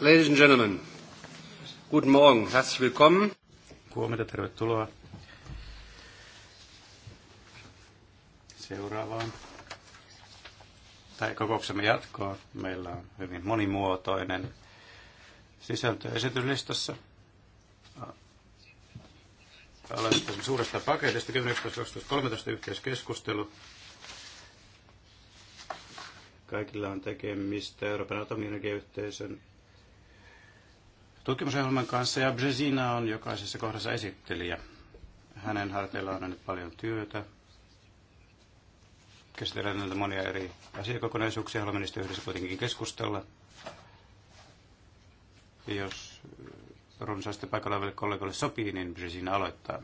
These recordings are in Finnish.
Ladies and gentlemen, guten Morgen, herzlich willkommen. Huomenta, tervetuloa. Seuraavaan. Tai kokouksemme jatkoon. Meillä on hyvin monimuotoinen sisältö esityslistassa. Aloitetaan suuresta paketista 10, yhteiskeskustelu kaikilla on tekemistä Euroopan atomienergiayhteisön tutkimusohjelman kanssa ja Brezina on jokaisessa kohdassa esittelijä. Hänen harteillaan on nyt paljon työtä. Käsitellään näitä monia eri asiakokonaisuuksia. Haluamme niistä yhdessä kuitenkin keskustella. Jos runsaasti paikalla oleville kollegoille sopii, niin Brezina aloittaa.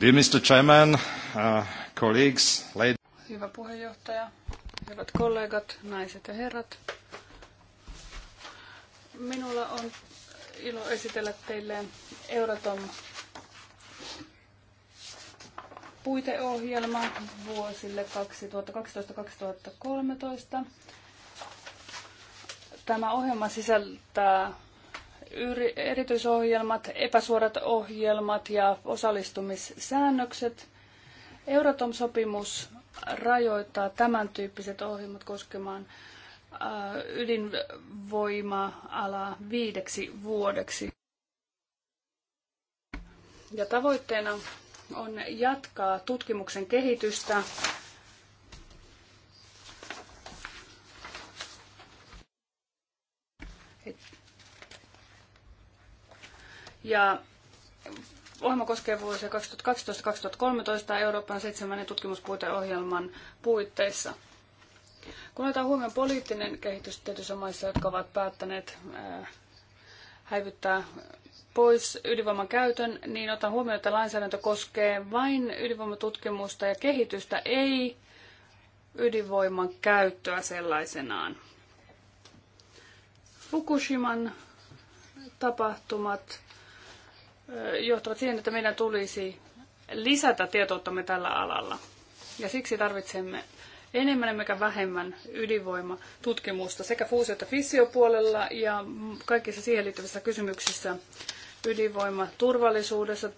Dear Mr. Chairman, uh, colleagues, ladies. Hyvä puheenjohtaja, Hyvät kollegat, naiset ja herrat. Minulla on ilo esitellä teille Euratom puiteohjelma vuosille 2012-2013. Tämä ohjelma sisältää erityisohjelmat, epäsuorat ohjelmat ja osallistumissäännökset. Euratom-sopimus rajoittaa tämän tyyppiset ohjelmat koskemaan äh, ydinvoima-alaa viideksi vuodeksi. Ja tavoitteena on jatkaa tutkimuksen kehitystä Ja Ohjelma koskee vuosia 2012-2013 Euroopan seitsemännen tutkimuspuiteohjelman puitteissa. Kun otetaan huomioon poliittinen kehitys tietyissä maissa, jotka ovat päättäneet häivyttää pois ydinvoiman käytön, niin otan huomioon, että lainsäädäntö koskee vain ydinvoimatutkimusta ja kehitystä, ei ydinvoiman käyttöä sellaisenaan. Fukushiman tapahtumat johtavat siihen, että meidän tulisi lisätä tietouttamme tällä alalla. Ja siksi tarvitsemme enemmän emmekä vähemmän ydinvoimatutkimusta sekä fuusio- että fissiopuolella ja kaikissa siihen liittyvissä kysymyksissä ydinvoimaturvallisuudessa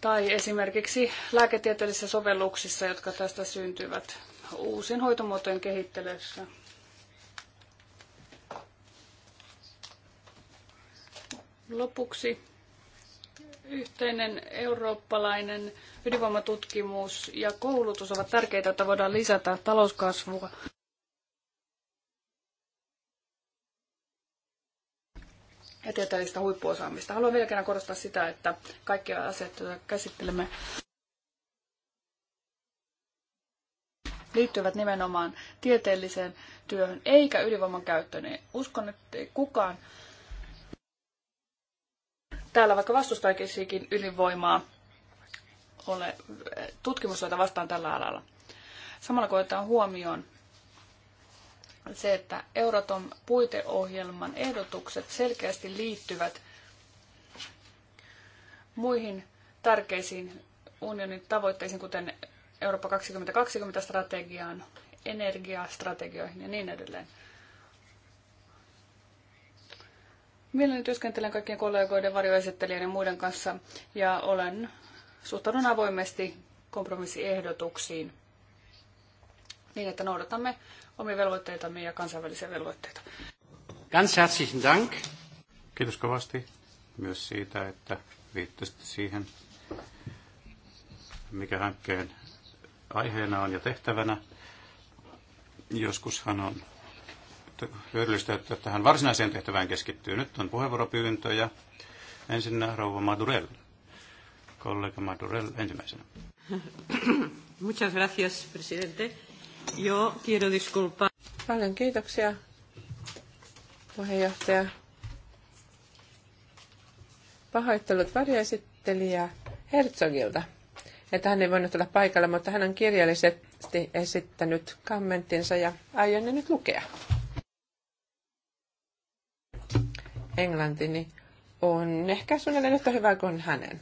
tai esimerkiksi lääketieteellisissä sovelluksissa, jotka tästä syntyvät uusien hoitomuotojen kehittelyssä. Lopuksi yhteinen eurooppalainen ydinvoimatutkimus ja koulutus ovat tärkeitä, että voidaan lisätä talouskasvua. ja tieteellistä huippuosaamista. Haluan vielä kerran korostaa sitä, että kaikki asiat, joita käsittelemme, liittyvät nimenomaan tieteelliseen työhön eikä ydinvoiman käyttöön. Niin uskon, että kukaan täällä vaikka vastustaisikin ydinvoimaa, ole tutkimusta vastaan tällä alalla. Samalla koetaan huomioon se, että Euratom puiteohjelman ehdotukset selkeästi liittyvät muihin tärkeisiin unionin tavoitteisiin, kuten Eurooppa 2020-strategiaan, energiastrategioihin ja niin edelleen. Mielelläni työskentelen kaikkien kollegoiden, varjoesittelijöiden ja muiden kanssa ja olen suhtaudun avoimesti kompromissiehdotuksiin niin, että noudatamme omia velvoitteitamme ja kansainvälisiä velvoitteita. Ganz herzlichen Dank. Kiitos kovasti myös siitä, että viittasitte siihen, mikä hankkeen aiheena on ja tehtävänä. Joskushan on hyödyllistä, että tähän varsinaiseen tehtävään keskittyy. Nyt on puheenvuoropyyntöjä. ensin rouva Madurell. Kollega Madurell ensimmäisenä. Muchas gracias, presidente. Yo quiero disculpar. Paljon kiitoksia, puheenjohtaja. Pahoittelut varjoesittelijä Herzogilta, että hän ei voinut olla paikalla, mutta hän on kirjallisesti esittänyt kommenttinsa ja aion ne nyt lukea. englantini on ehkä suunnilleen yhtä hyvä kuin hänen.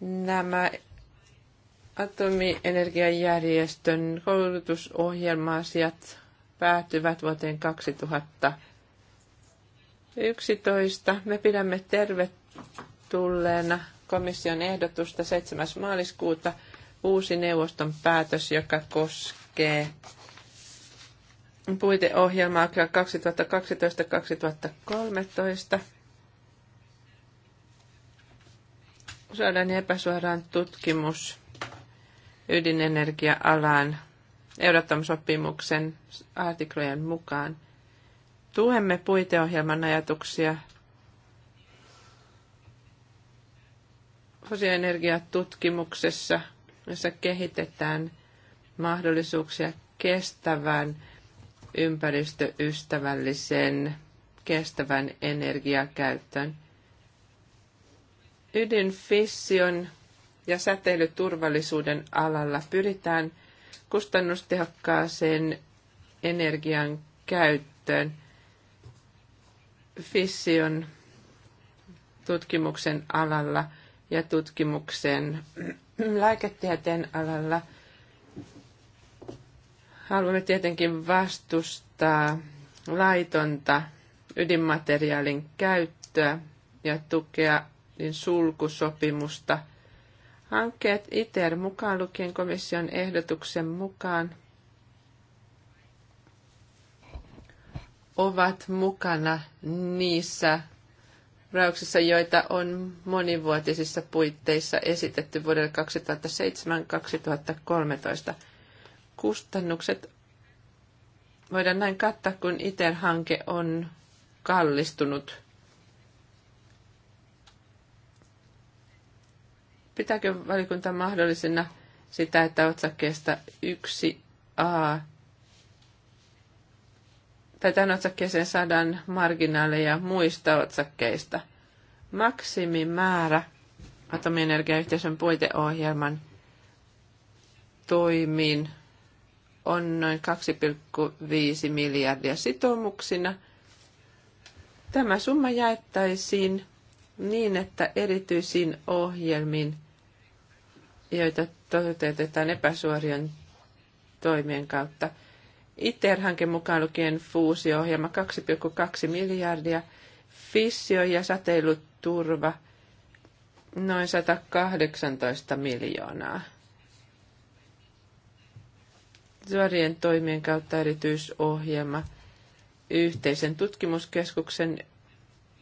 Nämä atomienergiajärjestön koulutusohjelma-asiat päätyvät vuoteen 2011. Me pidämme tervetulleena komission ehdotusta 7. maaliskuuta uusi neuvoston päätös, joka koskee puiteohjelmaa 2012-2013. Suoraan ja epäsuoraan tutkimus ydinenergia-alaan Euratom-sopimuksen artiklojen mukaan. Tuemme puiteohjelman ajatuksia fosioenergiatutkimuksessa, jossa kehitetään mahdollisuuksia kestävään ympäristöystävällisen kestävän energiakäyttöön. Ydinfission ja säteilyturvallisuuden alalla pyritään kustannustehokkaaseen energian käyttöön. Fission tutkimuksen alalla ja tutkimuksen lääketieteen alalla – haluamme tietenkin vastustaa laitonta ydinmateriaalin käyttöä ja tukea niin sulkusopimusta. Hankkeet ITER mukaan lukien komission ehdotuksen mukaan ovat mukana niissä rauksissa, joita on monivuotisissa puitteissa esitetty vuodelle 2007-2013 kustannukset voidaan näin kattaa, kun ITER-hanke on kallistunut. Pitääkö valikunta mahdollisena sitä, että otsakkeesta 1a tai tämän otsakkeeseen saadaan marginaaleja muista otsakkeista. Maksimimäärä atomienergiayhteisön puiteohjelman toimiin on noin 2,5 miljardia sitoumuksina. Tämä summa jaettaisiin niin, että erityisiin ohjelmiin, joita toteutetaan epäsuorien toimien kautta, ITER-hanke mukaan lukien fuusio-ohjelma 2,2 miljardia, fissio- ja sateiluturva noin 118 miljoonaa suorien toimien kautta erityisohjelma yhteisen tutkimuskeskuksen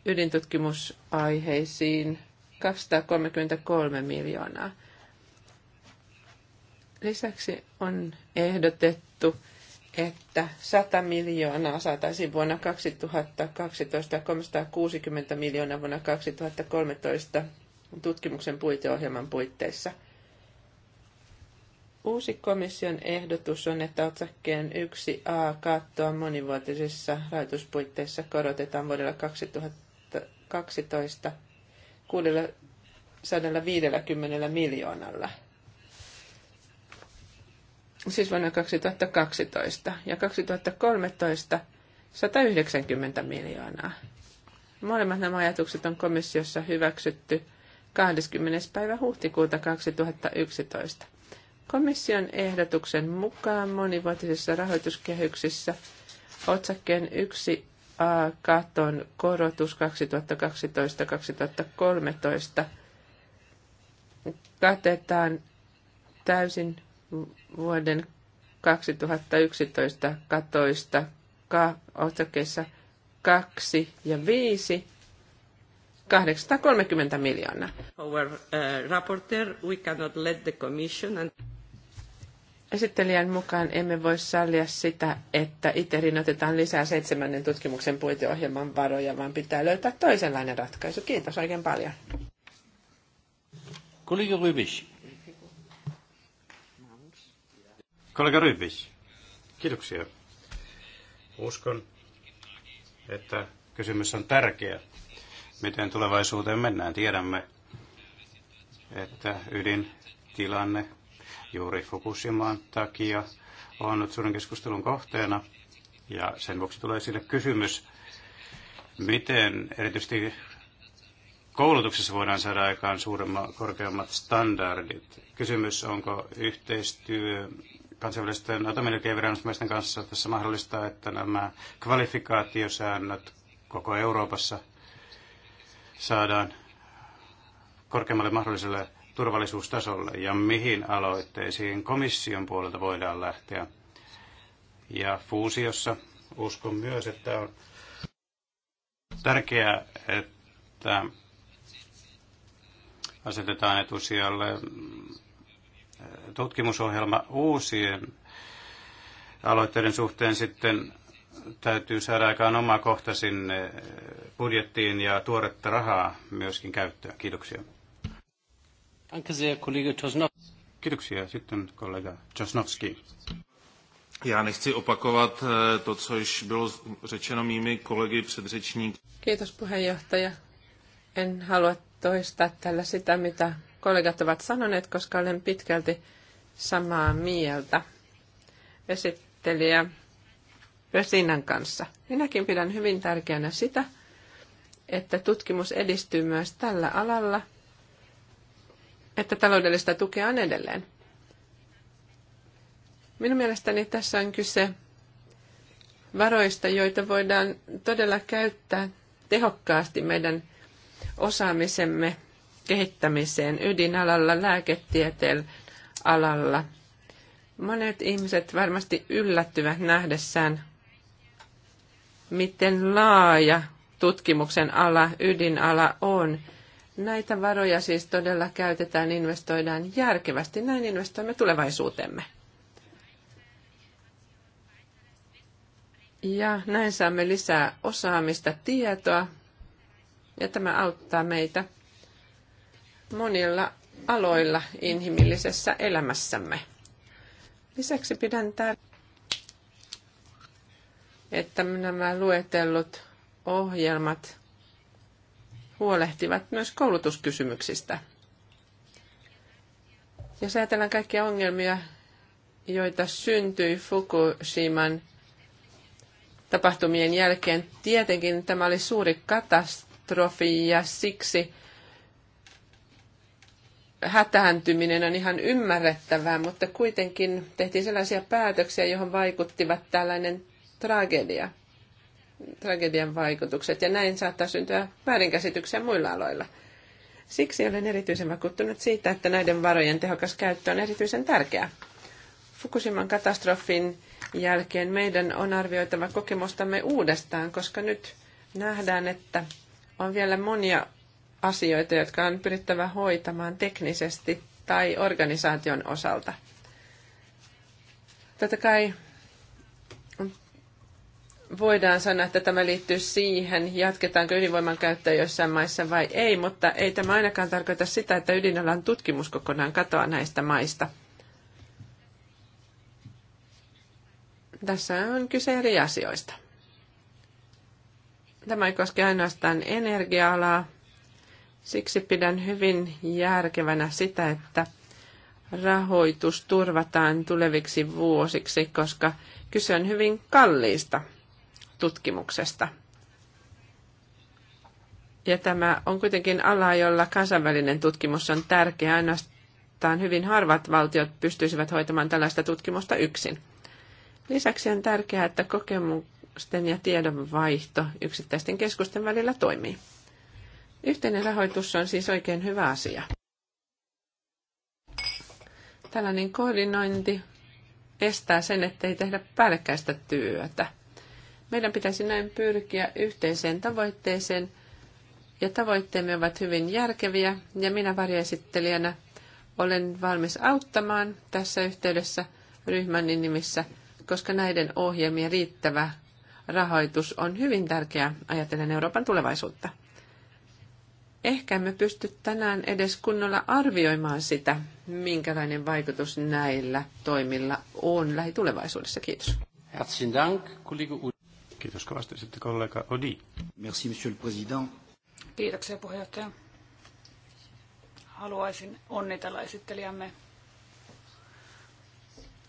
ydintutkimusaiheisiin 233 miljoonaa. Lisäksi on ehdotettu, että 100 miljoonaa saataisiin vuonna 2012 ja 360 miljoonaa vuonna 2013 tutkimuksen puiteohjelman puitteissa – Uusi komission ehdotus on, että otsakkeen 1a kattoa monivuotisissa rahoituspuitteissa korotetaan vuodella 2012 650 miljoonalla. Siis vuonna 2012 ja 2013 190 miljoonaa. Molemmat nämä ajatukset on komissiossa hyväksytty 20. päivä huhtikuuta 2011. Komission ehdotuksen mukaan monivuotisissa rahoituskehyksissä otsakkeen 1a katon korotus 2012-2013 katetaan täysin vuoden 2011 katoista ka, otsakkeissa 2 ja 5 830 miljoonaa. Our uh, rapporteur, we cannot let the commission and... Esittelijän mukaan emme voi sallia sitä, että ITERin otetaan lisää seitsemännen tutkimuksen puiteohjelman varoja, vaan pitää löytää toisenlainen ratkaisu. Kiitos oikein paljon. Kollega Rybis. Kollega Rybis. Kiitoksia. Uskon, että kysymys on tärkeä. Miten tulevaisuuteen mennään? Tiedämme, että ydintilanne juuri Fukushimaan takia on nyt suuren keskustelun kohteena. Ja sen vuoksi tulee sille kysymys, miten erityisesti koulutuksessa voidaan saada aikaan suuremmat, korkeammat standardit. Kysymys, onko yhteistyö kansainvälisten atomenergiaviranomaisten kanssa tässä mahdollista, että nämä kvalifikaatiosäännöt koko Euroopassa saadaan korkeammalle mahdolliselle turvallisuustasolle ja mihin aloitteisiin komission puolelta voidaan lähteä. Ja fuusiossa uskon myös, että on tärkeää, että asetetaan etusijalle tutkimusohjelma uusien aloitteiden suhteen sitten täytyy saada aikaan oma kohta sinne budjettiin ja tuoretta rahaa myöskin käyttöön. Kiitoksia. Kiitoksia. Sitten kollega Czosnowski. Já nechci opakovat eh, to, co již bylo řečeno mými kolegy předřečníky. Kiitos puheenjohtaja. En halua toistaa tällä sitä, mitä kollegat ovat sanoneet, koska olen pitkälti samaa mieltä esittelijä Vesinan kanssa. Minäkin pidän hyvin tärkeänä sitä, että tutkimus edistyy myös tällä alalla – että taloudellista tukea on edelleen. Minun mielestäni tässä on kyse varoista, joita voidaan todella käyttää tehokkaasti meidän osaamisemme kehittämiseen ydinalalla, lääketieteen alalla. Monet ihmiset varmasti yllättyvät nähdessään, miten laaja tutkimuksen ala, ydinala on Näitä varoja siis todella käytetään, investoidaan järkevästi. Näin investoimme tulevaisuutemme. Ja näin saamme lisää osaamista, tietoa, ja tämä auttaa meitä monilla aloilla inhimillisessä elämässämme. Lisäksi pidän tärkeää, että nämä luetellut ohjelmat huolehtivat myös koulutuskysymyksistä. Jos ajatellaan kaikkia ongelmia, joita syntyi Fukushiman tapahtumien jälkeen, tietenkin tämä oli suuri katastrofi ja siksi hätääntyminen on ihan ymmärrettävää, mutta kuitenkin tehtiin sellaisia päätöksiä, johon vaikuttivat tällainen tragedia – tragedian vaikutukset, ja näin saattaa syntyä väärinkäsityksiä muilla aloilla. Siksi olen erityisen vakuuttunut siitä, että näiden varojen tehokas käyttö on erityisen tärkeää. Fukushiman katastrofin jälkeen meidän on arvioitava kokemustamme uudestaan, koska nyt nähdään, että on vielä monia asioita, jotka on pyrittävä hoitamaan teknisesti tai organisaation osalta. Totta kai voidaan sanoa, että tämä liittyy siihen, jatketaanko ydinvoiman käyttöä joissain maissa vai ei, mutta ei tämä ainakaan tarkoita sitä, että ydinalan tutkimus kokonaan katoaa näistä maista. Tässä on kyse eri asioista. Tämä ei koske ainoastaan energia-alaa. Siksi pidän hyvin järkevänä sitä, että rahoitus turvataan tuleviksi vuosiksi, koska kyse on hyvin kalliista tutkimuksesta. Ja tämä on kuitenkin ala, jolla kansainvälinen tutkimus on tärkeä. Ainoastaan hyvin harvat valtiot pystyisivät hoitamaan tällaista tutkimusta yksin. Lisäksi on tärkeää, että kokemusten ja tiedon vaihto yksittäisten keskusten välillä toimii. Yhteinen rahoitus on siis oikein hyvä asia. Tällainen koordinointi estää sen, ettei tehdä päällekkäistä työtä – meidän pitäisi näin pyrkiä yhteiseen tavoitteeseen, ja tavoitteemme ovat hyvin järkeviä, ja minä varjoesittelijänä olen valmis auttamaan tässä yhteydessä ryhmän nimissä, koska näiden ohjelmien riittävä rahoitus on hyvin tärkeää ajatellen Euroopan tulevaisuutta. Ehkä emme pysty tänään edes kunnolla arvioimaan sitä, minkälainen vaikutus näillä toimilla on lähitulevaisuudessa. Kiitos. Herzlichen Dank, kollega Kiitos kovasti. Sitten kollega Odi. Merci, monsieur le président. Kiitoksia puheenjohtaja. Haluaisin onnitella esittelijämme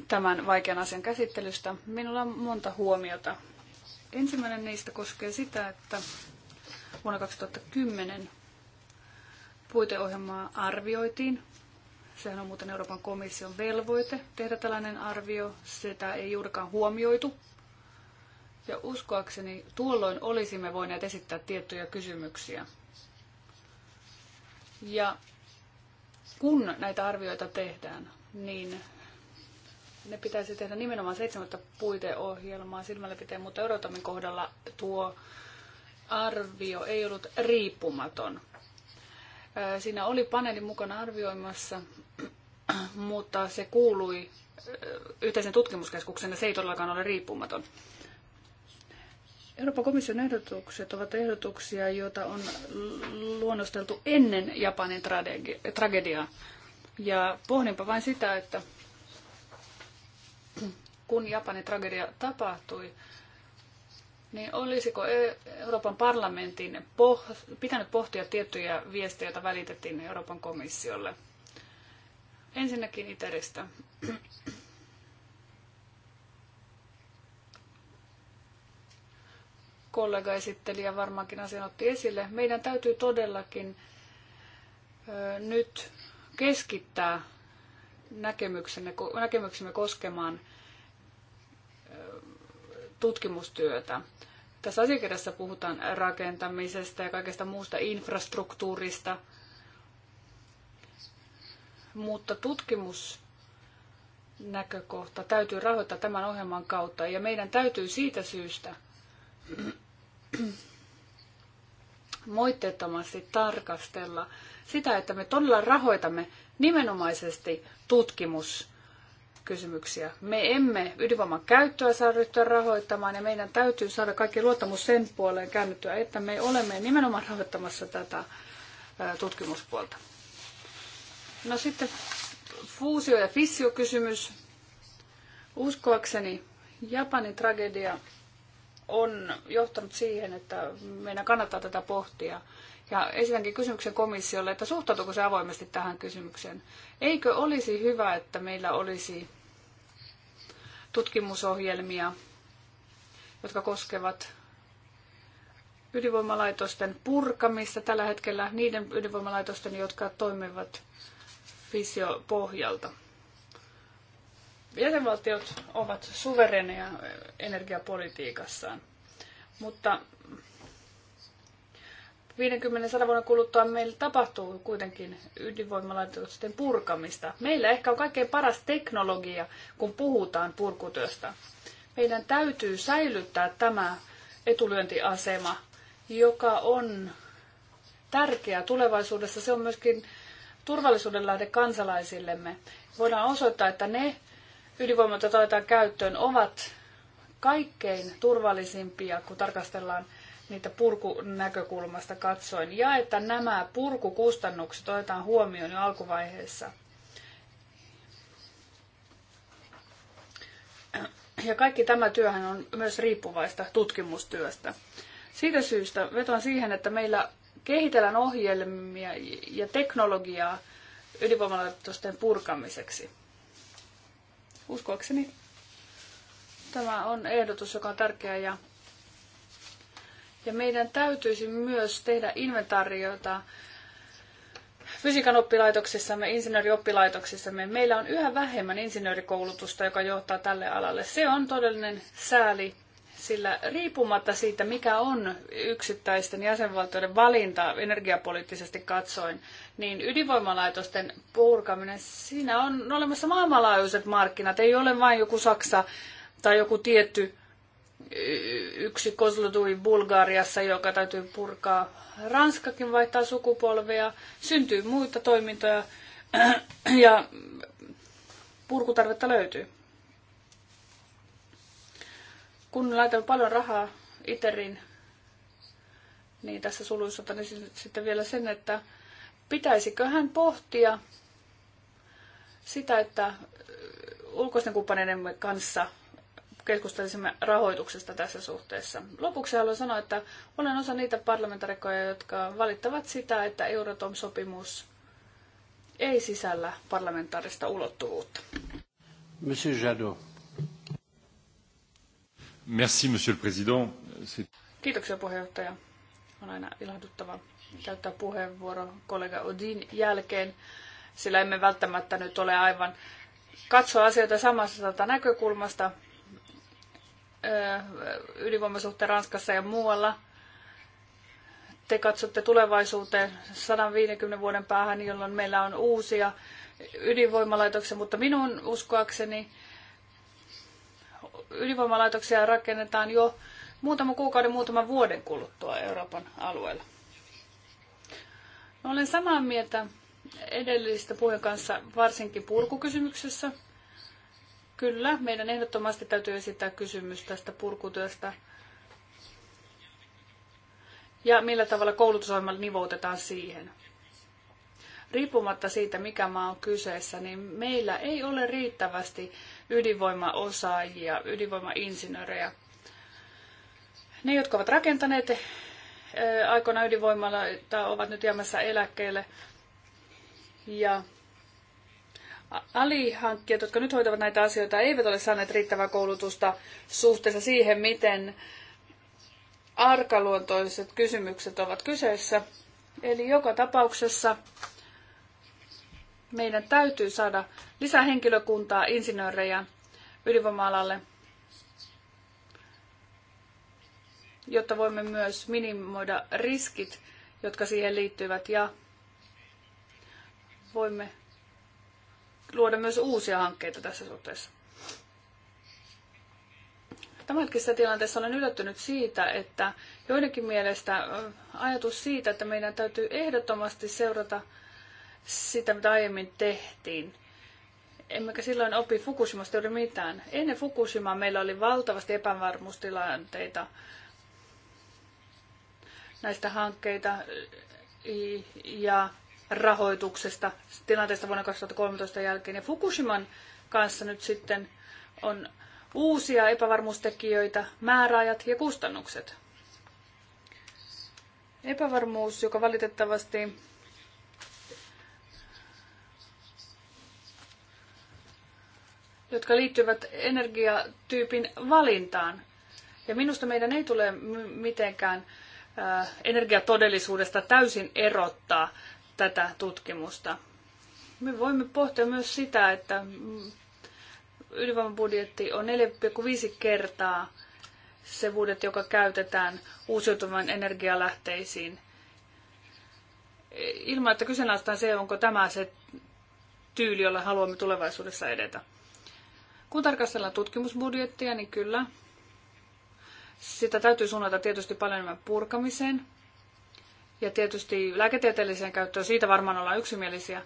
tämän vaikean asian käsittelystä. Minulla on monta huomiota. Ensimmäinen niistä koskee sitä, että vuonna 2010 puiteohjelmaa arvioitiin. Sehän on muuten Euroopan komission velvoite tehdä tällainen arvio. Sitä ei juurikaan huomioitu ja uskoakseni tuolloin olisimme voineet esittää tiettyjä kysymyksiä. Ja kun näitä arvioita tehdään, niin ne pitäisi tehdä nimenomaan seitsemättä puiteohjelmaa silmällä pitäen, mutta Eurotamin kohdalla tuo arvio ei ollut riippumaton. Siinä oli paneeli mukana arvioimassa, mutta se kuului yhteisen tutkimuskeskuksen ja se ei todellakaan ole riippumaton. Euroopan komission ehdotukset ovat ehdotuksia, joita on luonnosteltu ennen Japanin tragediaa. Ja pohdinpa vain sitä, että kun Japanin tragedia tapahtui, niin olisiko e- Euroopan parlamentin poh- pitänyt pohtia tiettyjä viestejä, joita välitettiin Euroopan komissiolle? Ensinnäkin Iteristä. kollega ja varmaankin asian otti esille. Meidän täytyy todellakin nyt keskittää näkemyksemme, näkemyksemme koskemaan tutkimustyötä. Tässä asiakirjassa puhutaan rakentamisesta ja kaikesta muusta infrastruktuurista, mutta tutkimusnäkökohta täytyy rahoittaa tämän ohjelman kautta ja meidän täytyy siitä syystä – moitteettomasti tarkastella sitä, että me todella rahoitamme nimenomaisesti tutkimuskysymyksiä. Me emme ydinvoiman käyttöä saa ryhtyä rahoittamaan ja meidän täytyy saada kaikki luottamus sen puoleen käännettyä, että me olemme nimenomaan rahoittamassa tätä tutkimuspuolta. No sitten fuusio- ja fissiokysymys. Uskoakseni Japanin tragedia on johtanut siihen, että meidän kannattaa tätä pohtia. Ja esitänkin kysymyksen komissiolle, että suhtautuuko se avoimesti tähän kysymykseen. Eikö olisi hyvä, että meillä olisi tutkimusohjelmia, jotka koskevat ydinvoimalaitosten purkamista tällä hetkellä niiden ydinvoimalaitosten, jotka toimivat fisiopohjalta. Jäsenvaltiot ovat suvereneja energiapolitiikassaan, mutta 50-100 vuoden kuluttua meillä tapahtuu kuitenkin ydinvoimalaitosten purkamista. Meillä ehkä on kaikkein paras teknologia, kun puhutaan purkutyöstä. Meidän täytyy säilyttää tämä etulyöntiasema, joka on tärkeä tulevaisuudessa. Se on myöskin turvallisuuden lähde kansalaisillemme. Voidaan osoittaa, että ne ydinvoimat, joita otetaan käyttöön, ovat kaikkein turvallisimpia, kun tarkastellaan niitä purkunäkökulmasta katsoen, ja että nämä purkukustannukset otetaan huomioon jo alkuvaiheessa. Ja kaikki tämä työhän on myös riippuvaista tutkimustyöstä. Siitä syystä vetoan siihen, että meillä kehitellään ohjelmia ja teknologiaa ydinvoimalaitosten purkamiseksi. Uskoakseni tämä on ehdotus, joka on tärkeä ja, ja meidän täytyisi myös tehdä inventaariota fysiikan oppilaitoksissamme, insinöörioppilaitoksissamme. Meillä on yhä vähemmän insinöörikoulutusta, joka johtaa tälle alalle. Se on todellinen sääli sillä riippumatta siitä, mikä on yksittäisten jäsenvaltioiden valinta energiapoliittisesti katsoen, niin ydinvoimalaitosten purkaminen, siinä on olemassa maailmanlaajuiset markkinat. Ei ole vain joku Saksa tai joku tietty yksi koslutui Bulgariassa, joka täytyy purkaa. Ranskakin vaihtaa sukupolvea, syntyy muita toimintoja ja purkutarvetta löytyy kun laitamme paljon rahaa ITERin, niin tässä suluissa niin sitten vielä sen, että pitäisikö hän pohtia sitä, että ulkoisten kumppaneiden kanssa keskustelisimme rahoituksesta tässä suhteessa. Lopuksi haluan sanoa, että olen osa niitä parlamentarikkoja, jotka valittavat sitä, että Euratom-sopimus ei sisällä parlamentaarista ulottuvuutta. Monsieur Jadot. Merci, monsieur le président. Kiitoksia puheenjohtaja. On aina ilahduttava käyttää puheenvuoro kollega Odin jälkeen, sillä emme välttämättä nyt ole aivan katsoa asioita samasta näkökulmasta ydinvoimasuhteen Ranskassa ja muualla. Te katsotte tulevaisuuteen 150 vuoden päähän, jolloin meillä on uusia ydinvoimalaitoksia, mutta minun uskoakseni ydinvoimalaitoksia rakennetaan jo muutama kuukauden, muutaman vuoden kuluttua Euroopan alueella. olen samaa mieltä edellistä puheen kanssa varsinkin purkukysymyksessä. Kyllä, meidän ehdottomasti täytyy esittää kysymys tästä purkutyöstä. Ja millä tavalla koulutusohjelma nivoutetaan siihen. Riippumatta siitä, mikä maa on kyseessä, niin meillä ei ole riittävästi ydinvoimaosaajia, ydinvoimainsinöörejä. Ne, jotka ovat rakentaneet eh, aikoina ydinvoimaloita, ovat nyt jäämässä eläkkeelle. Ja alihankkijat, jotka nyt hoitavat näitä asioita, eivät ole saaneet riittävää koulutusta suhteessa siihen, miten arkaluontoiset kysymykset ovat kyseessä. Eli joka tapauksessa meidän täytyy saada lisää henkilökuntaa, insinöörejä ydinvoima-alalle, jotta voimme myös minimoida riskit, jotka siihen liittyvät ja voimme luoda myös uusia hankkeita tässä suhteessa. Tämänhetkisessä tilanteessa olen yllättynyt siitä, että joidenkin mielestä ajatus siitä, että meidän täytyy ehdottomasti seurata sitä, mitä aiemmin tehtiin. Emmekä silloin opi Fukushimasta juuri mitään. Ennen Fukushimaa meillä oli valtavasti epävarmuustilanteita näistä hankkeita ja rahoituksesta tilanteesta vuonna 2013 jälkeen. Ja Fukushiman kanssa nyt sitten on uusia epävarmuustekijöitä, määräajat ja kustannukset. Epävarmuus, joka valitettavasti jotka liittyvät energiatyypin valintaan. Ja minusta meidän ei tule mitenkään äh, energiatodellisuudesta täysin erottaa tätä tutkimusta. Me voimme pohtia myös sitä, että ydinvoimabudjetti on 4,5 kertaa se budjetti, joka käytetään uusiutuvan energialähteisiin. Ilman, että kyseenalaistaan se, onko tämä se tyyli, jolla haluamme tulevaisuudessa edetä. Kun tarkastellaan tutkimusbudjettia, niin kyllä, sitä täytyy suunnata tietysti paljon enemmän purkamiseen ja tietysti lääketieteelliseen käyttöön. Siitä varmaan ollaan yksimielisiä.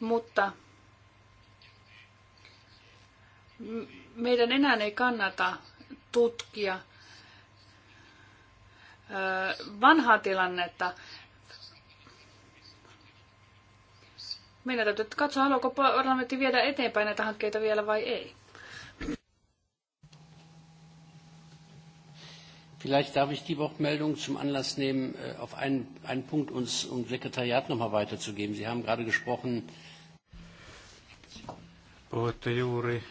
Mutta meidän enää ei kannata tutkia vanhaa tilannetta Meidän täytyy katsoa, haluaako parlamentti viedä eteenpäin näitä hankkeita vielä vai ei. Vielleicht darf ich die Wortmeldung zum Anlass nehmen, äh, auf einen, einen Punkt uns um Sekretariat nochmal weiterzugeben. Sie haben gerade gesprochen. Puhutte juuri,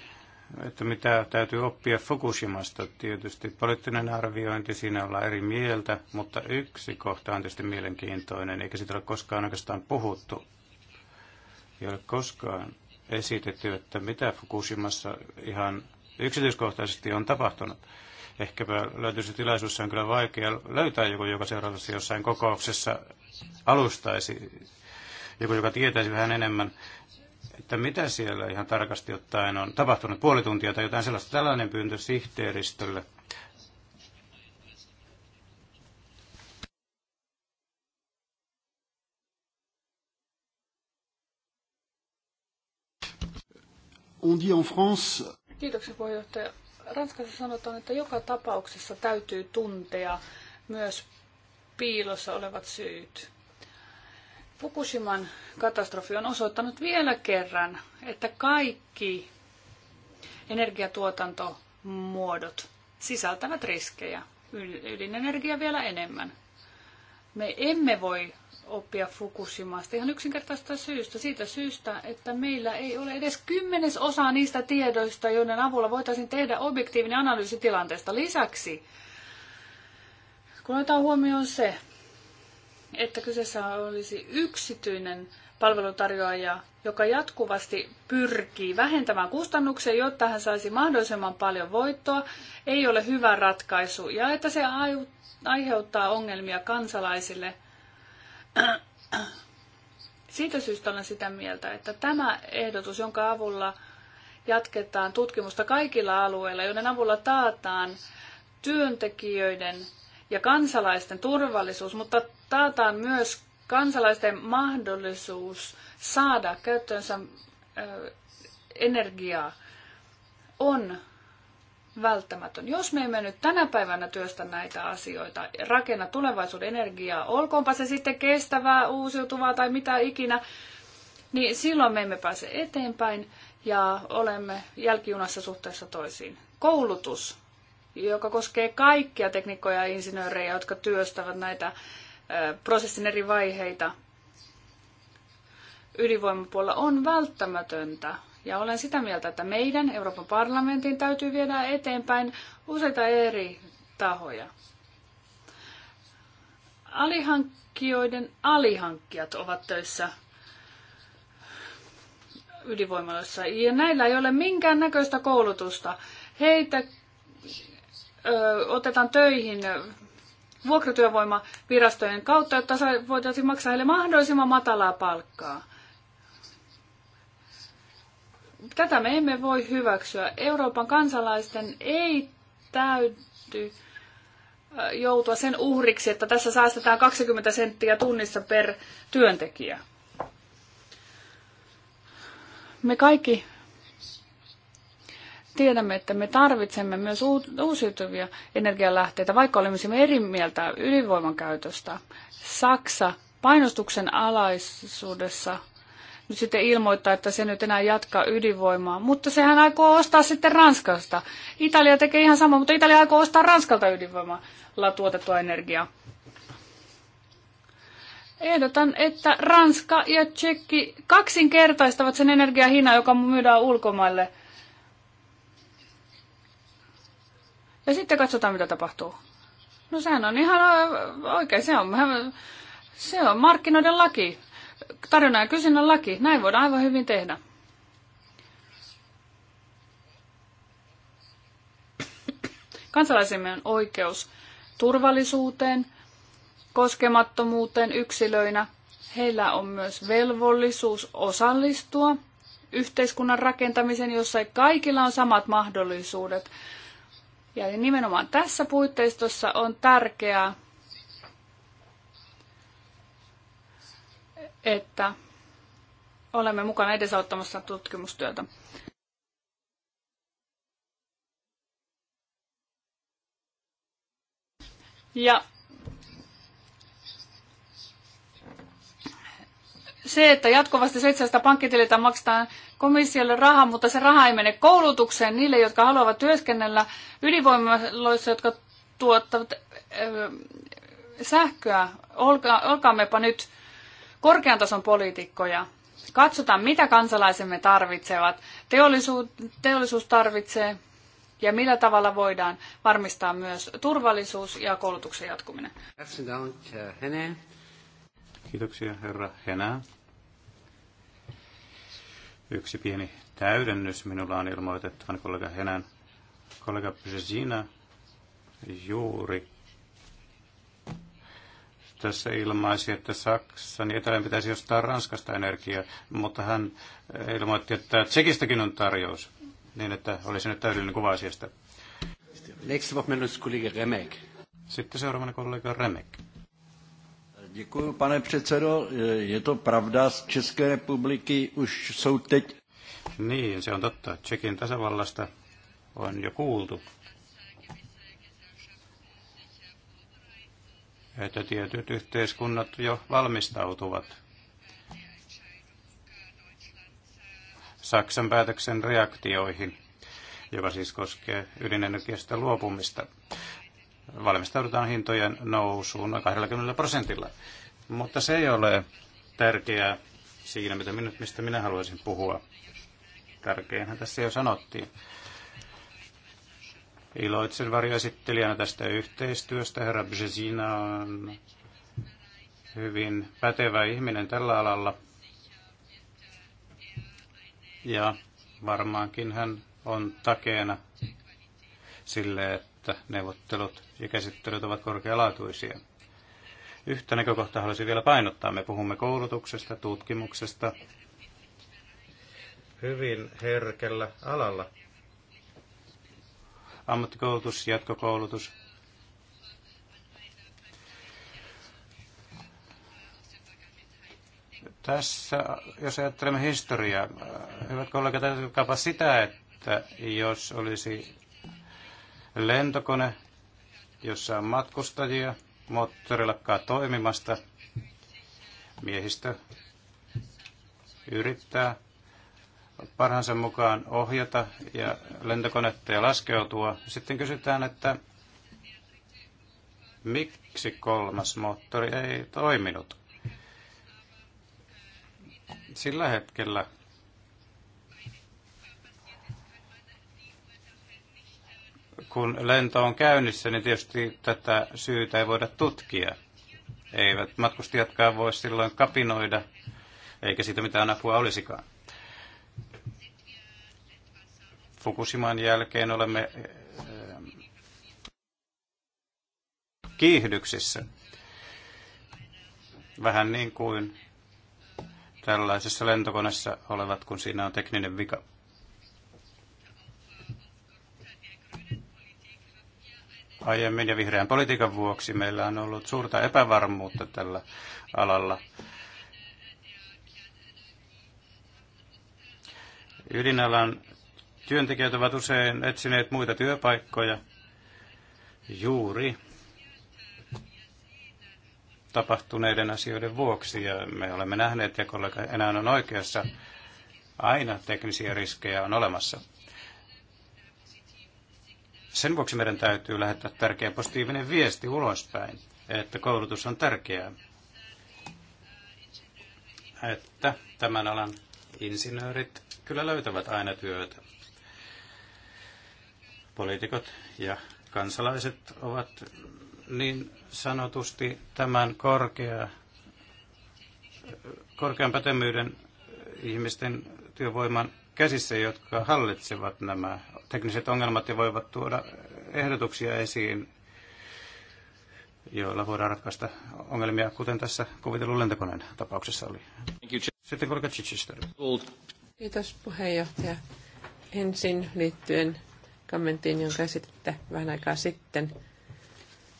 että mitä täytyy oppia Fukushimasta. Tietysti poliittinen arviointi, siinä ollaan eri mieltä, mutta yksi kohta on tietysti mielenkiintoinen, eikä siitä ole koskaan oikeastaan puhuttu ei ole koskaan esitetty, että mitä Fukushimassa ihan yksityiskohtaisesti on tapahtunut. Ehkäpä löytyisi tilaisuus, on kyllä vaikea löytää joku, joka seuraavassa jossain kokouksessa alustaisi, joku, joka tietäisi vähän enemmän, että mitä siellä ihan tarkasti ottaen on tapahtunut puoli tuntia tai jotain sellaista. Tällainen pyyntö sihteeristölle On dit en France... Kiitoksia puheenjohtaja. Ranskassa sanotaan, että joka tapauksessa täytyy tuntea myös piilossa olevat syyt. Fukushiman katastrofi on osoittanut vielä kerran, että kaikki energiatuotantomuodot sisältävät riskejä. Ydinenergia vielä enemmän. Me emme voi oppia Fukushimasta ihan yksinkertaista syystä. Siitä syystä, että meillä ei ole edes kymmenes osaa niistä tiedoista, joiden avulla voitaisiin tehdä objektiivinen analyysi tilanteesta. Lisäksi, kun otetaan huomioon se, että kyseessä olisi yksityinen palvelutarjoaja, joka jatkuvasti pyrkii vähentämään kustannuksia, jotta hän saisi mahdollisimman paljon voittoa, ei ole hyvä ratkaisu ja että se aiheuttaa ongelmia kansalaisille – siitä syystä olen sitä mieltä, että tämä ehdotus, jonka avulla jatketaan tutkimusta kaikilla alueilla, joiden avulla taataan työntekijöiden ja kansalaisten turvallisuus, mutta taataan myös kansalaisten mahdollisuus saada käyttöönsä energiaa, on välttämätön. Jos me emme nyt tänä päivänä työstä näitä asioita, rakenna tulevaisuuden energiaa, olkoonpa se sitten kestävää, uusiutuvaa tai mitä ikinä, niin silloin me emme pääse eteenpäin ja olemme jälkijunassa suhteessa toisiin. Koulutus, joka koskee kaikkia teknikkoja ja insinöörejä, jotka työstävät näitä prosessin eri vaiheita ydinvoimapuolella, on välttämätöntä ja olen sitä mieltä, että meidän Euroopan parlamentin täytyy viedä eteenpäin useita eri tahoja. Alihankkijoiden alihankkijat ovat töissä ydinvoimaloissa. Ja näillä ei ole minkään näköistä koulutusta. Heitä ö, otetaan töihin vuokratyövoimavirastojen kautta, jotta voitaisiin maksaa heille mahdollisimman matalaa palkkaa. Tätä me emme voi hyväksyä. Euroopan kansalaisten ei täyty äh, joutua sen uhriksi, että tässä säästetään 20 senttiä tunnissa per työntekijä. Me kaikki tiedämme, että me tarvitsemme myös uusiutuvia energialähteitä, vaikka olisimme eri mieltä ydinvoiman käytöstä. Saksa painostuksen alaisuudessa nyt sitten ilmoittaa, että se nyt enää jatkaa ydinvoimaa. Mutta sehän aikoo ostaa sitten Ranskasta. Italia tekee ihan sama, mutta Italia aikoo ostaa Ranskalta ydinvoimalla tuotettua energiaa. Ehdotan, että Ranska ja Tsekki kaksinkertaistavat sen energiahinnan, joka myydään ulkomaille. Ja sitten katsotaan, mitä tapahtuu. No sehän on ihan oikein, se on, se on markkinoiden laki tarjonnan ja kysynnän laki. Näin voidaan aivan hyvin tehdä. Kansalaisemme on oikeus turvallisuuteen, koskemattomuuteen yksilöinä. Heillä on myös velvollisuus osallistua yhteiskunnan rakentamiseen, jossa kaikilla on samat mahdollisuudet. Ja nimenomaan tässä puitteistossa on tärkeää että olemme mukana edesauttamassa tutkimustyötä. Ja se, että jatkuvasti 700 pankkitililtä maksetaan komissiolle rahaa, mutta se raha ei mene koulutukseen niille, jotka haluavat työskennellä ydinvoimaloissa, jotka tuottavat öö, sähköä. Olka, olkaammepa nyt korkean tason poliitikkoja. Katsotaan, mitä kansalaisemme tarvitsevat, teollisuus, teollisuus tarvitsee ja millä tavalla voidaan varmistaa myös turvallisuus ja koulutuksen jatkuminen. Kiitoksia, herra Henä. Yksi pieni täydennys minulla on ilmoitettava kollega Henän. Kollega Brzezinä juuri tässä ilmaisi, että Saksan ja Italian pitäisi ostaa Ranskasta energiaa, mutta hän ilmoitti, että Tsekistäkin on tarjous, niin että olisi nyt täydellinen kuva asiasta. Sitten seuraavana kollega Remek. Děkuji, pane předsedo. Je to pravda, z České republiky už jsou teď... Niin, se on totta. Tsekin tasavallasta on jo kuultu että tietyt yhteiskunnat jo valmistautuvat Saksan päätöksen reaktioihin, joka siis koskee ydinenergiasta luopumista. Valmistaudutaan hintojen nousuun noin 20 prosentilla. Mutta se ei ole tärkeää siinä, mitä minä, mistä minä haluaisin puhua. Tärkeinhän tässä jo sanottiin. Iloitsen varjoesittelijänä tästä yhteistyöstä. Herra Bzezina on hyvin pätevä ihminen tällä alalla. Ja varmaankin hän on takeena sille, että neuvottelut ja käsittelyt ovat korkealaatuisia. Yhtä näkökohtaa haluaisin vielä painottaa. Me puhumme koulutuksesta, tutkimuksesta, hyvin herkellä alalla ammattikoulutus, jatkokoulutus. Tässä, jos ajattelemme historiaa, hyvät kollegat, ajatelkaapa sitä, että jos olisi lentokone, jossa on matkustajia, moottori lakkaa toimimasta, miehistö yrittää parhaansa mukaan ohjata ja lentokonetta ja laskeutua. Sitten kysytään, että miksi kolmas moottori ei toiminut. Sillä hetkellä kun lento on käynnissä, niin tietysti tätä syytä ei voida tutkia. Eivät matkustajatkaan voi silloin kapinoida, eikä siitä mitään apua olisikaan. Fukushiman jälkeen olemme eh, eh, kiihdyksissä. Vähän niin kuin tällaisessa lentokoneessa olevat, kun siinä on tekninen vika. Aiemmin ja vihreän politiikan vuoksi meillä on ollut suurta epävarmuutta tällä alalla. Ydinalan Työntekijät ovat usein etsineet muita työpaikkoja juuri tapahtuneiden asioiden vuoksi. Ja me olemme nähneet, ja kollega enää on oikeassa, aina teknisiä riskejä on olemassa. Sen vuoksi meidän täytyy lähettää tärkeä positiivinen viesti ulospäin, että koulutus on tärkeää. Että tämän alan insinöörit kyllä löytävät aina työtä poliitikot ja kansalaiset ovat niin sanotusti tämän korkea, korkean pätemyyden ihmisten työvoiman käsissä, jotka hallitsevat nämä tekniset ongelmat ja voivat tuoda ehdotuksia esiin, joilla voidaan ratkaista ongelmia, kuten tässä kuvitellun lentokoneen tapauksessa oli. Sitten kollega Kiitos puheenjohtaja. Ensin liittyen kommenttiin, jonka esititte vähän aikaa sitten.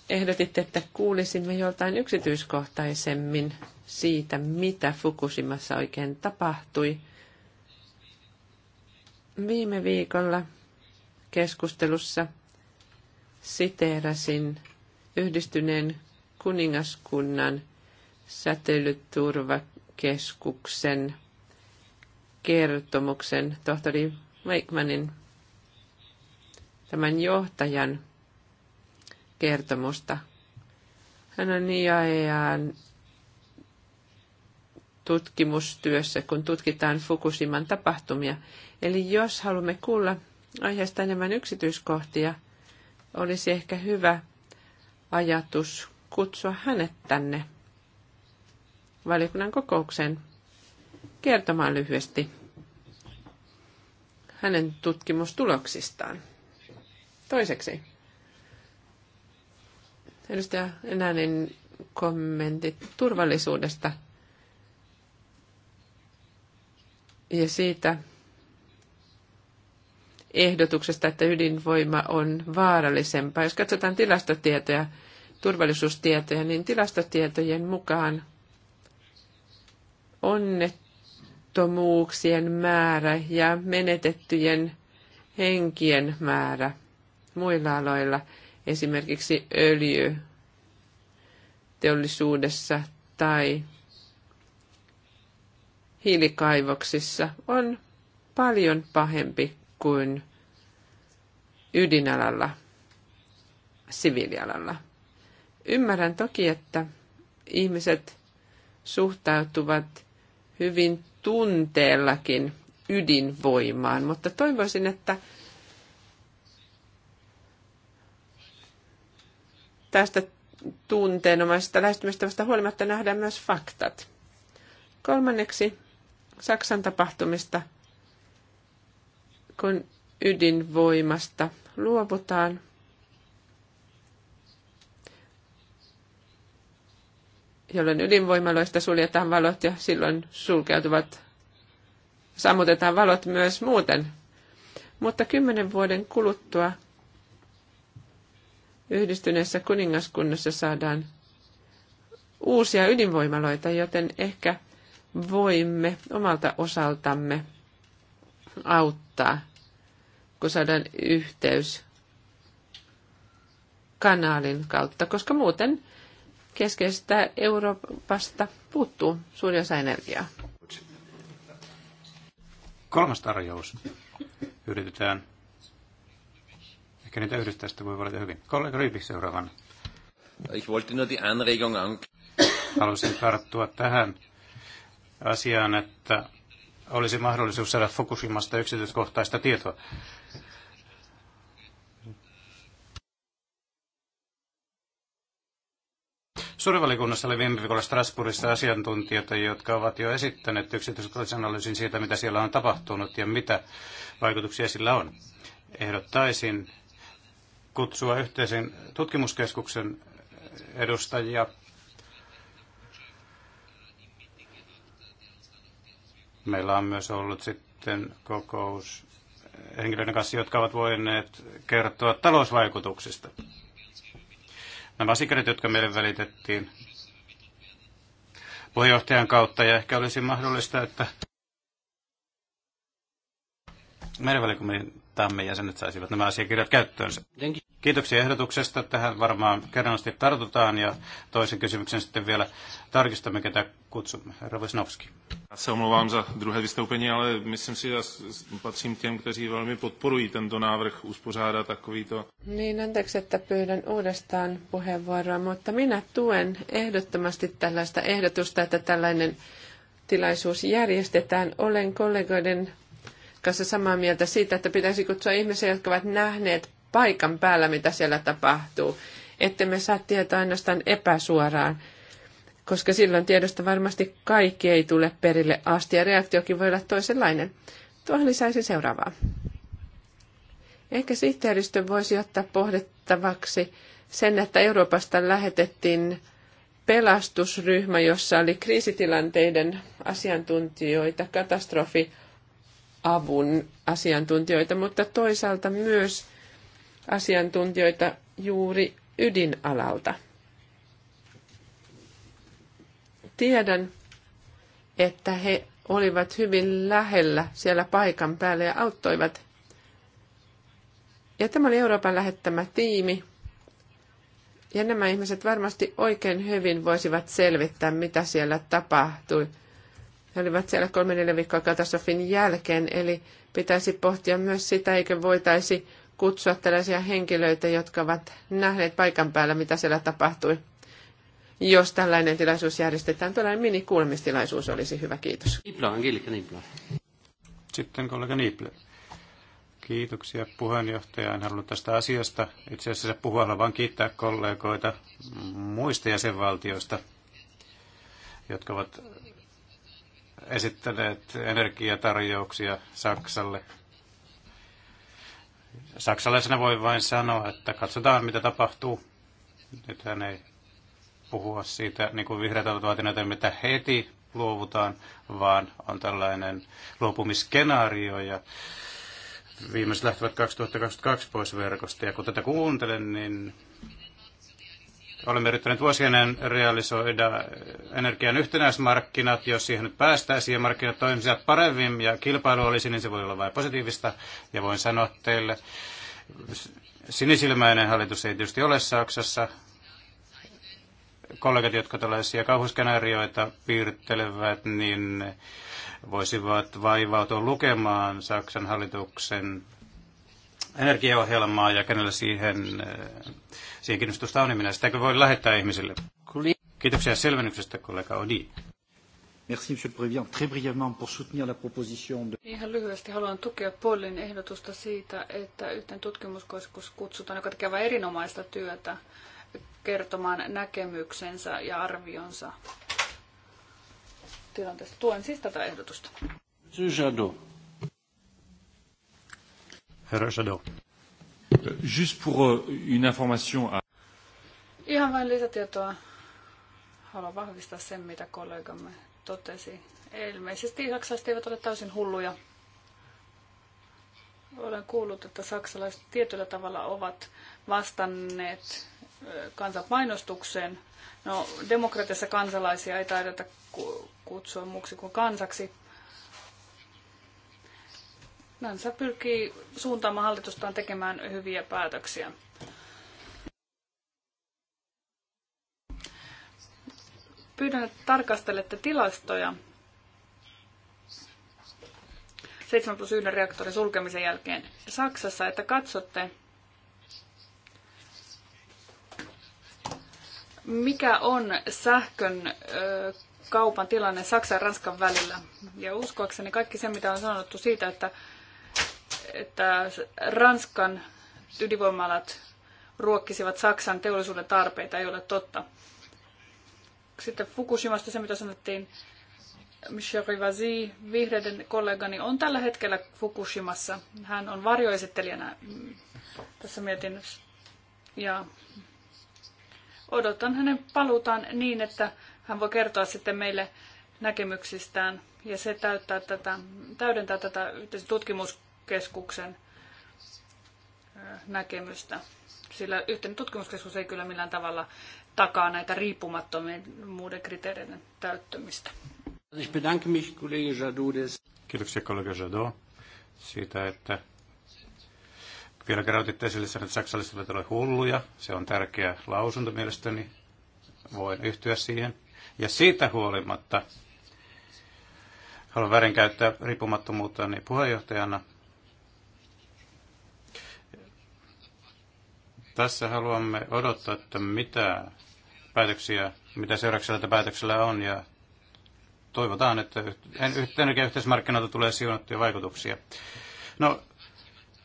Ehdotitte, että kuulisimme joltain yksityiskohtaisemmin siitä, mitä Fukushimassa oikein tapahtui. Viime viikolla keskustelussa siteerasin yhdistyneen kuningaskunnan säteilyturvakeskuksen kertomuksen tohtori Wakemanin tämän johtajan kertomusta. Hän on IAEAn tutkimustyössä, kun tutkitaan Fukushiman tapahtumia. Eli jos haluamme kuulla aiheesta enemmän yksityiskohtia, olisi ehkä hyvä ajatus kutsua hänet tänne valiokunnan kokoukseen kertomaan lyhyesti hänen tutkimustuloksistaan. Toiseksi, edustaja Enänen kommentti turvallisuudesta ja siitä ehdotuksesta, että ydinvoima on vaarallisempaa. Jos katsotaan tilastotietoja, turvallisuustietoja, niin tilastotietojen mukaan onnettomuuksien määrä ja menetettyjen henkien määrä – muilla aloilla, esimerkiksi öljy teollisuudessa tai hiilikaivoksissa, on paljon pahempi kuin ydinalalla, siviilialalla. Ymmärrän toki, että ihmiset suhtautuvat hyvin tunteellakin ydinvoimaan, mutta toivoisin, että tästä tunteenomaisesta lähestymistavasta huolimatta nähdään myös faktat. Kolmanneksi Saksan tapahtumista, kun ydinvoimasta luovutaan. jolloin ydinvoimaloista suljetaan valot ja silloin sulkeutuvat, sammutetaan valot myös muuten. Mutta kymmenen vuoden kuluttua yhdistyneessä kuningaskunnassa saadaan uusia ydinvoimaloita, joten ehkä voimme omalta osaltamme auttaa, kun saadaan yhteys kanaalin kautta, koska muuten keskeisestä Euroopasta puuttuu suuri osa energiaa. Kolmas tarjous. Yritetään ehkä niitä yhdistää, sitten voi valita hyvin. Kollega Rybik seuraavan. Ich wollte nur die Anregung an... Halusin tarttua tähän asiaan, että olisi mahdollisuus saada Fukushimasta yksityiskohtaista tietoa. Suurivalikunnassa oli viime viikolla Strasbourgissa asiantuntijoita, jotka ovat jo esittäneet yksityiskohtaisen analyysin siitä, mitä siellä on tapahtunut ja mitä vaikutuksia sillä on. Ehdottaisin, kutsua yhteisen tutkimuskeskuksen edustajia. Meillä on myös ollut sitten kokous henkilöiden kanssa, jotka ovat voineet kertoa talousvaikutuksista. Nämä sikerit, jotka meille välitettiin puheenjohtajan kautta, ja ehkä olisi mahdollista, että meidän valiokunnan tamme jäsenet saisivat nämä asiakirjat käyttöönsä. Kiitoksia ehdotuksesta. Tähän varmaan kerrallisesti tartutaan ja toisen kysymyksen sitten vielä tarkistamme, ketä kutsumme. Herra Vesnovski. se omlouvám za druhé vystoupení, ale myslím si, že patřím těm, kteří velmi podporují tento návrh uspořádat takovýto. Niin, anteeksi, että pyydän uudestaan puheenvuoroa, mutta minä tuen ehdottomasti tällaista ehdotusta, että tällainen tilaisuus järjestetään. Olen kollegoiden kanssa samaa mieltä siitä, että pitäisi kutsua ihmisiä, jotka ovat nähneet paikan päällä, mitä siellä tapahtuu. Että me saa tietoa ainoastaan epäsuoraan, koska silloin tiedosta varmasti kaikki ei tule perille asti ja reaktiokin voi olla toisenlainen. Tuohon lisäisi seuraavaa. Ehkä sihteeristö voisi ottaa pohdittavaksi sen, että Euroopasta lähetettiin pelastusryhmä, jossa oli kriisitilanteiden asiantuntijoita, katastrofi avun asiantuntijoita, mutta toisaalta myös asiantuntijoita juuri ydinalalta. Tiedän, että he olivat hyvin lähellä siellä paikan päällä ja auttoivat. Ja tämä oli Euroopan lähettämä tiimi. Ja nämä ihmiset varmasti oikein hyvin voisivat selvittää, mitä siellä tapahtui – he olivat siellä kolme neljä viikkoa katastrofin jälkeen, eli pitäisi pohtia myös sitä, eikö voitaisi kutsua tällaisia henkilöitä, jotka ovat nähneet paikan päällä, mitä siellä tapahtui. Jos tällainen tilaisuus järjestetään, tällainen minikuulemistilaisuus olisi hyvä, kiitos. Nipla, Nipla. Sitten kollega Niple. Kiitoksia puheenjohtaja. En halunnut tästä asiasta itse asiassa puhua, vaan kiittää kollegoita muista jäsenvaltioista, jotka ovat esittäneet energiatarjouksia Saksalle. Saksalaisena voi vain sanoa, että katsotaan mitä tapahtuu. hän ei puhua siitä, niin kuin vihreät ovat vaatineet, että heti luovutaan, vaan on tällainen luopumiskenaario ja viimeiset lähtevät 2022 pois verkosta. Ja kun tätä kuuntelen, niin Olemme yrittäneet vuosien realisoida eh, energian yhtenäismarkkinat. Jos siihen nyt päästäisiin ja markkinat toimisivat paremmin ja kilpailu olisi, niin se voi olla vain positiivista. Ja voin sanoa teille, sinisilmäinen hallitus ei tietysti ole Saksassa. Kollegat, jotka tällaisia kauhuskenaarioita piirtelevät, niin voisivat vaivautua lukemaan Saksan hallituksen energiaohjelmaa ja kenellä siihen eh, Siihen kiinnostusta on, niin sitäkö voi lähettää ihmisille. Kiitoksia selvennyksestä, kollega Odi. Merci, Monsieur le Président. Très brièvement, pour soutenir la proposition de... Ihan lyhyesti haluan tukea Paulin ehdotusta siitä, että yhteen tutkimuskeskus kutsutaan, joka tekee erinomaista työtä, kertomaan näkemyksensä ja arvionsa tilanteesta. Tuen siis tätä ehdotusta. Monsieur Jadot. Herra Jadot. Just pour euh, une information. Ihan vain lisätietoa. Haluan vahvistaa sen, mitä kollegamme totesi. Ilmeisesti saksalaiset eivät ole täysin hulluja. Olen kuullut, että saksalaiset tietyllä tavalla ovat vastanneet kansan No, demokratiassa kansalaisia ei taideta kutsua muuksi kuin kansaksi. Länsä pyrkii suuntaamaan hallitustaan tekemään hyviä päätöksiä. Pyydän, että tarkastelette tilastoja 7 plus 1 reaktorin sulkemisen jälkeen Saksassa, että katsotte, mikä on sähkön ö, kaupan tilanne Saksan ja Ranskan välillä. Ja uskoakseni kaikki se, mitä on sanottu siitä, että että Ranskan ydinvoimalat ruokkisivat Saksan teollisuuden tarpeita, ei ole totta. Sitten Fukushimasta se, mitä sanottiin, Michel Rivasi, vihreiden kollegani, on tällä hetkellä Fukushimassa. Hän on varjoesittelijänä tässä mietinnössä. Ja odotan hänen paluutaan niin, että hän voi kertoa sitten meille näkemyksistään. Ja se täyttää tätä, täydentää tätä tutkimus tutkimuskeskuksen näkemystä, sillä yhteinen tutkimuskeskus ei kyllä millään tavalla takaa näitä muiden kriteereiden täyttämistä. Kiitoksia, kollega Jadot, siitä, että vielä kerran otitte esille sen, että saksalaiset ovat hulluja. Se on tärkeä lausunto mielestäni. Voin yhtyä siihen. Ja siitä huolimatta haluan väärinkäyttää riippumattomuutta niin puheenjohtajana Tässä haluamme odottaa, että mitä päätöksiä, mitä seurauksia päätöksellä on ja toivotaan, että energiayhteismarkkinoilta tulee siunattuja vaikutuksia. No,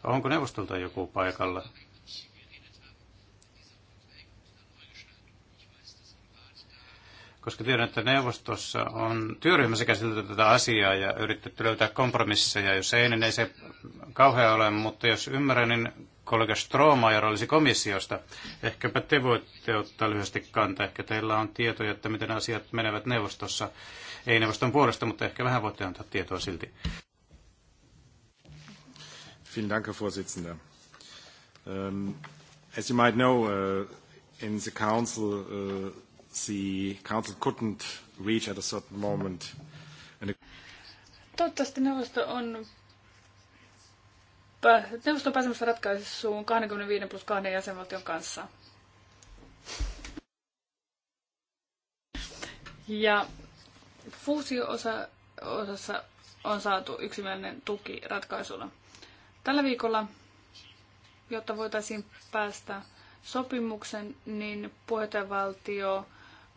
onko neuvostolta joku paikalla? Koska tiedän, että neuvostossa on työryhmässä käsitelty tätä asiaa ja yritetty löytää kompromisseja. Jos ei, niin ei se kauhea ole, mutta jos ymmärrän, niin kollega Stromayer olisi komissiosta. Ehkäpä te voitte ottaa lyhyesti kantaa. Ehkä teillä on tietoja, että miten asiat menevät neuvostossa. Ei neuvoston puolesta, mutta ehkä vähän voitte antaa tietoa silti. Vielen Dank, Herr Vorsitzender. Ähm, as you might know, äh, in the Council, äh, the Council couldn't reach at a certain moment. Toivottavasti neuvosto on neuvoston pääsemässä ratkaisuun 25 plus 2 jäsenvaltion kanssa. Ja fuusio-osassa on saatu yksimielinen tuki ratkaisulla. Tällä viikolla, jotta voitaisiin päästä sopimuksen, niin puheenjohtajavaltio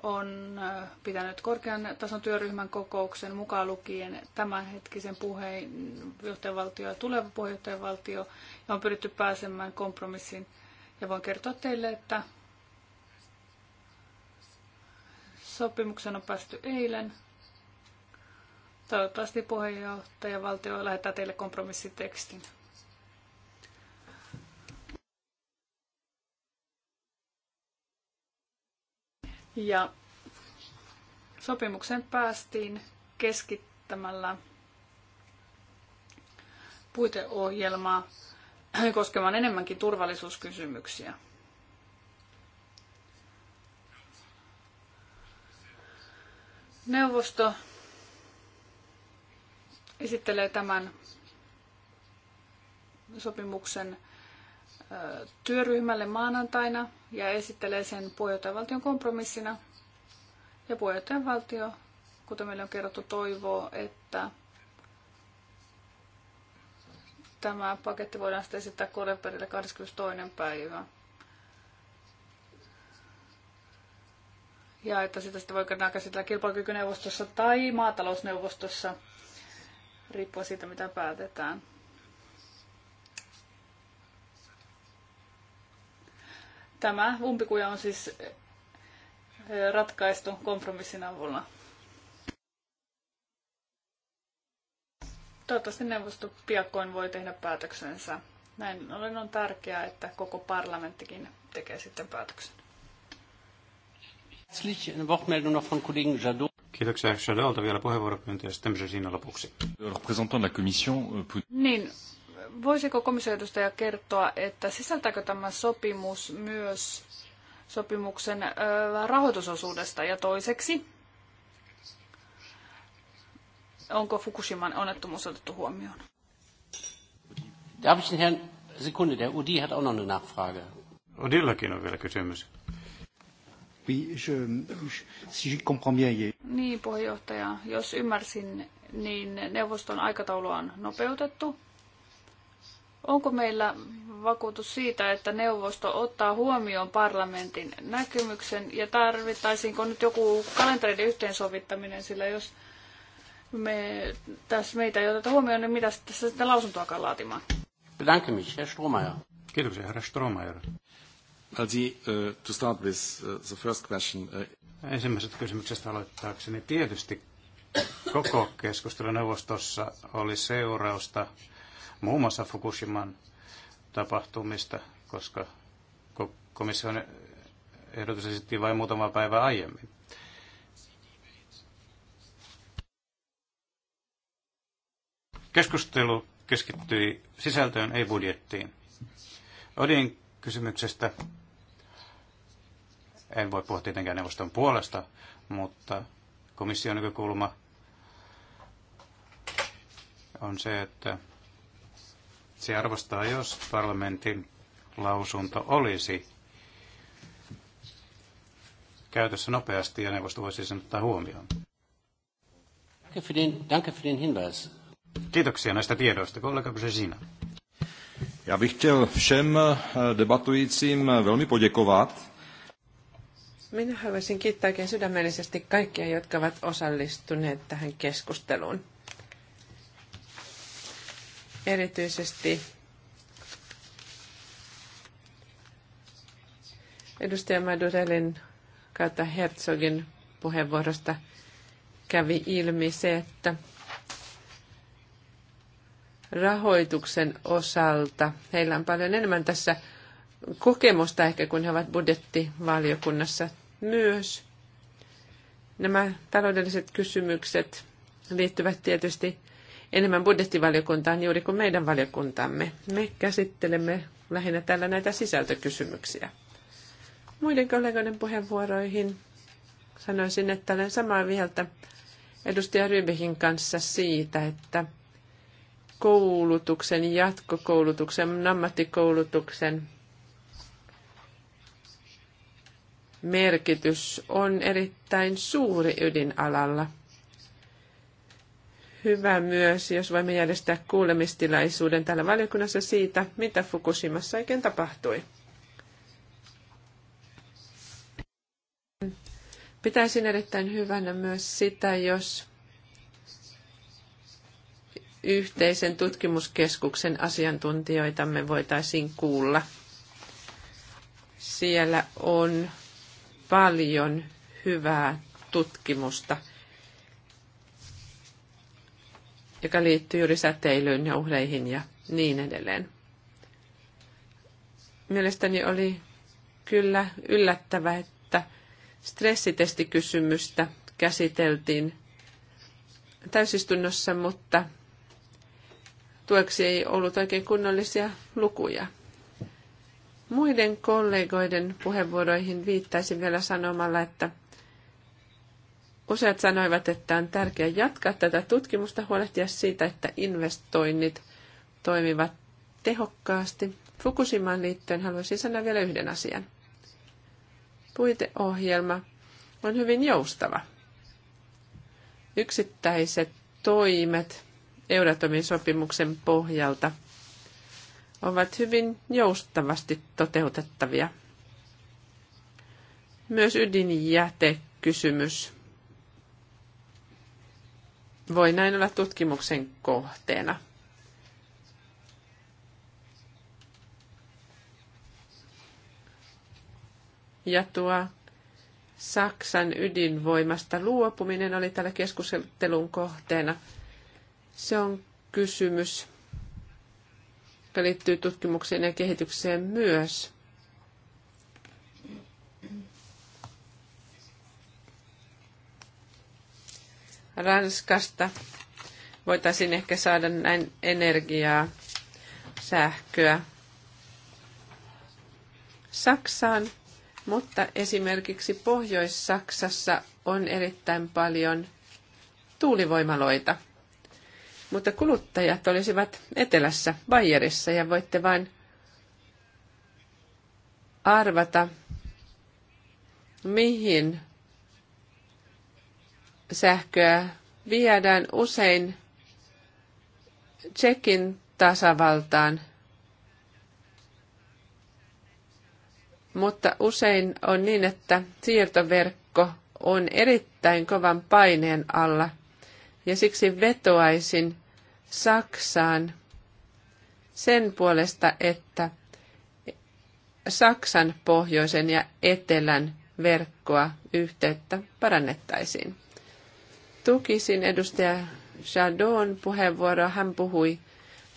on pitänyt korkean tason työryhmän kokouksen mukaan lukien tämänhetkisen puheenjohtajavaltio ja tuleva puheenjohtajavaltio, ja on pyritty pääsemään kompromissiin. Ja voin kertoa teille, että sopimuksen on päästy eilen. Toivottavasti puheenjohtajavaltio lähettää teille kompromissitekstin. Ja sopimukseen päästiin keskittämällä puiteohjelmaa koskemaan enemmänkin turvallisuuskysymyksiä. Neuvosto esittelee tämän sopimuksen työryhmälle maanantaina – ja esittelee sen puheenjohtajavaltion kompromissina. Ja puheenjohtajavaltio, kuten meillä on kerrottu, toivoo, että tämä paketti voidaan sitten esittää Koreperille 22. päivä. Ja että sitä sitten voidaan käsitellä kilpailukykyneuvostossa tai maatalousneuvostossa, riippuen siitä mitä päätetään. Tämä umpikuja on siis eh, ratkaistu kompromissin avulla. Toivottavasti neuvosto piakkoin voi tehdä päätöksensä. Näin ollen on tärkeää, että koko parlamenttikin tekee sitten päätöksen. Kiitoksia Jadolta vielä puheenvuoropyyntöjä sitten siinä lopuksi. Euh, niin, Voisiko komissioedustaja kertoa, että sisältääkö tämä sopimus myös sopimuksen rahoitusosuudesta ja toiseksi, onko Fukushiman onnettomuus otettu huomioon? Darf Herrn Sekunde, der Udi hat auch noch eine Nachfrage. Udillakin on vielä kysymys. Oui, je, si je comprends bien, Niin, puheenjohtaja. Jos ymmärsin, niin neuvoston aikataulua on nopeutettu Onko meillä vakuutus siitä, että neuvosto ottaa huomioon parlamentin näkymyksen ja tarvittaisiinko nyt joku kalenterin yhteensovittaminen, sillä jos me, tässä meitä ei oteta huomioon, niin mitä tässä sitten lausuntoakaan laatimaan? Bedanke Kiitoksia, herra Stromajer. Uh, to start with uh, the first question. Uh, Ensimmäisestä kysymyksestä aloittaakseni. Tietysti koko keskustelun neuvostossa oli seurausta muun muassa Fukushiman tapahtumista, koska komission ehdotus esittiin vain muutama päivä aiemmin. Keskustelu keskittyi sisältöön, ei budjettiin. Odin kysymyksestä en voi puhua tietenkään neuvoston puolesta, mutta komission näkökulma on se, että se arvostaa, jos parlamentin lausunto olisi käytössä nopeasti ja neuvosto voisi sen ottaa huomioon. Kiitoksia näistä tiedoista, kollega Brzezina. Ja bych chtěl všem eh, debatujícím eh, velmi poděkovat. Minä haluaisin kiittää sydämellisesti kaikkia, jotka ovat osallistuneet tähän keskusteluun. Erityisesti edustaja Madurelin kautta Herzogin puheenvuorosta kävi ilmi se, että rahoituksen osalta heillä on paljon enemmän tässä kokemusta ehkä, kun he ovat budjettivaliokunnassa myös. Nämä taloudelliset kysymykset liittyvät tietysti enemmän budjettivaliokuntaan juuri kuin meidän valiokuntamme. Me käsittelemme lähinnä täällä näitä sisältökysymyksiä. Muiden kollegoiden puheenvuoroihin sanoisin, että olen samaa mieltä edustaja Rybehin kanssa siitä, että koulutuksen, jatkokoulutuksen, ammattikoulutuksen merkitys on erittäin suuri ydinalalla – hyvä myös, jos voimme järjestää kuulemistilaisuuden täällä valiokunnassa siitä, mitä Fukushimassa oikein tapahtui. Pitäisin erittäin hyvänä myös sitä, jos yhteisen tutkimuskeskuksen asiantuntijoitamme voitaisiin kuulla. Siellä on paljon hyvää tutkimusta – joka liittyy juuri säteilyyn ja uhreihin ja niin edelleen. Mielestäni oli kyllä yllättävä, että stressitestikysymystä käsiteltiin täysistunnossa, mutta tueksi ei ollut oikein kunnollisia lukuja. Muiden kollegoiden puheenvuoroihin viittaisin vielä sanomalla, että Useat sanoivat, että on tärkeää jatkaa tätä tutkimusta, huolehtia siitä, että investoinnit toimivat tehokkaasti. Fukushimaan liittyen haluaisin sanoa vielä yhden asian. Puiteohjelma on hyvin joustava. Yksittäiset toimet Euratomin sopimuksen pohjalta ovat hyvin joustavasti toteutettavia. Myös ydinjätekysymys voi näin olla tutkimuksen kohteena. Ja tuo Saksan ydinvoimasta luopuminen oli tällä keskustelun kohteena. Se on kysymys, joka liittyy tutkimukseen ja kehitykseen myös. Ranskasta. Voitaisiin ehkä saada näin energiaa, sähköä Saksaan, mutta esimerkiksi Pohjois-Saksassa on erittäin paljon tuulivoimaloita. Mutta kuluttajat olisivat etelässä, Bayerissa, ja voitte vain arvata, mihin sähköä viedään usein Tsekin tasavaltaan, mutta usein on niin, että siirtoverkko on erittäin kovan paineen alla ja siksi vetoaisin Saksaan sen puolesta, että Saksan pohjoisen ja etelän verkkoa yhteyttä parannettaisiin. Tukisin edustaja Jadon puheenvuoroa. Hän puhui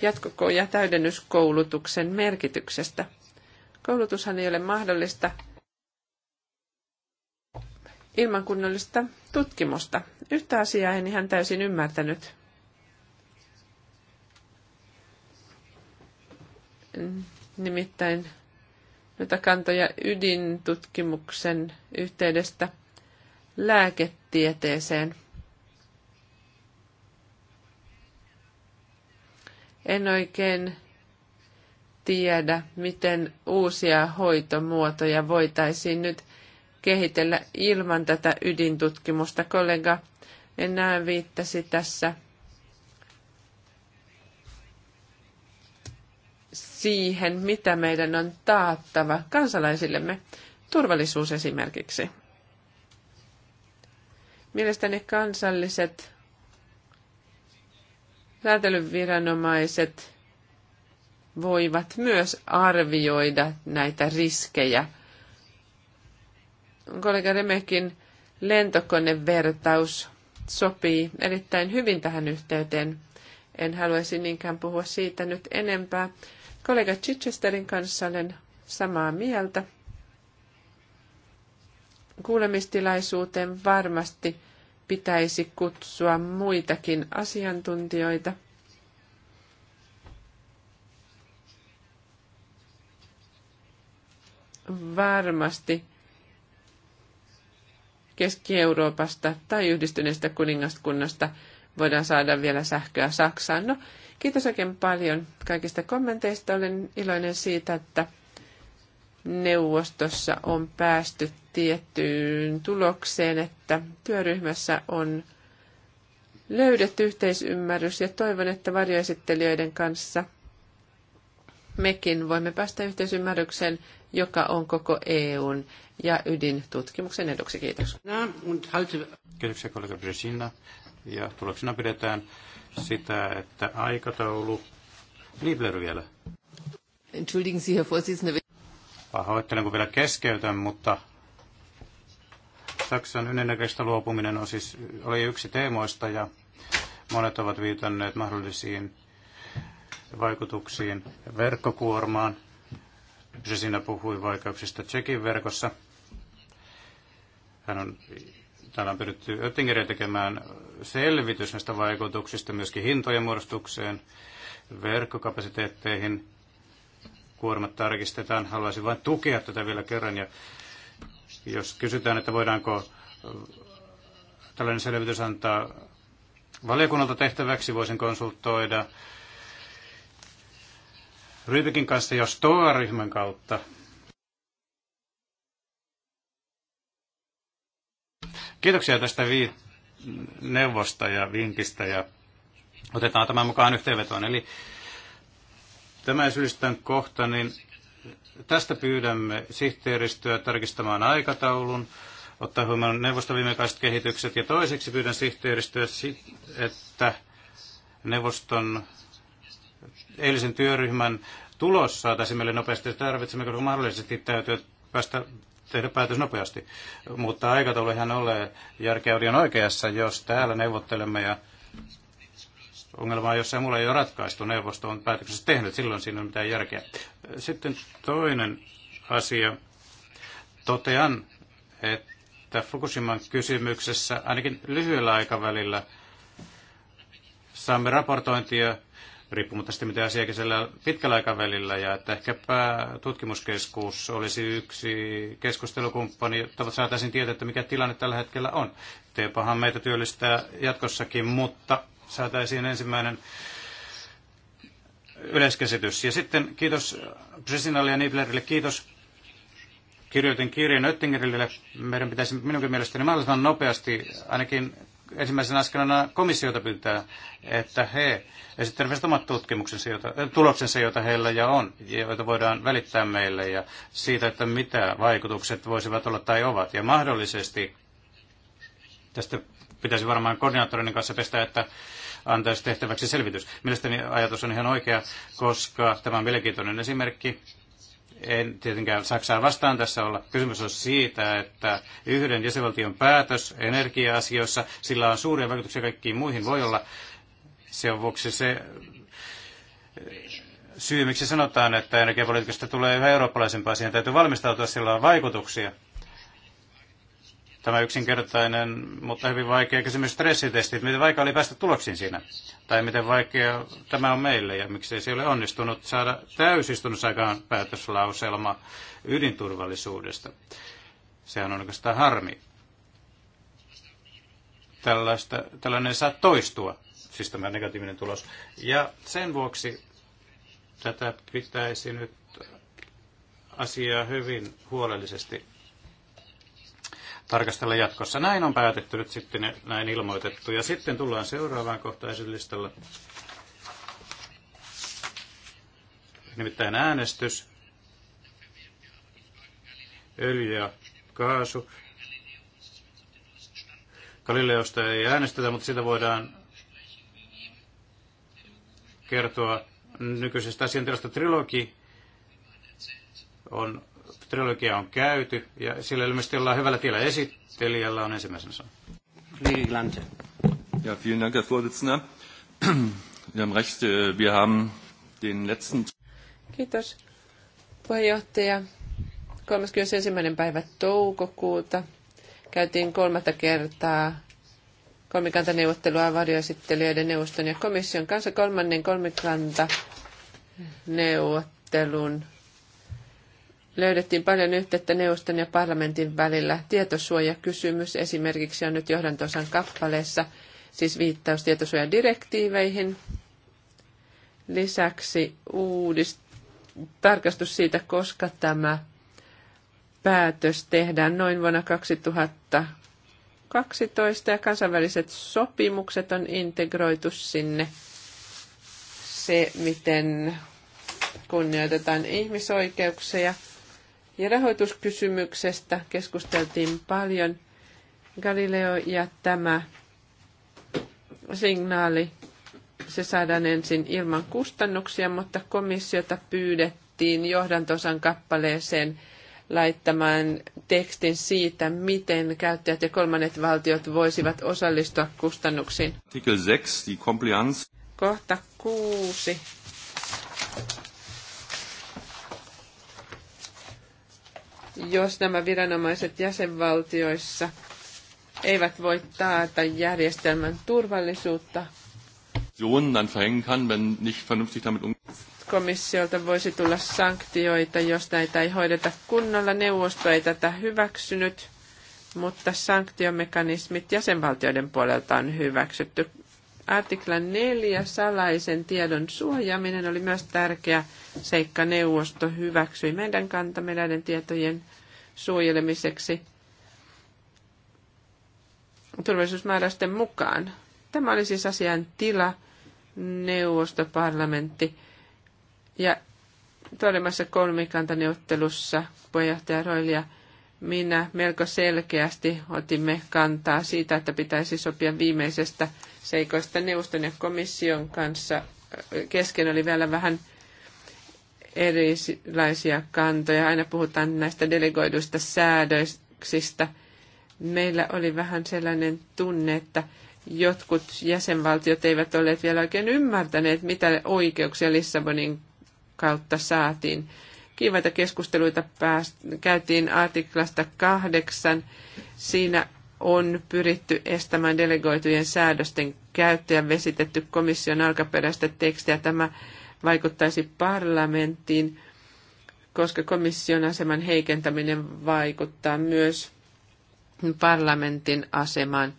jatkoko- ja täydennyskoulutuksen merkityksestä. Koulutushan ei ole mahdollista ilman kunnollista tutkimusta. Yhtä asiaa en ihan täysin ymmärtänyt. Nimittäin noita kantoja ydintutkimuksen yhteydestä lääketieteeseen – En oikein tiedä, miten uusia hoitomuotoja voitaisiin nyt kehitellä ilman tätä ydintutkimusta. Kollega enää viittasi tässä siihen, mitä meidän on taattava kansalaisillemme, turvallisuus esimerkiksi. Mielestäni kansalliset säätelyviranomaiset voivat myös arvioida näitä riskejä. Kollega Remekin lentokonevertaus sopii erittäin hyvin tähän yhteyteen. En haluaisi niinkään puhua siitä nyt enempää. Kollega Chichesterin kanssa olen samaa mieltä. Kuulemistilaisuuteen varmasti pitäisi kutsua muitakin asiantuntijoita. Varmasti Keski-Euroopasta tai yhdistyneestä kuningaskunnasta voidaan saada vielä sähköä Saksaan. No, kiitos oikein paljon kaikista kommenteista. Olen iloinen siitä, että neuvostossa on päästy tiettyyn tulokseen, että työryhmässä on löydetty yhteisymmärrys ja toivon, että varjoesittelijöiden kanssa mekin voimme päästä yhteisymmärrykseen, joka on koko EUn ja ydintutkimuksen eduksi. Kiitos. Kiitoksia kollega Brzezina. Ja tuloksena pidetään sitä, että aikataulu... Liebler vielä. Entschuldigen Sie, Herr Vorsitzender. Pahoittelen, kun vielä keskeytän, mutta Saksan ynnennäköistä luopuminen on siis, oli yksi teemoista ja monet ovat viitanneet mahdollisiin vaikutuksiin verkkokuormaan. Se siinä puhui vaikeuksista Tsekin verkossa. Hän on, täällä on pyritty Oettingerin tekemään selvitys näistä vaikutuksista myöskin hintojen muodostukseen, verkkokapasiteetteihin kuormat tarkistetaan. Haluaisin vain tukea tätä vielä kerran. Ja jos kysytään, että voidaanko äh, tällainen selvitys antaa valiokunnalta tehtäväksi, voisin konsultoida Rybikin kanssa, jos TOA-ryhmän kautta. Kiitoksia tästä vi- neuvosta ja vinkistä ja otetaan tämän mukaan yhteenvetoon. Eli tämä sylistän kohta, niin tästä pyydämme sihteeristöä tarkistamaan aikataulun, ottaa huomioon neuvoston viimeaikaiset kehitykset. Ja toiseksi pyydän sihteeristöä, että neuvoston eilisen työryhmän tulos saataisiin meille nopeasti, tarvitsemme, koska mahdollisesti täytyy päästä tehdä päätös nopeasti. Mutta aikataulu ihan ole järkeä on oikeassa, jos täällä neuvottelemme ja ongelmaa jossain mulla ei ole ratkaistu. Neuvosto on päätöksessä tehnyt, silloin siinä on mitään järkeä. Sitten toinen asia. Totean, että Fukushiman kysymyksessä ainakin lyhyellä aikavälillä saamme raportointia riippumatta sitten mitä asiakisellä pitkällä aikavälillä, ja että ehkäpä tutkimuskeskus olisi yksi keskustelukumppani, jotta saataisiin tietää, että mikä tilanne tällä hetkellä on. Teepahan meitä työllistää jatkossakin, mutta saataisiin ensimmäinen yleiskäsitys. Ja sitten kiitos Presinalle ja Niblerille, kiitos kirjoitin kirjan Oettingerille. Meidän pitäisi minunkin mielestäni mahdollisimman nopeasti, ainakin ensimmäisenä askelena komissiota pyytää, että he esittelevät omat tutkimuksensa, jota, äh, tuloksensa, joita heillä ja on, joita voidaan välittää meille, ja siitä, että mitä vaikutukset voisivat olla tai ovat. Ja mahdollisesti tästä pitäisi varmaan koordinaattorin kanssa pestä, että antaisi tehtäväksi selvitys. Mielestäni ajatus on ihan oikea, koska tämä on mielenkiintoinen esimerkki. En tietenkään Saksaa vastaan tässä olla. Kysymys on siitä, että yhden jäsenvaltion päätös energia-asioissa, sillä on suuria vaikutuksia kaikkiin muihin, voi olla. Se on vuoksi se syy, miksi sanotaan, että energiapolitiikasta tulee yhä eurooppalaisempaa. Siihen täytyy valmistautua, sillä on vaikutuksia Tämä yksinkertainen, mutta hyvin vaikea kysymys stressitestit. Miten vaikea oli päästä tuloksiin siinä? Tai miten vaikea tämä on meille ja miksi se ole onnistunut saada täysistunnossa aikaan päätöslauselma ydinturvallisuudesta? Sehän on oikeastaan harmi. Tällaista, tällainen saa toistua, siis tämä negatiivinen tulos. Ja sen vuoksi tätä pitäisi nyt asiaa hyvin huolellisesti tarkastella jatkossa. Näin on päätetty nyt sitten, näin ilmoitettu. Ja sitten tullaan seuraavaan kohtaan listalla. Nimittäin äänestys. Öljy ja kaasu. Galileosta ei äänestetä, mutta sitä voidaan kertoa nykyisestä asiantilasta. Trilogi on trilogia on käyty ja sillä ilmeisesti ollaan hyvällä tiellä esittelijällä on ensimmäisen sana. Ja, vielen Dank, Herr Vorsitzender. wir haben recht, äh, wir haben den letzten... Kiitos, puheenjohtaja. 31. päivä toukokuuta käytiin kolmatta kertaa kolmikantaneuvottelua varjoesittelijöiden neuvoston ja komission kanssa kolmannen kolmikantaneuvottelun löydettiin paljon yhteyttä neuvoston ja parlamentin välillä. Tietosuojakysymys esimerkiksi on nyt johdantosan kappaleessa, siis viittaus tietosuojadirektiiveihin. Lisäksi uudist- tarkastus siitä, koska tämä päätös tehdään noin vuonna 2012 ja kansainväliset sopimukset on integroitu sinne. Se, miten kunnioitetaan ihmisoikeuksia – ja rahoituskysymyksestä keskusteltiin paljon. Galileo ja tämä signaali, se saadaan ensin ilman kustannuksia, mutta komissiota pyydettiin johdantosan kappaleeseen laittamaan tekstin siitä, miten käyttäjät ja kolmannet valtiot voisivat osallistua kustannuksiin. Artikel 6, die Compliance. Kohta 6 jos nämä viranomaiset jäsenvaltioissa eivät voi taata järjestelmän turvallisuutta. Um- komissiolta voisi tulla sanktioita, jos näitä ei hoideta kunnolla. Neuvosto ei tätä hyväksynyt, mutta sanktiomekanismit jäsenvaltioiden puolelta on hyväksytty. Artikla 4, salaisen tiedon suojaaminen, oli myös tärkeä seikka. Neuvosto hyväksyi meidän kantamme näiden tietojen suojelemiseksi turvallisuusmääräysten mukaan. Tämä oli siis asian tila, neuvostoparlamentti. Ja todemmassa kolmikantaneuvottelussa puheenjohtaja Roilia minä melko selkeästi otimme kantaa siitä, että pitäisi sopia viimeisestä seikoista neuvoston ja komission kanssa. Kesken oli vielä vähän erilaisia kantoja. Aina puhutaan näistä delegoiduista säädöksistä. Meillä oli vähän sellainen tunne, että jotkut jäsenvaltiot eivät olleet vielä oikein ymmärtäneet, mitä oikeuksia Lissabonin kautta saatiin kiivaita keskusteluita pääst, käytiin artiklasta kahdeksan. Siinä on pyritty estämään delegoitujen säädösten käyttö ja vesitetty komission alkaperäistä tekstiä. Tämä vaikuttaisi parlamenttiin, koska komission aseman heikentäminen vaikuttaa myös parlamentin asemaan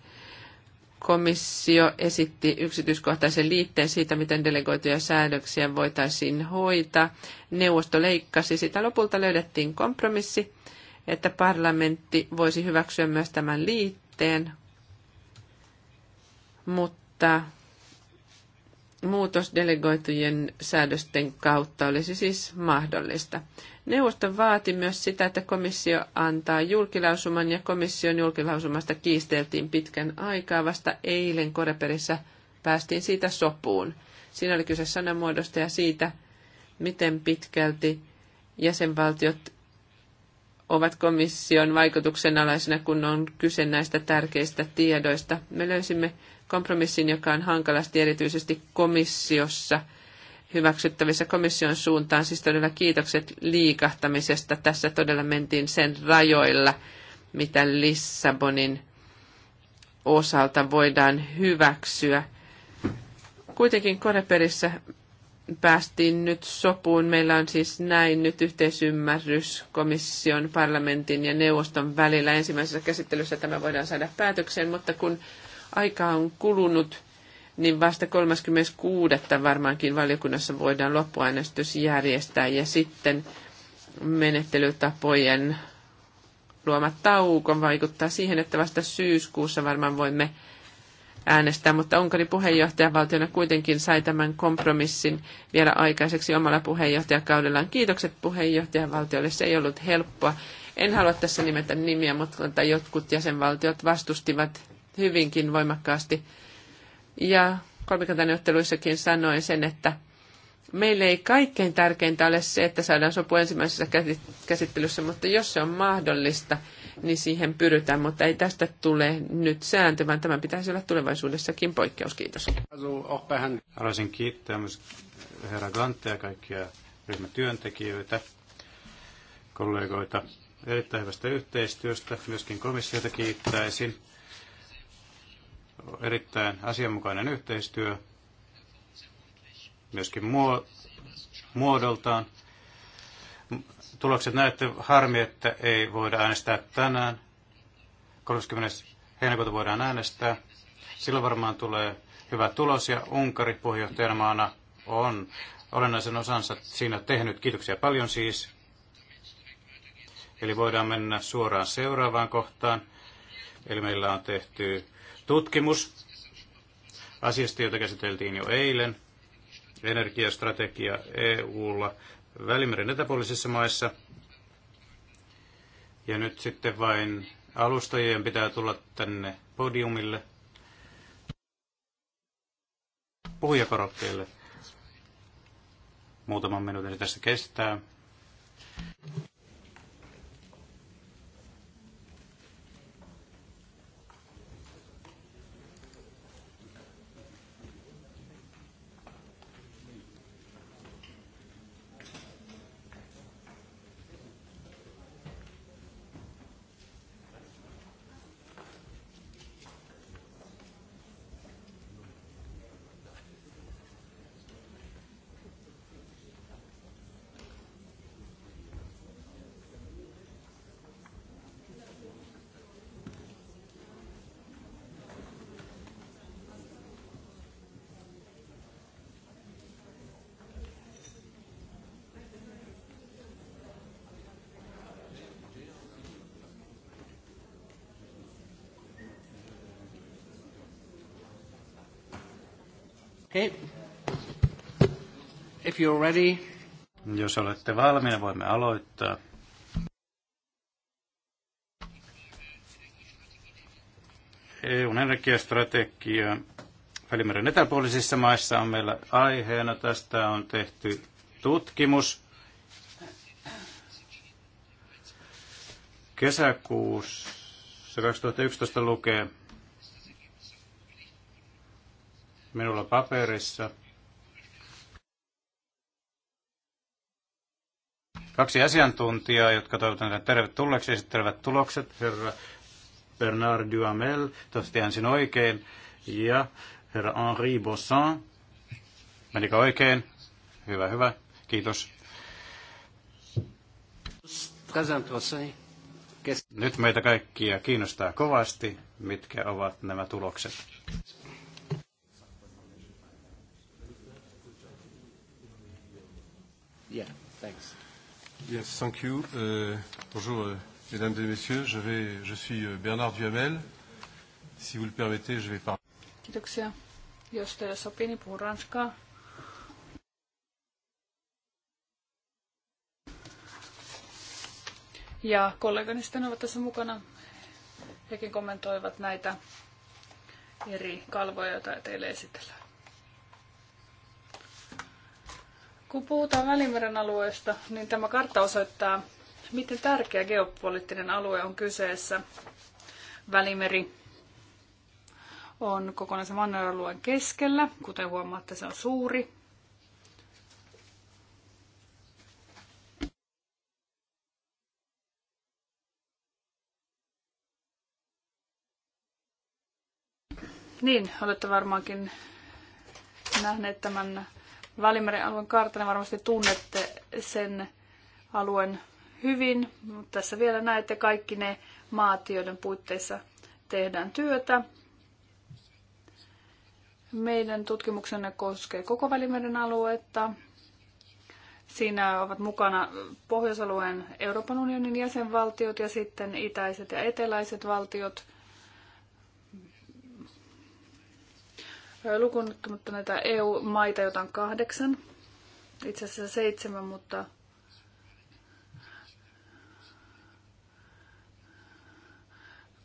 komissio esitti yksityiskohtaisen liitteen siitä, miten delegoituja säädöksiä voitaisiin hoitaa. Neuvosto leikkasi sitä. Lopulta löydettiin kompromissi, että parlamentti voisi hyväksyä myös tämän liitteen, mutta muutos delegoitujen säädösten kautta olisi siis mahdollista. Neuvosto vaati myös sitä, että komissio antaa julkilausuman ja komission julkilausumasta kiisteltiin pitkän aikaa. Vasta eilen Koreperissä päästiin siitä sopuun. Siinä oli kyse sanamuodosta ja siitä, miten pitkälti jäsenvaltiot ovat komission vaikutuksen alaisena, kun on kyse näistä tärkeistä tiedoista. Me löysimme kompromissin, joka on hankalasti erityisesti komissiossa – hyväksyttävissä komission suuntaan. Siis todella kiitokset liikahtamisesta. Tässä todella mentiin sen rajoilla, mitä Lissabonin osalta voidaan hyväksyä. Kuitenkin Koreperissä päästiin nyt sopuun. Meillä on siis näin nyt yhteisymmärrys komission, parlamentin ja neuvoston välillä. Ensimmäisessä käsittelyssä tämä voidaan saada päätökseen, mutta kun aika on kulunut niin vasta 36. varmaankin valiokunnassa voidaan loppuäänestys järjestää ja sitten menettelytapojen luoma tauko vaikuttaa siihen, että vasta syyskuussa varmaan voimme äänestää, mutta Unkarin puheenjohtajavaltiona kuitenkin sai tämän kompromissin vielä aikaiseksi omalla puheenjohtajakaudellaan. Kiitokset puheenjohtajavaltiolle, se ei ollut helppoa. En halua tässä nimetä nimiä, mutta jotkut jäsenvaltiot vastustivat hyvinkin voimakkaasti ja kolmikantaneuvotteluissakin sanoin sen, että meille ei kaikkein tärkeintä ole se, että saadaan sopu ensimmäisessä käsittelyssä, mutta jos se on mahdollista, niin siihen pyritään, mutta ei tästä tule nyt sääntö, vaan tämä pitäisi olla tulevaisuudessakin poikkeus. Kiitos. Haluaisin kiittää myös herra Glantea ja kaikkia ryhmätyöntekijöitä, kollegoita erittäin hyvästä yhteistyöstä. Myöskin komissiota kiittäisin erittäin asianmukainen yhteistyö, myöskin muodoltaan. Tulokset näette harmi, että ei voida äänestää tänään. 30. heinäkuuta voidaan äänestää. Silloin varmaan tulee hyvä tulos ja Unkari puheenjohtajamaana on olennaisen osansa siinä tehnyt. Kiitoksia paljon siis. Eli voidaan mennä suoraan seuraavaan kohtaan. Eli meillä on tehty tutkimus asiasta, jota käsiteltiin jo eilen, energiastrategia EUlla Välimeren etäpuolisissa maissa. Ja nyt sitten vain alustajien pitää tulla tänne podiumille puhujakorokkeelle. Muutaman minuutin tästä kestää. if you're ready. Jos olette valmiina, voimme aloittaa. EUn energiastrategia Välimeren etäpuolisissa maissa on meillä aiheena. Tästä on tehty tutkimus kesäkuussa 2011 lukee minulla paperissa – Kaksi asiantuntijaa, jotka toivotan teille tervetulleeksi, esittelevät tulokset. Herra Bernard Duhamel, toivottavasti ensin oikein, ja herra Henri Bossan. Menikö oikein? Hyvä, hyvä. Kiitos. Nyt meitä kaikkia kiinnostaa kovasti, mitkä ovat nämä tulokset. Yeah, thanks. Yes, thank you. Euh, bonjour, euh, mesdames et messieurs. Je, vais, je suis uh, Bernard Duhamel. Si vous le permettez, je vais parler. Kiitoksia. Jos teille sopii, niin puhun ranskaa. Ja kollegani sitten ovat tässä mukana. Hekin kommentoivat näitä eri kalvoja, joita teille esitellään. Kun puhutaan Välimeren alueesta, niin tämä kartta osoittaa, miten tärkeä geopoliittinen alue on kyseessä. Välimeri on kokonaisen manneralueen keskellä, kuten huomaatte, se on suuri. Niin, olette varmaankin nähneet tämän Välimeren alueen kartana niin varmasti tunnette sen alueen hyvin, mutta tässä vielä näette kaikki ne maat, joiden puitteissa tehdään työtä. Meidän tutkimuksenne koskee koko Välimeren aluetta. Siinä ovat mukana pohjoisalueen Euroopan unionin jäsenvaltiot ja sitten itäiset ja eteläiset valtiot – lukun mutta näitä EU-maita, joita on kahdeksan, itse asiassa seitsemän, mutta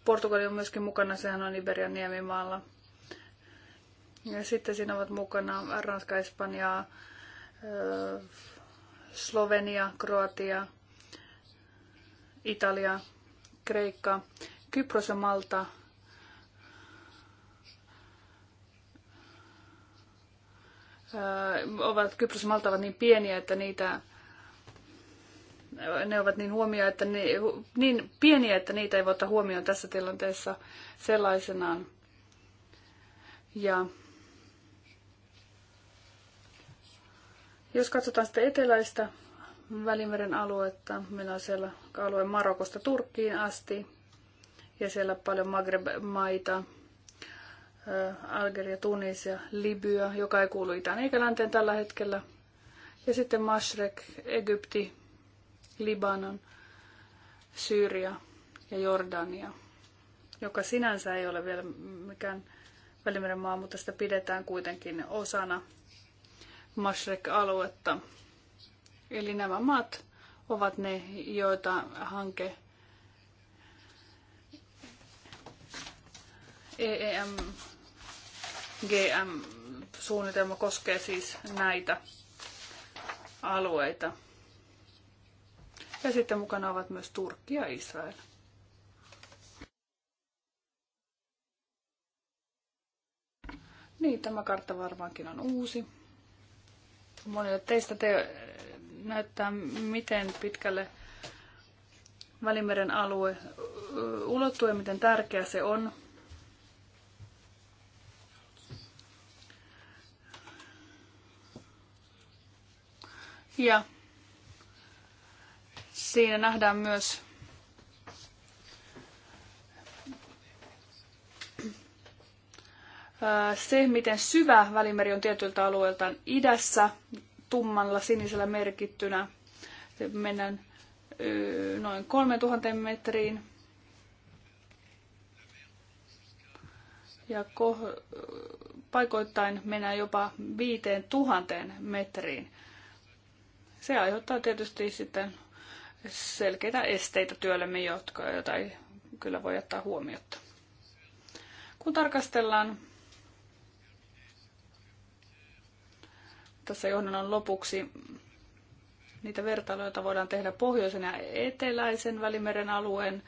Portugali on myöskin mukana, sehän on Iberian niemimaalla. Ja sitten siinä ovat mukana Ranska, Espanja, Slovenia, Kroatia, Italia, Kreikka, Kypros ja Malta – ovat Kypros ja Malta ovat niin pieniä, että niitä ne ovat niin huomio, että ne, niin pieniä, että niitä ei voi ottaa huomioon tässä tilanteessa sellaisenaan. Ja jos katsotaan sitä eteläistä Välimeren aluetta, meillä on siellä alue Marokosta Turkkiin asti ja siellä paljon magreb maita Algeria, Tunisia, Libya, joka ei kuulu itään eikä länteen tällä hetkellä. Ja sitten Mashrek, Egypti, Libanon, Syyria ja Jordania, joka sinänsä ei ole vielä mikään Välimeren maa, mutta sitä pidetään kuitenkin osana Mashrek-aluetta. Eli nämä maat ovat ne, joita hanke EEM GM-suunnitelma koskee siis näitä alueita. Ja sitten mukana ovat myös Turkki ja Israel. Niin, tämä kartta varmaankin on uusi. Monille teistä te eh, näyttää, miten pitkälle Välimeren alue eh, ulottuu ja miten tärkeä se on Ja siinä nähdään myös se, miten syvä välimeri on tietyiltä alueiltaan idässä tummalla sinisellä merkittynä. Mennään noin 3000 metriin. Ja paikoittain mennään jopa 5000 metriin. Se aiheuttaa tietysti sitten selkeitä esteitä työllemme, jotka, joita ei kyllä voi jättää huomiota. Kun tarkastellaan tässä johdannon lopuksi niitä vertailuja, joita voidaan tehdä pohjoisen ja eteläisen välimeren alueen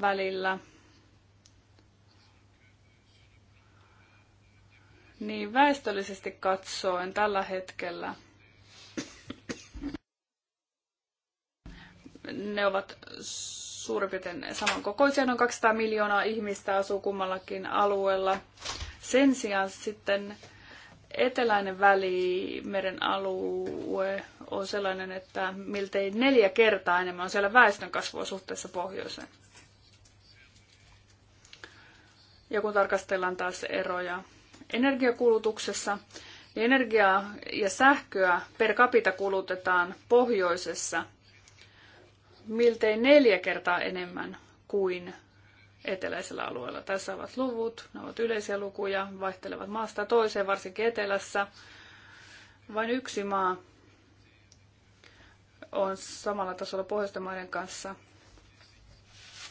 välillä, niin väestöllisesti katsoen tällä hetkellä – Ne ovat suurin piirtein samankokoisia, noin 200 miljoonaa ihmistä asuu kummallakin alueella. Sen sijaan sitten eteläinen välimeren alue on sellainen, että miltei neljä kertaa enemmän on siellä väestönkasvua suhteessa pohjoiseen. Ja kun tarkastellaan taas eroja energiakulutuksessa, niin energiaa ja sähköä per capita kulutetaan pohjoisessa miltei neljä kertaa enemmän kuin eteläisellä alueella. Tässä ovat luvut, ne ovat yleisiä lukuja, vaihtelevat maasta toiseen, varsinkin etelässä. Vain yksi maa on samalla tasolla pohjoisten kanssa,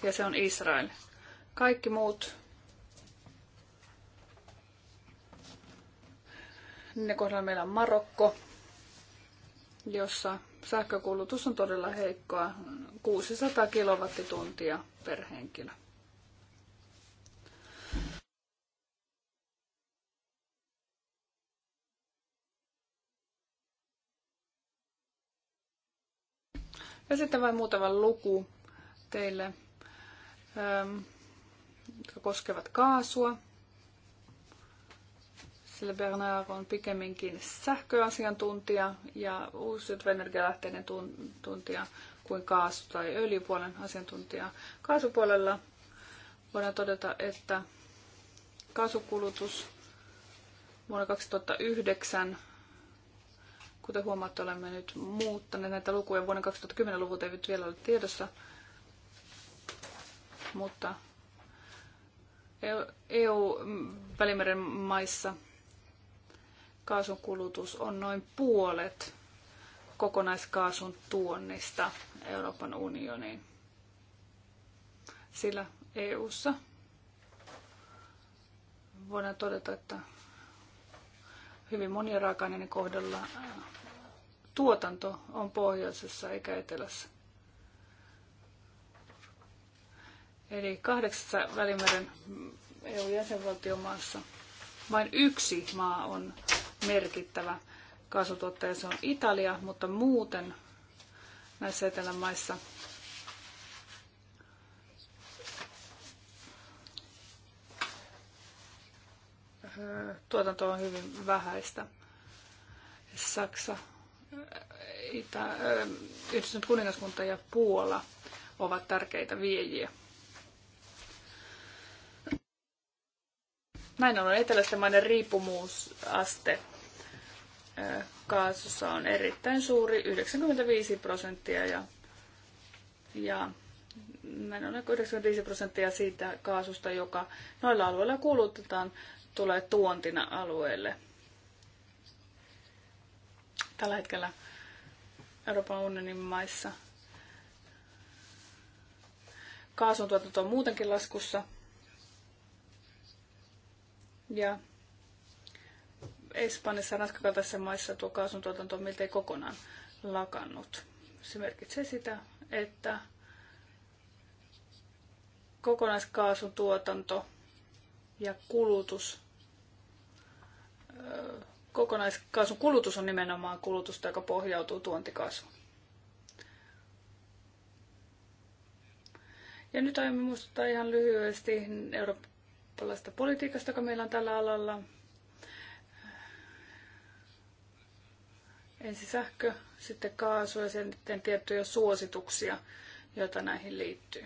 ja se on Israel. Kaikki muut ne kohdalla meillä on Marokko, jossa sähkökulutus on todella heikkoa, 600 kilowattituntia per henkilö. Ja sitten vain muutama luku teille, ähm, jotka koskevat kaasua. Sille Bernard on pikemminkin sähköasiantuntija ja uusiutuvien energialähteiden tuntija kuin kaasu- tai öljypuolen asiantuntija. Kaasupuolella voidaan todeta, että kaasukulutus vuonna 2009, kuten huomaatte, olemme nyt muuttaneet näitä lukuja. Vuoden 2010-luvut eivät vielä ole tiedossa, mutta EU-välimeren e maissa – kaasun kulutus on noin puolet kokonaiskaasun tuonnista Euroopan unioniin. Sillä EU:ssa voidaan todeta, että hyvin monia raaka kohdalla äh, tuotanto on pohjoisessa eikä etelässä. Eli kahdeksassa Välimeren äh, EU-jäsenvaltiomaassa vain yksi maa on merkittävä kaasutuottaja, se on Italia, mutta muuten näissä etelän maissa tuotanto on hyvin vähäistä. Saksa, Itä, eh, Yhdistynyt kuningaskunta ja Puola ovat tärkeitä viejiä. Näin on eteläisten maiden riippumuusaste kaasussa on erittäin suuri, 95 prosenttia ja, ja meillä on 95 prosenttia siitä kaasusta, joka noilla alueilla kulutetaan, tulee tuontina alueelle. Tällä hetkellä Euroopan unionin maissa kaasun tuotanto on muutenkin laskussa. Ja Espanjassa ja ranskakaltaisissa maissa tuo kaasun tuotanto on miltei kokonaan lakannut. Se merkitsee sitä, että kokonaiskaasun tuotanto ja kulutus, kokonaiskaasun kulutus on nimenomaan kulutusta, joka pohjautuu tuontikaasuun. Ja nyt aiemmin muistuttaa ihan lyhyesti eurooppalaisesta politiikasta, joka meillä on tällä alalla. Ensin sähkö, sitten kaasu ja sitten tiettyjä suosituksia, joita näihin liittyy.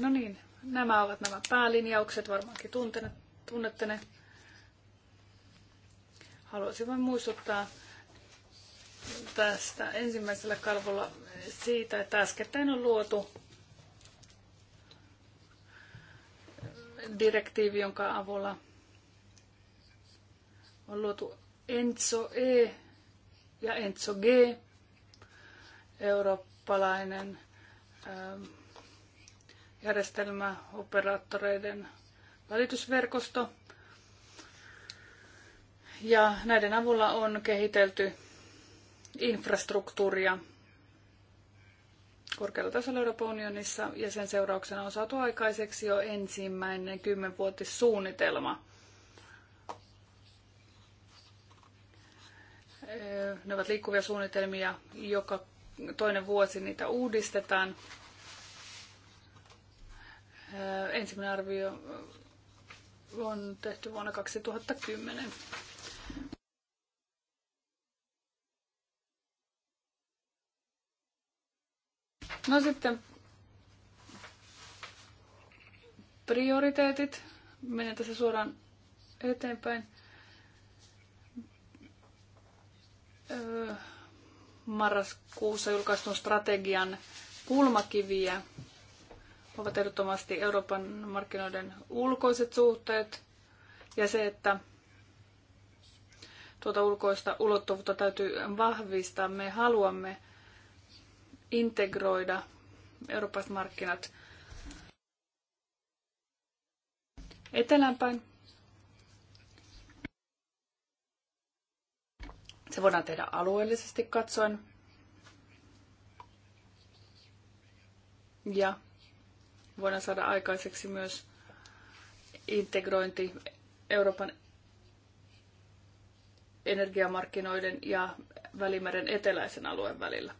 No niin, nämä ovat nämä päälinjaukset, varmaankin tunnette ne. Haluaisin vain muistuttaa tästä ensimmäisellä kalvolla siitä, että äskettäin on luotu direktiivi, jonka avulla on luotu ENSO E ja ENSO G, eurooppalainen ähm, järjestelmä operaattoreiden välitysverkosto. Ja näiden avulla on kehitelty infrastruktuuria korkealla tasolla Euroopan unionissa ja sen seurauksena on saatu aikaiseksi jo ensimmäinen kymmenvuotissuunnitelma. Ne ovat liikkuvia suunnitelmia, joka toinen vuosi niitä uudistetaan. Ensimmäinen arvio on tehty vuonna 2010. No sitten prioriteetit. Menen tässä suoraan eteenpäin. Öö, marraskuussa julkaistun strategian kulmakiviä ovat ehdottomasti Euroopan markkinoiden ulkoiset suhteet ja se, että tuota ulkoista ulottuvuutta täytyy vahvistaa. Me haluamme integroida Euroopan markkinat etelämpäin. Se voidaan tehdä alueellisesti katsoen. Ja voidaan saada aikaiseksi myös integrointi Euroopan energiamarkkinoiden ja Välimeren eteläisen alueen välillä.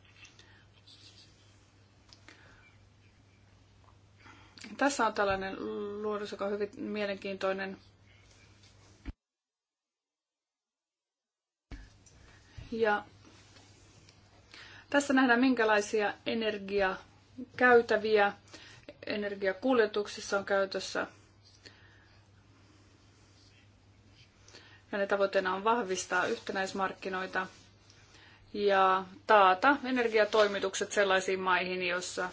Tässä on tällainen luonnos, joka on hyvin mielenkiintoinen. Ja tässä nähdään minkälaisia energiakäytäviä energiakuljetuksissa on käytössä. Ja ne tavoitteena on vahvistaa yhtenäismarkkinoita ja taata energiatoimitukset sellaisiin maihin, joissa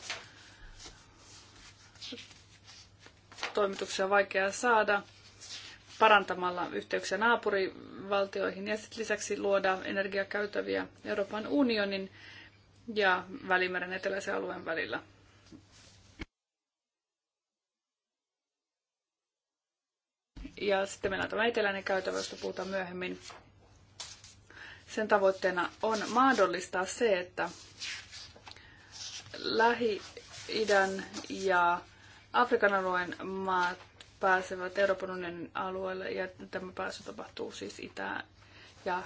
toimituksia vaikea saada parantamalla yhteyksiä naapurivaltioihin ja sitten lisäksi luoda energiakäytäviä Euroopan unionin ja Välimeren eteläisen alueen välillä. Ja sitten meillä on tämä eteläinen käytävä, josta puhutaan myöhemmin. Sen tavoitteena on mahdollistaa se, että Lähi-idän ja Afrikan alueen maat pääsevät Euroopan unionin alueelle ja tämä pääsy tapahtuu siis itään ja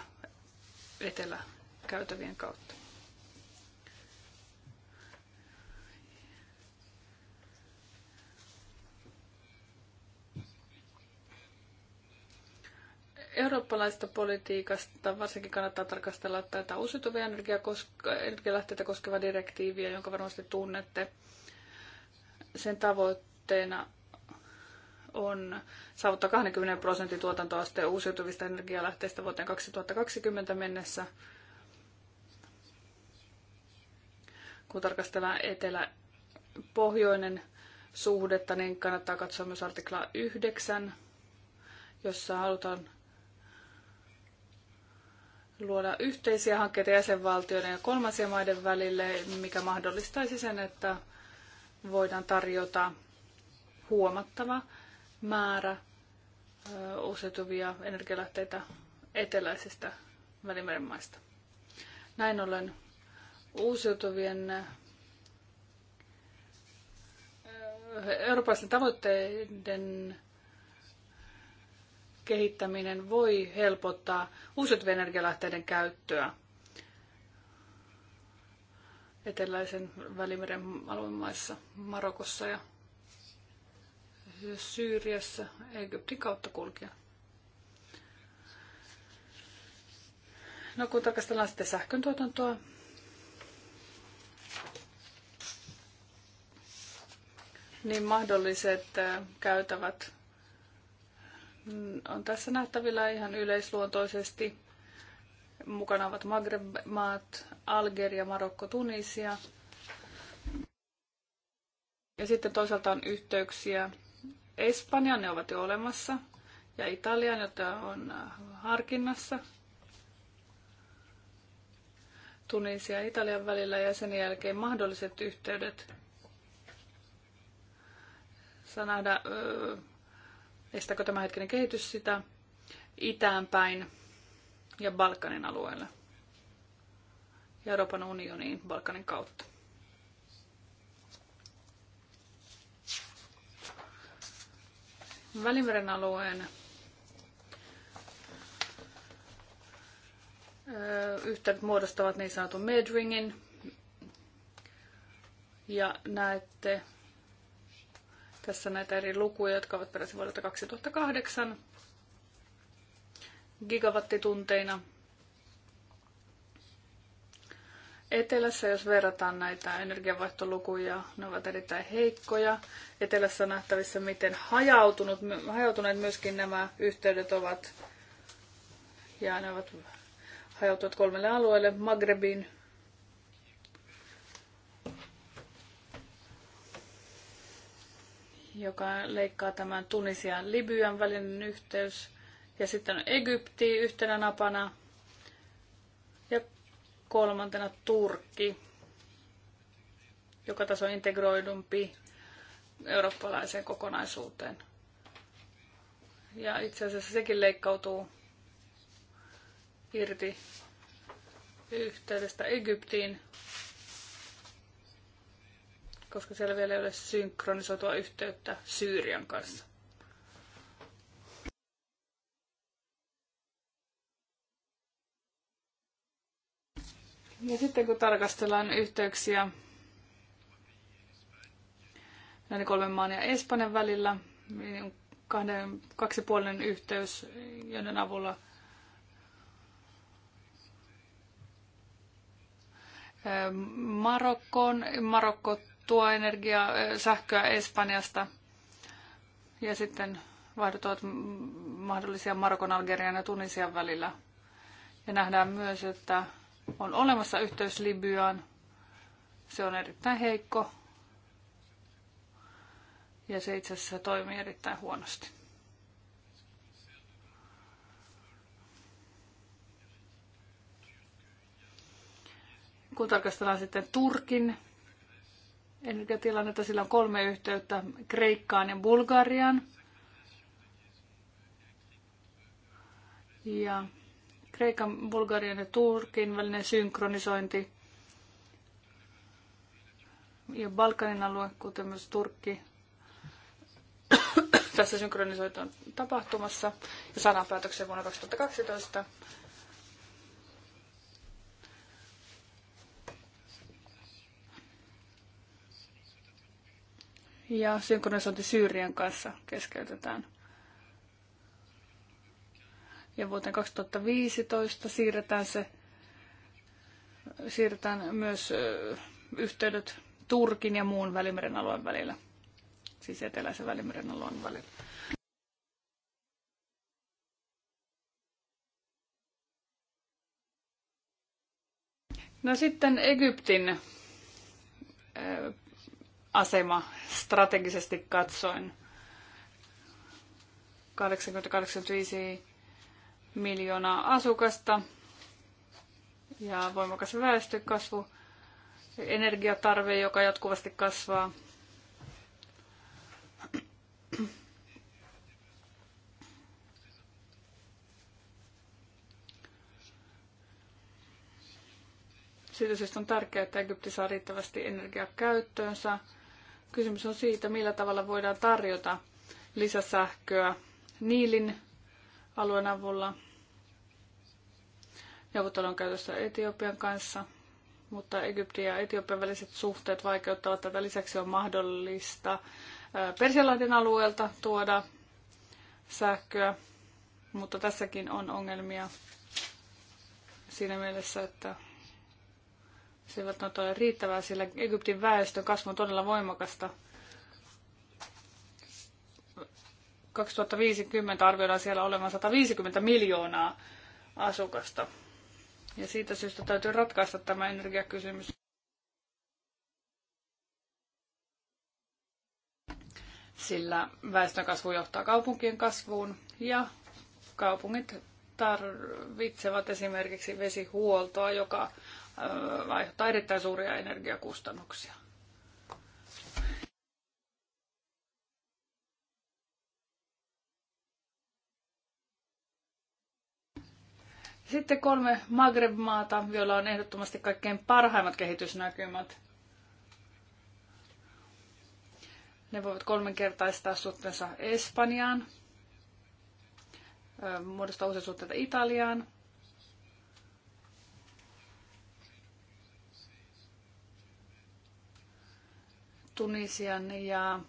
käytävien kautta. eurooppalaista politiikasta varsinkin kannattaa tarkastella tätä uusiutuvia energialähteitä koskevaa direktiiviä, jonka varmasti tunnette. Sen tavoitteena on saavuttaa 20 prosentin tuotantoasteen uusiutuvista energialähteistä vuoteen 2020 mennessä. Kun tarkastellaan etelä-pohjoinen suhdetta, niin kannattaa katsoa myös artiklaa 9, jossa halutaan luoda yhteisiä hankkeita jäsenvaltioiden ja kolmansien maiden välille, mikä mahdollistaisi sen, että voidaan tarjota huomattava määrä uusiutuvia energialähteitä eteläisistä Välimeren maista. Näin ollen uusiutuvien eurooppalaisten tavoitteiden kehittäminen voi helpottaa uusiutuvien energialähteiden käyttöä eteläisen välimeren alueen maissa, Marokossa ja Syyriassa, Egyptin kautta kulkea. No kun tarkastellaan sitten sähköntuotantoa, niin mahdolliset äh, käytävät mm, on tässä nähtävillä ihan yleisluontoisesti. Mukana ovat Maghreb-maat, Algeria, Marokko, Tunisia. Ja sitten toisaalta on yhteyksiä Espanjaan, ne ovat jo olemassa, ja Italiaan, jota on äh, harkinnassa. Tunisia ja Italian välillä ja sen jälkeen mahdolliset yhteydet. Saa nähdä, öö, estääkö tämä hetkinen kehitys sitä itään päin ja Balkanin alueelle ja Euroopan unioniin Balkanin kautta. Välimeren alueen yhteydet muodostavat niin sanotun Medringin. Ja näette tässä näitä eri lukuja, jotka ovat peräisin vuodelta 2008 gigawattitunteina. Etelässä, jos verrataan näitä energiavaihtolukuja, ne ovat erittäin heikkoja. Etelässä on nähtävissä, miten hajautunut, hajautuneet myöskin nämä yhteydet ovat. Ja ne ovat hajautuneet kolmelle alueelle, Magrebin, joka leikkaa tämän Tunisian Libyan välinen yhteys. Ja sitten on Egypti yhtenä napana. Ja kolmantena Turkki, joka taso on integroidumpi eurooppalaiseen kokonaisuuteen. Ja itse asiassa sekin leikkautuu irti yhteydestä Egyptiin, koska siellä vielä ei ole synkronisoitua yhteyttä Syyrian kanssa. Ja sitten kun tarkastellaan yhteyksiä näiden kolmen maan ja Espanjan välillä, niin kahden, kaksipuolinen yhteys, joiden avulla Marokkoon. Marokko tuo energiaa, sähköä Espanjasta ja sitten vaihdot ovat mahdollisia Marokon, Algerian ja Tunisian välillä. Ja nähdään myös, että on olemassa yhteys Libyaan. Se on erittäin heikko ja se itse asiassa toimii erittäin huonosti. Kun tarkastellaan sitten Turkin energiatilannetta, sillä on kolme yhteyttä Kreikkaan ja Bulgariaan. Ja Kreikan, Bulgarian ja Turkin välinen synkronisointi ja Balkanin alue, kuten myös Turkki, tässä synkronisoitu on tapahtumassa ja saadaan vuonna 2012. Ja synkronisointi Syyrian kanssa keskeytetään ja vuoteen 2015 siirretään se siirretään myös yhteydet Turkin ja muun Välimeren alueen välillä, siis eteläisen Välimeren alueen välillä. No sitten Egyptin asema strategisesti katsoen. 80 miljoonaa asukasta ja voimakas väestökasvu, energiatarve, joka jatkuvasti kasvaa. Siitä syystä on tärkeää, että Egypti saa riittävästi energiaa käyttöönsä. Kysymys on siitä, millä tavalla voidaan tarjota lisäsähköä Niilin alueen avulla – neuvottelun käytössä Etiopian kanssa, mutta Egyptin ja Etiopian väliset suhteet vaikeuttavat tätä. Lisäksi on mahdollista Persianlahden alueelta tuoda sähköä, mutta tässäkin on ongelmia siinä mielessä, että se ei välttämättä ole riittävää, sillä Egyptin väestön kasvu on todella voimakasta. 2050 arvioidaan siellä olevan 150 miljoonaa asukasta. Ja siitä syystä täytyy ratkaista tämä energiakysymys. Sillä väestönkasvu johtaa kaupunkien kasvuun ja kaupungit tarvitsevat esimerkiksi vesihuoltoa, joka aiheuttaa erittäin suuria energiakustannuksia. Sitten kolme Maghreb-maata, joilla on ehdottomasti kaikkein parhaimmat kehitysnäkymät. Ne voivat kolmenkertaistaa suhteensa Espanjaan, muodostaa uusia suhteita Italiaan. Tunisian ja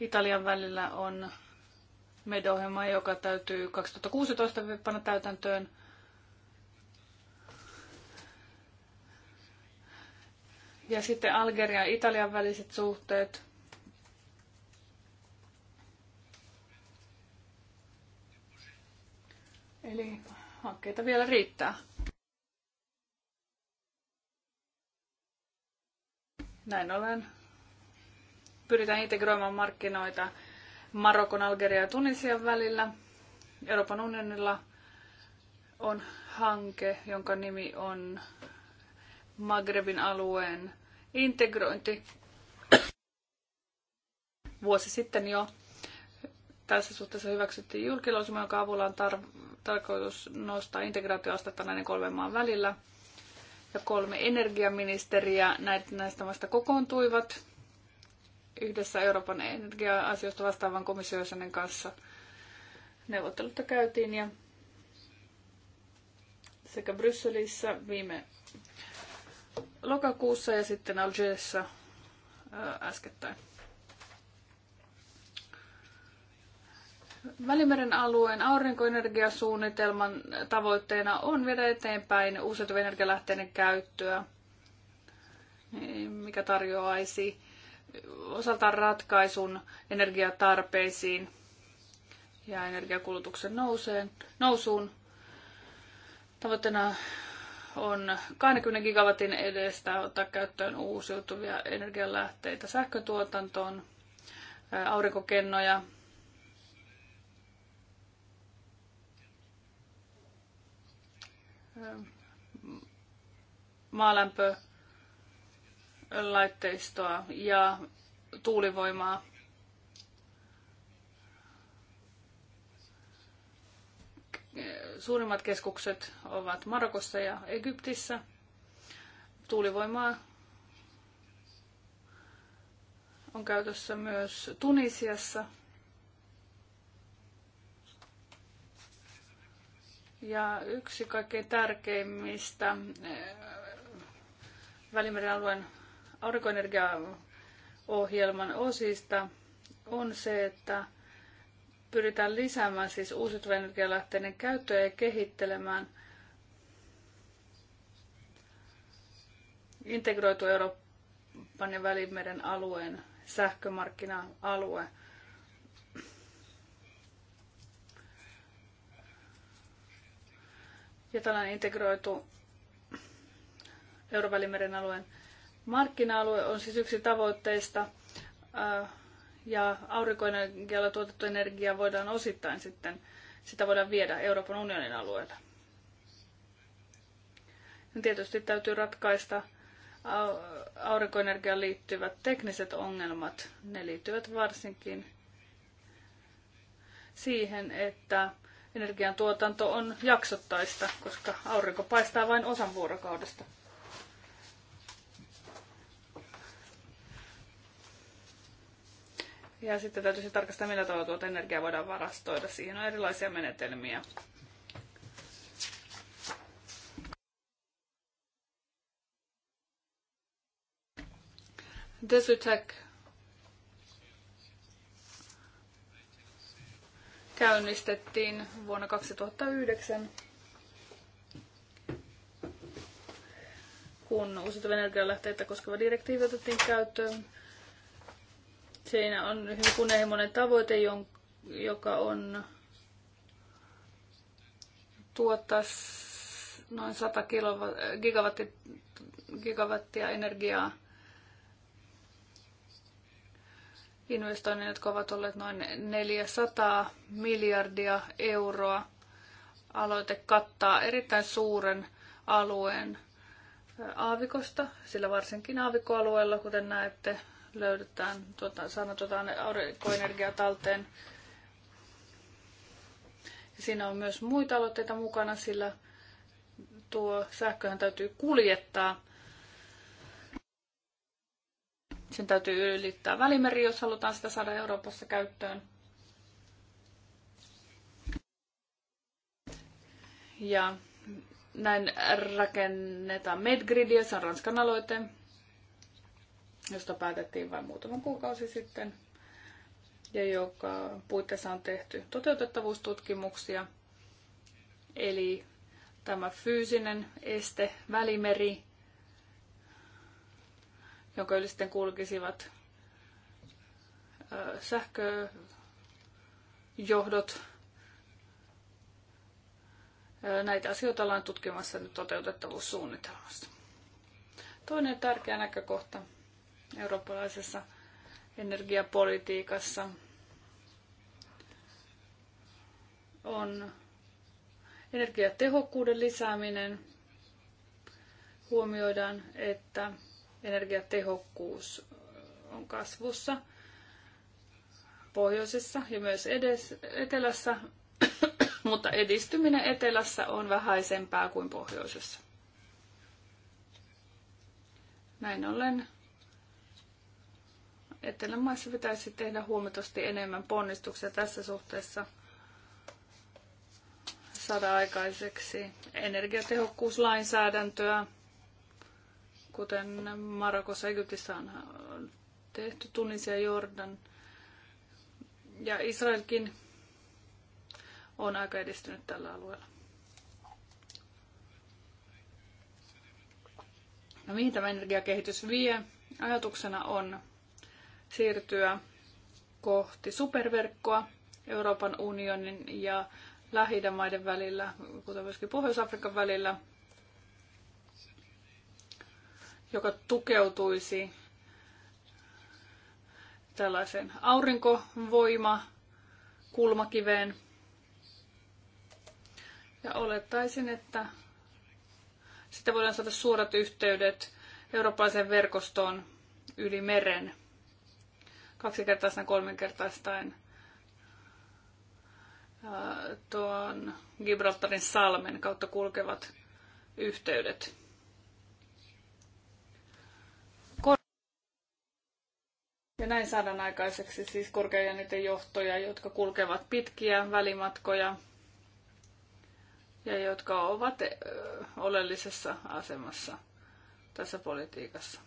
Italian välillä on MED-ohjelma, joka täytyy 2016 panna täytäntöön. Ja sitten Algeria ja Italian väliset suhteet. Eli hankkeita vielä riittää. Näin ollen pyritään integroimaan markkinoita Marokon, Algeria ja Tunisian välillä. Euroopan unionilla on hanke, jonka nimi on Magrebin alueen integrointi. Vuosi sitten jo tässä suhteessa hyväksyttiin julkilausuma, jonka avulla on tar- tarkoitus nostaa integraatioastetta näiden kolmen maan välillä. Ja kolme energiaministeriä näistä maista kokoontuivat yhdessä Euroopan energia-asioista vastaavan komissiojäsenen kanssa neuvottelutta käytiin ja sekä Brysselissä viime lokakuussa ja sitten Algerissa äh, äskettäin. Välimeren alueen aurinkoenergiasuunnitelman tavoitteena on viedä eteenpäin uusiutuvien energialähteiden käyttöä, mikä tarjoaisi osaltaan ratkaisun energiatarpeisiin ja energiakulutuksen nouseen, nousuun. Tavoitteena on 20 gigawatin edestä ottaa käyttöön uusiutuvia energialähteitä sähkötuotantoon, aurinkokennoja, maalämpö, laitteistoa ja tuulivoimaa. Suurimmat keskukset ovat Marokossa ja Egyptissä. Tuulivoimaa on käytössä myös Tunisiassa. Ja yksi kaikkein tärkeimmistä eh, Välimeren alueen aurinkoenergiaohjelman osista on se, että pyritään lisäämään siis uusiutuvien energialähteiden käyttöä ja kehittelemään integroitu Euroopan ja Välimeren alueen sähkömarkkina-alue. Ja tällainen integroitu Euroopan alueen Markkina-alue on siis yksi tavoitteista äh, ja aurinkoenergialla tuotettu energia voidaan osittain sitten, sitä voidaan viedä Euroopan unionin alueelle. Tietysti täytyy ratkaista äh, aurinkoenergiaan liittyvät tekniset ongelmat. Ne liittyvät varsinkin siihen, että energiantuotanto on jaksottaista, koska aurinko paistaa vain osan vuorokaudesta. Ja sitten täytyisi tarkastaa, millä tavalla tuota energiaa voidaan varastoida. Siihen on erilaisia menetelmiä. Desytec käynnistettiin vuonna 2009, kun uusiutuvia energialähteitä koskeva direktiivi otettiin käyttöön. Siinä on hyvin kunnianhimoinen tavoite, joka on tuottaa noin 100 gigawattia, gigawattia energiaa Investoinnit jotka ovat olleet noin 400 miljardia euroa. Aloite kattaa erittäin suuren alueen aavikosta, sillä varsinkin aavikkoalueella, kuten näette, löydetään, tuota, saadaan tuota aurinkoenergiaa talteen. Ja siinä on myös muita aloitteita mukana, sillä tuo sähköhän täytyy kuljettaa. Sen täytyy ylittää välimeri, jos halutaan sitä saada Euroopassa käyttöön. Ja näin rakennetaan Medgridia, se on Ranskan aloite, josta päätettiin vain muutama kuukausi sitten ja joka puitteissa on tehty toteutettavuustutkimuksia. Eli tämä fyysinen este, välimeri, jonka yli sitten kulkisivat sähköjohdot. Näitä asioita ollaan tutkimassa nyt toteutettavuussuunnitelmassa. Toinen tärkeä näkökohta eurooppalaisessa energiapolitiikassa on energiatehokkuuden lisääminen. Huomioidaan, että energiatehokkuus on kasvussa pohjoisessa ja myös edes etelässä, mutta edistyminen etelässä on vähäisempää kuin pohjoisessa. Näin ollen Etelämaissa pitäisi tehdä huomattavasti enemmän ponnistuksia tässä suhteessa saada aikaiseksi energiatehokkuuslainsäädäntöä, kuten Marokossa Egyptissä on tehty, Tunisia, Jordan ja Israelkin on aika edistynyt tällä alueella. No mihin tämä energiakehitys vie? Ajatuksena on siirtyä kohti superverkkoa Euroopan unionin ja lähi maiden välillä, kuten myöskin Pohjois-Afrikan välillä, joka tukeutuisi tällaisen aurinkovoima kulmakiveen. Ja olettaisin, että sitä voidaan saada suorat yhteydet eurooppalaiseen verkostoon yli meren kaksinkertaisena kolminkertaistaen tuon Gibraltarin salmen kautta kulkevat yhteydet. Ja näin saadaan aikaiseksi siis korkeajänniteen johtoja, jotka kulkevat pitkiä välimatkoja ja jotka ovat oleellisessa asemassa tässä politiikassa.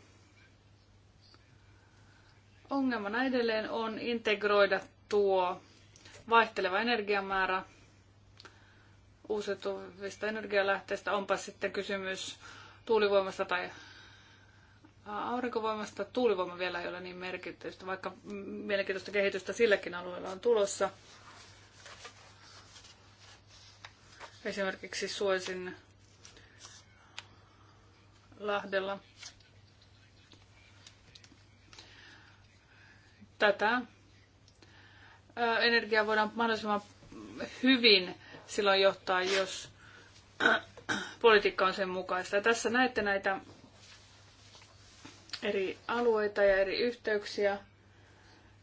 Ongelmana edelleen on integroida tuo vaihteleva energiamäärä uusiutuvista energialähteistä, onpa sitten kysymys tuulivoimasta tai aurinkovoimasta. Tuulivoima vielä ei ole niin merkitystä, vaikka mielenkiintoista kehitystä silläkin alueella on tulossa. Esimerkiksi Suosin Lahdella tätä energiaa voidaan mahdollisimman hyvin silloin johtaa, jos politiikka on sen mukaista. Ja tässä näette näitä eri alueita ja eri yhteyksiä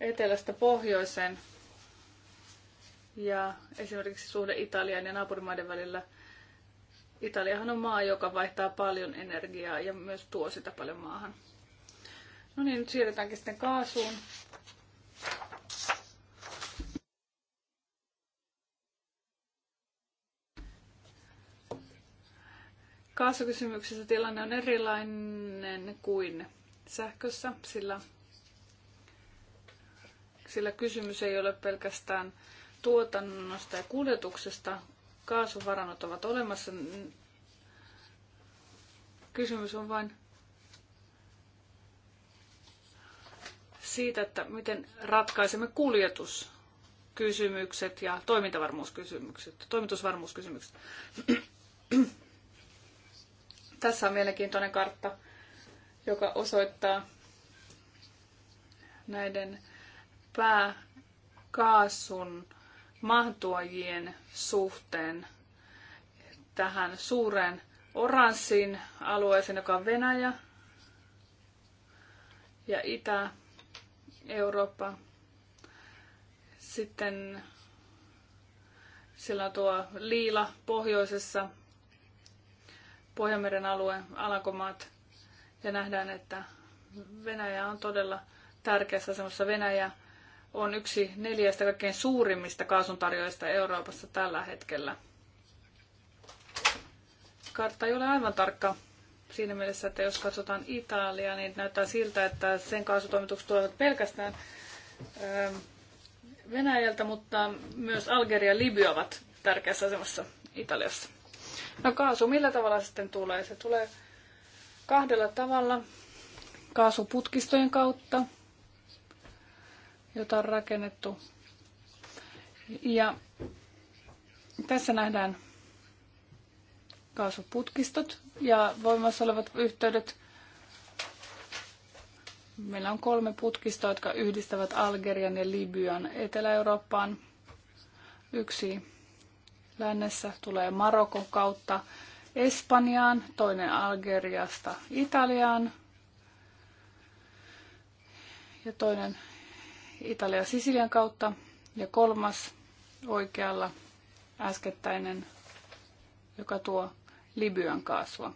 etelästä pohjoiseen ja esimerkiksi suhde Italian ja naapurimaiden välillä. Italiahan on maa, joka vaihtaa paljon energiaa ja myös tuo sitä paljon maahan. No niin, nyt siirrytäänkin sitten kaasuun. Kaasukysymyksessä tilanne on erilainen kuin sähkössä, sillä, sillä kysymys ei ole pelkästään tuotannosta ja kuljetuksesta. Kaasuvarannot ovat olemassa. Kysymys on vain siitä, että miten ratkaisemme kuljetuskysymykset ja toimintavarmuuskysymykset, toimitusvarmuuskysymykset. Tässä on mielenkiintoinen kartta, joka osoittaa näiden pääkaasun maahantuojien suhteen tähän suureen oranssiin alueeseen, joka on Venäjä ja Itä-Eurooppa. Sitten sillä on tuo liila pohjoisessa Pohjanmeren alue, Alankomaat, ja nähdään, että Venäjä on todella tärkeässä asemassa. Venäjä on yksi neljästä kaikkein suurimmista kaasuntarjoajista Euroopassa tällä hetkellä. Kartta ei ole aivan tarkka siinä mielessä, että jos katsotaan Italia, niin näyttää siltä, että sen kaasutoimitukset tulevat pelkästään ähm, Venäjältä, mutta myös Algeria ja Libya ovat tärkeässä asemassa Italiassa. No kaasu millä tavalla sitten tulee? Se tulee kahdella tavalla. Kaasuputkistojen kautta, jota on rakennettu. Ja tässä nähdään kaasuputkistot ja voimassa olevat yhteydet. Meillä on kolme putkistoa, jotka yhdistävät Algerian ja Libyan Etelä-Eurooppaan. Yksi lännessä tulee Marokon kautta Espanjaan, toinen Algeriasta Italiaan ja toinen Italia Sisilian kautta ja kolmas oikealla äskettäinen, joka tuo Libyan kaasua.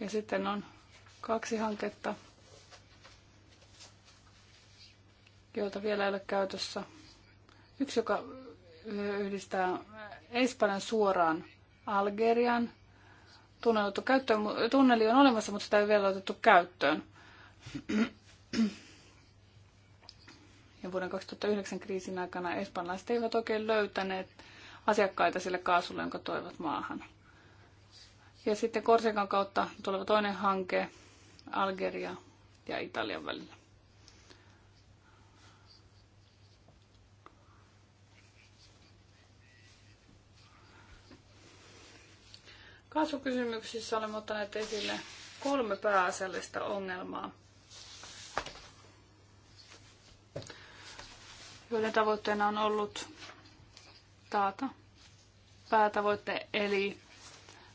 Ja sitten on kaksi hanketta, joita vielä ei ole käytössä. Yksi, joka yhdistää Espanjan suoraan Algerian. Käyttöön, tunneli on olemassa, mutta sitä ei vielä otettu käyttöön. Ja vuoden 2009 kriisin aikana espanjalaiset eivät oikein löytäneet asiakkaita sille kaasulle, jonka toivat maahan. Ja sitten Korsikan kautta tuleva toinen hanke Algeria ja Italian välillä. Kaasukysymyksissä olemme ottaneet esille kolme pääasiallista ongelmaa, joiden tavoitteena on ollut taata päätavoitte eli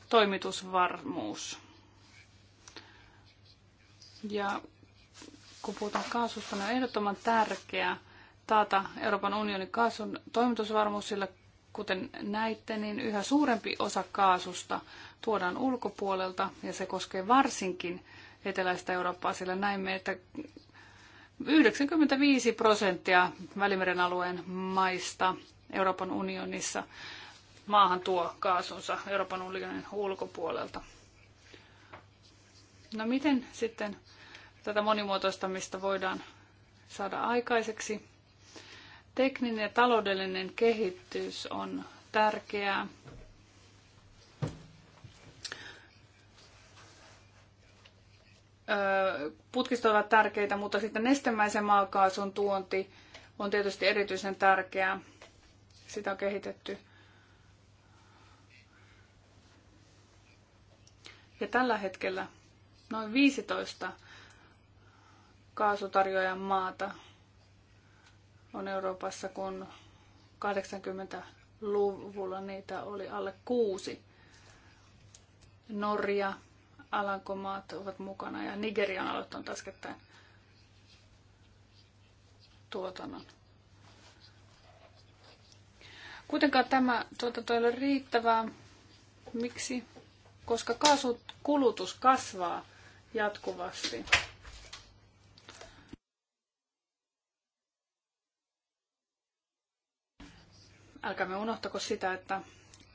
toimitusvarmuus. Ja kun puhutaan kaasusta, niin on ehdottoman tärkeää taata Euroopan unionin kaasun toimitusvarmuus, sillä kuten näitte, niin yhä suurempi osa kaasusta tuodaan ulkopuolelta ja se koskee varsinkin eteläistä Eurooppaa, sillä näimme, että 95 prosenttia Välimeren alueen maista Euroopan unionissa maahan tuo kaasunsa Euroopan unionin ulkopuolelta. No miten sitten tätä monimuotoistamista voidaan saada aikaiseksi? Tekninen ja taloudellinen kehitys on tärkeää putkistot ovat tärkeitä, mutta sitten nestemäisen maakaasun tuonti on tietysti erityisen tärkeää. Sitä on kehitetty. Ja tällä hetkellä noin 15 kaasutarjoajan maata on Euroopassa, kun 80-luvulla niitä oli alle kuusi. Norja, Alankomaat ovat mukana ja Nigerian on taskettain tuotannon. Kuitenkaan tämä tuotanto ei ole riittävää. Miksi? Koska kaasukulutus kasvaa jatkuvasti. Älkäämme unohtako sitä, että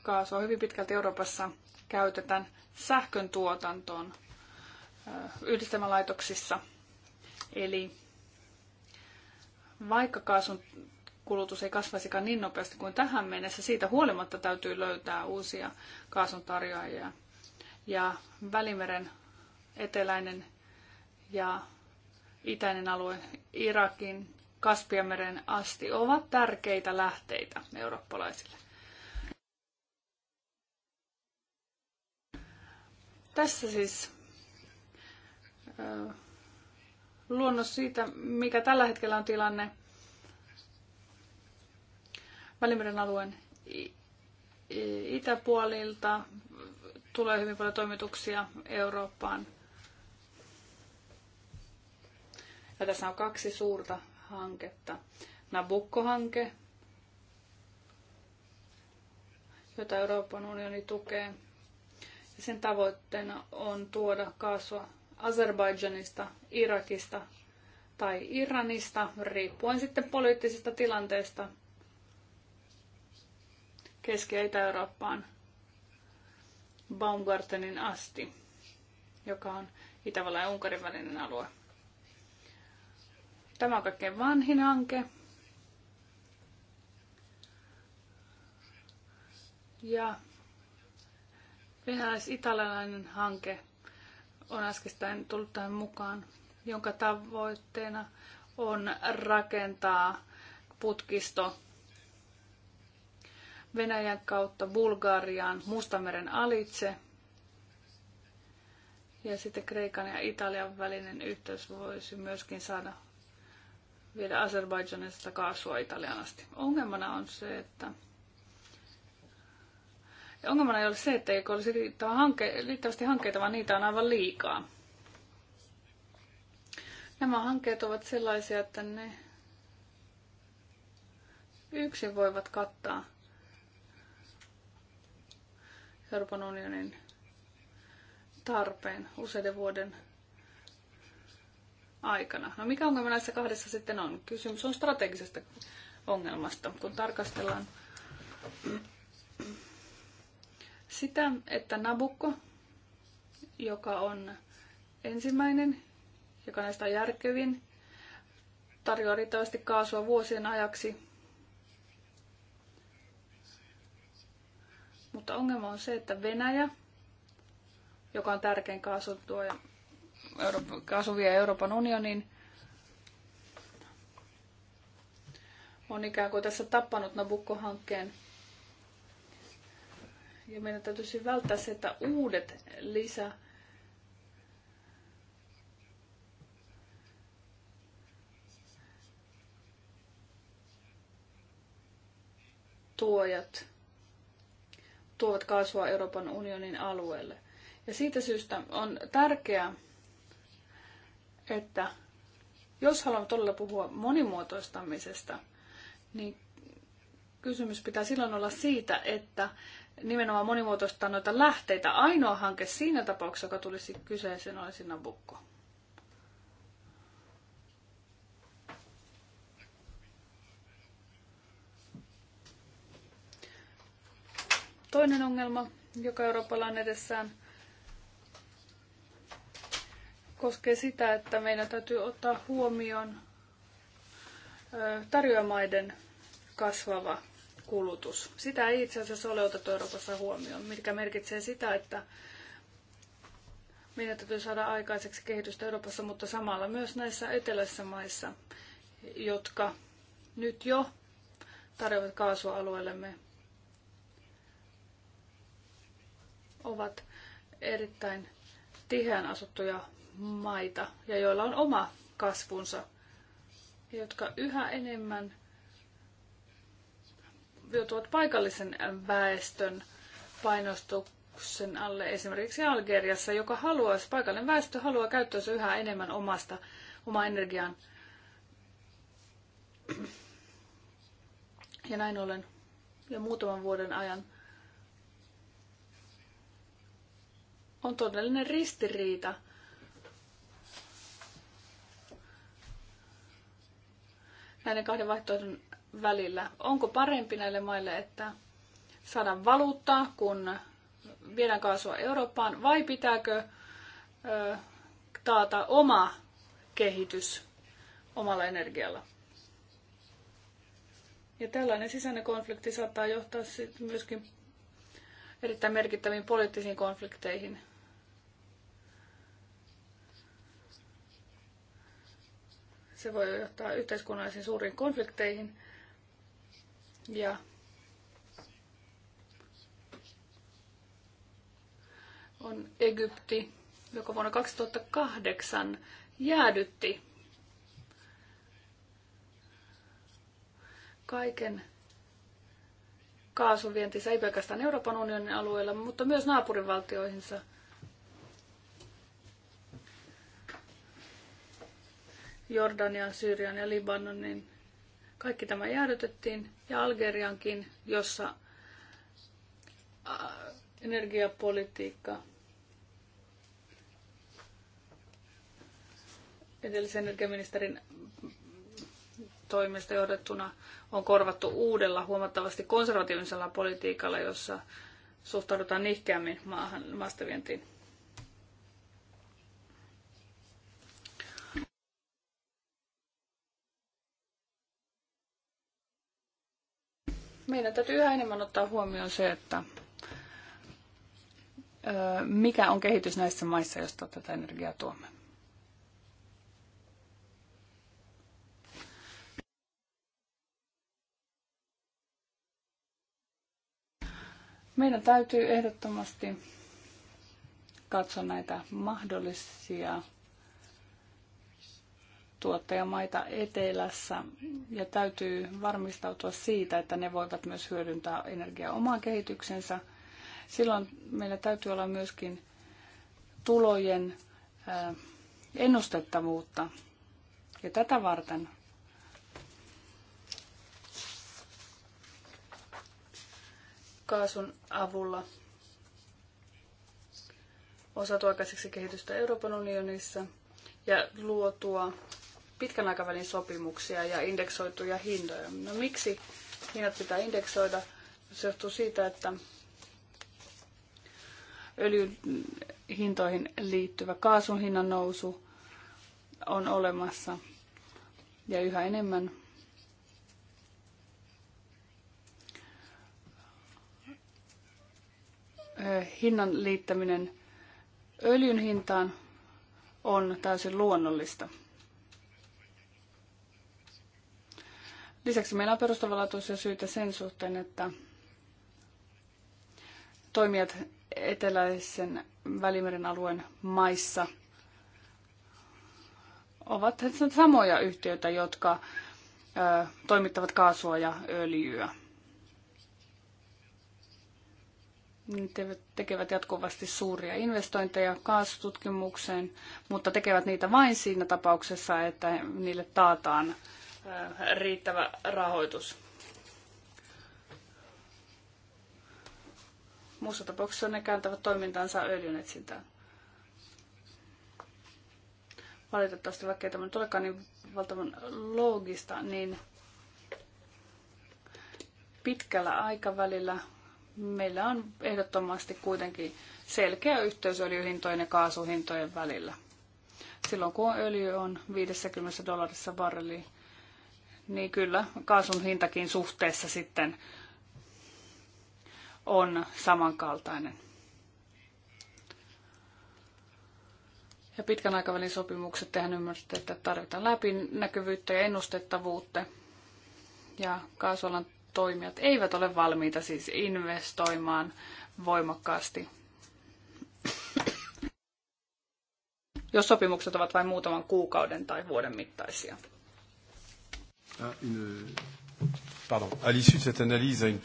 kaasu on hyvin pitkälti Euroopassa käytetään sähkön tuotantoon yhdistelmälaitoksissa. Eli vaikka kaasun kulutus ei kasvaisikaan niin nopeasti kuin tähän mennessä, siitä huolimatta täytyy löytää uusia kaasun tarjoajia. Ja Välimeren eteläinen ja itäinen alue Irakin Kaspiameren asti ovat tärkeitä lähteitä eurooppalaisille. Tässä siis luonnos siitä, mikä tällä hetkellä on tilanne Välimeren alueen itäpuolilta. Tulee hyvin paljon toimituksia Eurooppaan. Ja tässä on kaksi suurta hanketta. Nabukko-hanke, jota Euroopan unioni tukee sen tavoitteena on tuoda kaasua Azerbaidžanista, Irakista tai Iranista, riippuen sitten poliittisesta tilanteesta Keski- ja Itä-Eurooppaan Baumgartenin asti, joka on Itävallan ja Unkarin välinen alue. Tämä on kaikkein vanhin hanke. Ja venäläis italialainen hanke on äskettäin tullut tähän mukaan, jonka tavoitteena on rakentaa putkisto Venäjän kautta Bulgariaan Mustameren alitse. Ja sitten Kreikan ja Italian välinen yhteys voisi myöskin saada viedä Azerbaidžanista kaasua Italian asti. Ongelmana on se, että Ongelmana ei ole se, että ei olisi riittävä hanke, riittävästi hankkeita, vaan niitä on aivan liikaa. Nämä hankkeet ovat sellaisia, että ne yksin voivat kattaa Euroopan unionin tarpeen useiden vuoden aikana. No mikä ongelma näissä kahdessa sitten on? Kysymys on strategisesta ongelmasta, kun tarkastellaan sitä, että Nabukko, joka on ensimmäinen, joka näistä on järkevin, tarjoaa riittävästi kaasua vuosien ajaksi. Mutta ongelma on se, että Venäjä, joka on tärkein kaasutuoja, kaasuvia Euroopan unionin, on ikään kuin tässä tappanut Nabukko-hankkeen ja meidän täytyisi välttää se, että uudet lisä tuojat tuovat kaasua Euroopan unionin alueelle. Ja siitä syystä on tärkeää, että jos haluamme todella puhua monimuotoistamisesta, niin kysymys pitää silloin olla siitä, että nimenomaan monimuotoistaa noita lähteitä. Ainoa hanke siinä tapauksessa, joka tulisi kyseeseen, olisi Nabukko. Toinen ongelma, joka Euroopalla on edessään, koskee sitä, että meidän täytyy ottaa huomioon tarjoamaiden kasvava kulutus. Sitä ei itse asiassa ole otettu Euroopassa huomioon, mikä merkitsee sitä, että meidän täytyy saada aikaiseksi kehitystä Euroopassa, mutta samalla myös näissä eteläisissä maissa, jotka nyt jo tarjoavat kaasualueellemme, ovat erittäin tiheän asuttuja maita ja joilla on oma kasvunsa, jotka yhä enemmän joutuvat paikallisen väestön painostuksen alle. Esimerkiksi Algeriassa, joka haluaa, paikallinen väestö haluaa käyttöönsä yhä enemmän omasta, omaa energiaan. Ja näin ollen jo muutaman vuoden ajan on todellinen ristiriita – näiden kahden vaihtoehdon välillä. Onko parempi näille maille, että saadaan valuuttaa, kun viedään kaasua Eurooppaan, vai pitääkö ö, taata oma kehitys omalla energialla? Ja tällainen sisäinen konflikti saattaa johtaa sitten myöskin erittäin merkittäviin poliittisiin konflikteihin. Se voi johtaa yhteiskunnallisiin suuriin konflikteihin – ja on Egypti, joka vuonna 2008 jäädytti kaiken kaasuvientinsä, ei pelkästään Euroopan unionin alueella, mutta myös naapurivaltioihinsa. Jordanian, Syyrian ja Libanonin kaikki tämä jäädytettiin ja Algeriankin, jossa energiapolitiikka edellisen energiaministerin toimesta johdettuna on korvattu uudella huomattavasti konservatiivisella politiikalla, jossa suhtaudutaan nihkeämmin maahan, maastavientiin. meidän täytyy yhä enemmän ottaa huomioon se, että mikä on kehitys näissä maissa, josta tätä energiaa tuomme. Meidän täytyy ehdottomasti katsoa näitä mahdollisia tuottajamaita etelässä ja täytyy varmistautua siitä, että ne voivat myös hyödyntää energiaa omaan kehityksensä. Silloin meillä täytyy olla myöskin tulojen ennustettavuutta. Ja tätä varten kaasun avulla osatu kehitystä Euroopan unionissa ja luotua pitkän aikavälin sopimuksia ja indeksoituja hintoja. No miksi hinnat pitää indeksoida? Se johtuu siitä, että öljyn hintoihin liittyvä kaasun hinnan nousu on olemassa ja yhä enemmän hinnan liittäminen öljyn hintaan on täysin luonnollista. Lisäksi meillä on perustavanlaatuisia syitä sen suhteen, että toimijat eteläisen Välimeren alueen maissa ovat samoja yhtiöitä, jotka toimittavat kaasua ja öljyä. Ne niin tekevät jatkuvasti suuria investointeja kaasututkimukseen, mutta tekevät niitä vain siinä tapauksessa, että niille taataan Äh, riittävä rahoitus. Muussa tapauksessa ne kääntävät toimintansa öljynetsintään. Valitettavasti, vaikka tämä nyt olekaan niin valtavan loogista, niin pitkällä aikavälillä meillä on ehdottomasti kuitenkin selkeä yhteys öljyhintojen ja kaasuhintojen välillä. Silloin kun öljy on 50 dollarissa barreli, niin kyllä kaasun hintakin suhteessa sitten on samankaltainen. Ja pitkän aikavälin sopimukset, tehän ymmärrätte, että tarvitaan läpinäkyvyyttä ja ennustettavuutta. Ja kaasualan toimijat eivät ole valmiita siis investoimaan voimakkaasti. Jos sopimukset ovat vain muutaman kuukauden tai vuoden mittaisia. Ah, une, pardon, à l'issue de cette analyse, une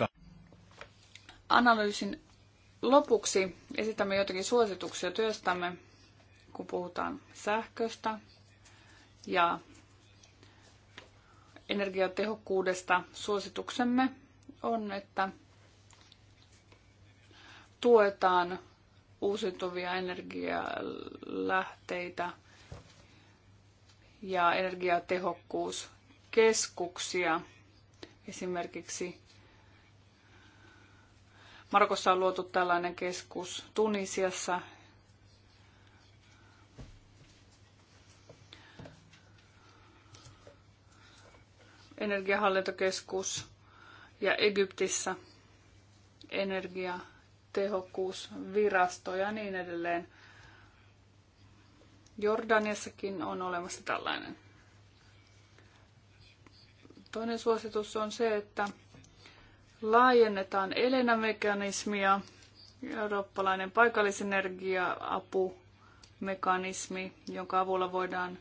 Analyysin lopuksi esitämme joitakin suosituksia työstämme, kun puhutaan sähköstä ja energiatehokkuudesta. Suosituksemme on, että tuetaan uusiutuvia energialähteitä ja energiatehokkuus keskuksia. Esimerkiksi Marokossa on luotu tällainen keskus Tunisiassa. Energiahallintokeskus ja Egyptissä energiatehokkuusvirasto ja niin edelleen. Jordaniassakin on olemassa tällainen. Toinen suositus on se, että laajennetaan Elena-mekanismia, eurooppalainen paikallisenergia-apumekanismi, jonka avulla voidaan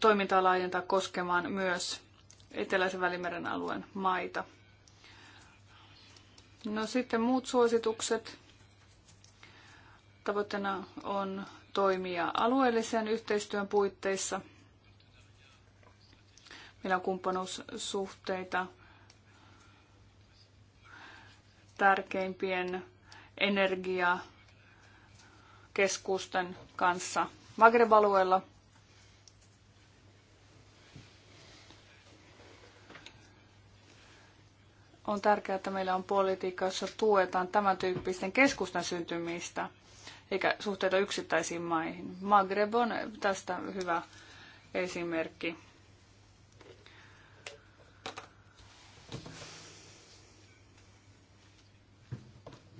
toimintaa laajentaa koskemaan myös Eteläisen välimeren alueen maita. No sitten muut suositukset. Tavoitteena on toimia alueellisen yhteistyön puitteissa. Meillä on kumppanuussuhteita tärkeimpien energiakeskusten kanssa Maghreb-alueella. On tärkeää, että meillä on politiikka, jossa tuetaan tämän tyyppisten keskusten syntymistä eikä suhteita yksittäisiin maihin. Maghreb on tästä hyvä esimerkki.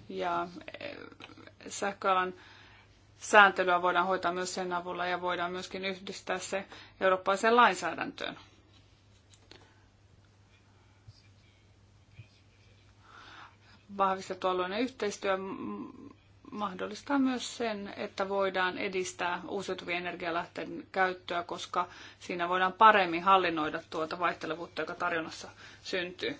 Ja eh, sähköalan sääntelyä voidaan hoitaa myös sen avulla ja voidaan myöskin yhdistää se eurooppalaiseen lainsäädäntöön. Vahvistettu alueellinen yhteistyö mahdollistaa myös sen, että voidaan edistää uusiutuvien energialähteiden käyttöä, koska siinä voidaan paremmin hallinnoida tuota vaihtelevuutta, joka tarjonnassa syntyy.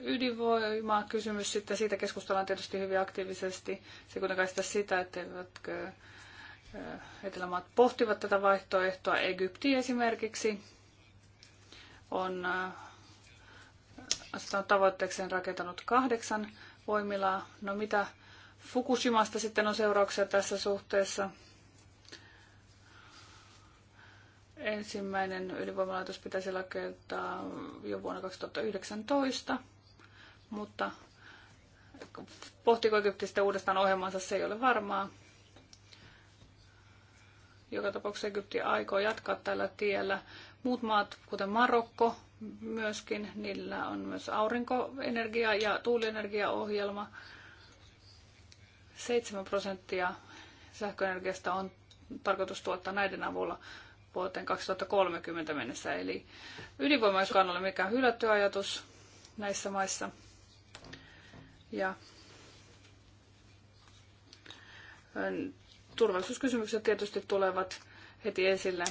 Ydinvoima kysymys sitten, siitä keskustellaan tietysti hyvin aktiivisesti. Se kuitenkaan sitä sitä, etteivätkö Etelämaat pohtivat tätä vaihtoehtoa. Egypti esimerkiksi on asettanut tavoitteekseen rakentanut kahdeksan voimilaa. No mitä Fukushimasta sitten on seurauksia tässä suhteessa? Ensimmäinen ydinvoimalaitos pitäisi lakeutaa jo vuonna 2019, mutta pohtiko Egypti sitten uudestaan ohjelmansa, se ei ole varmaa. Joka tapauksessa Egypti aikoo jatkaa tällä tiellä. Muut maat, kuten Marokko, myöskin. Niillä on myös aurinkoenergia- ja tuulienergiaohjelma. 7 prosenttia sähköenergiasta on tarkoitus tuottaa näiden avulla vuoteen 2030 mennessä. Eli ydinvoima ei ole mikään hylätty ajatus näissä maissa. Ja turvallisuuskysymykset tietysti tulevat heti esille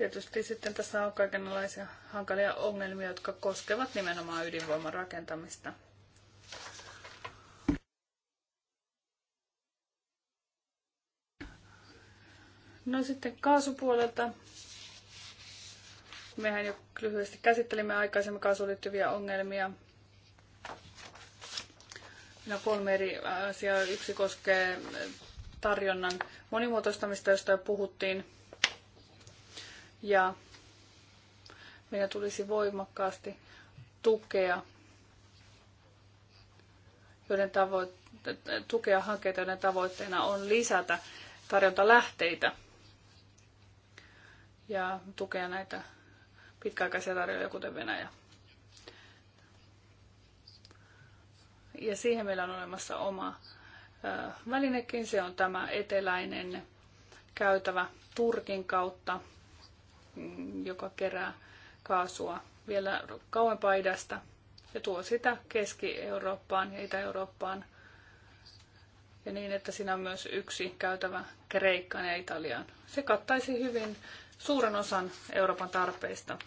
Tietysti sitten tässä on kaikenlaisia hankalia ongelmia, jotka koskevat nimenomaan ydinvoiman rakentamista. No sitten kaasupuolelta. Mehän jo lyhyesti käsittelimme aikaisemmin kaasuun liittyviä ongelmia. No kolme eri asiaa. Yksi koskee tarjonnan monimuotoistamista, josta jo puhuttiin ja meidän tulisi voimakkaasti tukea joiden tavoite, tukea hankkeita, joiden tavoitteena on lisätä tarjontalähteitä ja tukea näitä pitkäaikaisia tarjoajia, kuten Venäjä. Ja siihen meillä on olemassa oma välinekin, se on tämä eteläinen käytävä Turkin kautta joka kerää kaasua vielä kauempaa idästä ja tuo sitä Keski-Eurooppaan ja Itä-Eurooppaan. Ja niin, että siinä on myös yksi käytävä Kreikkaan ja Italiaan. Se kattaisi hyvin suuren osan Euroopan tarpeista.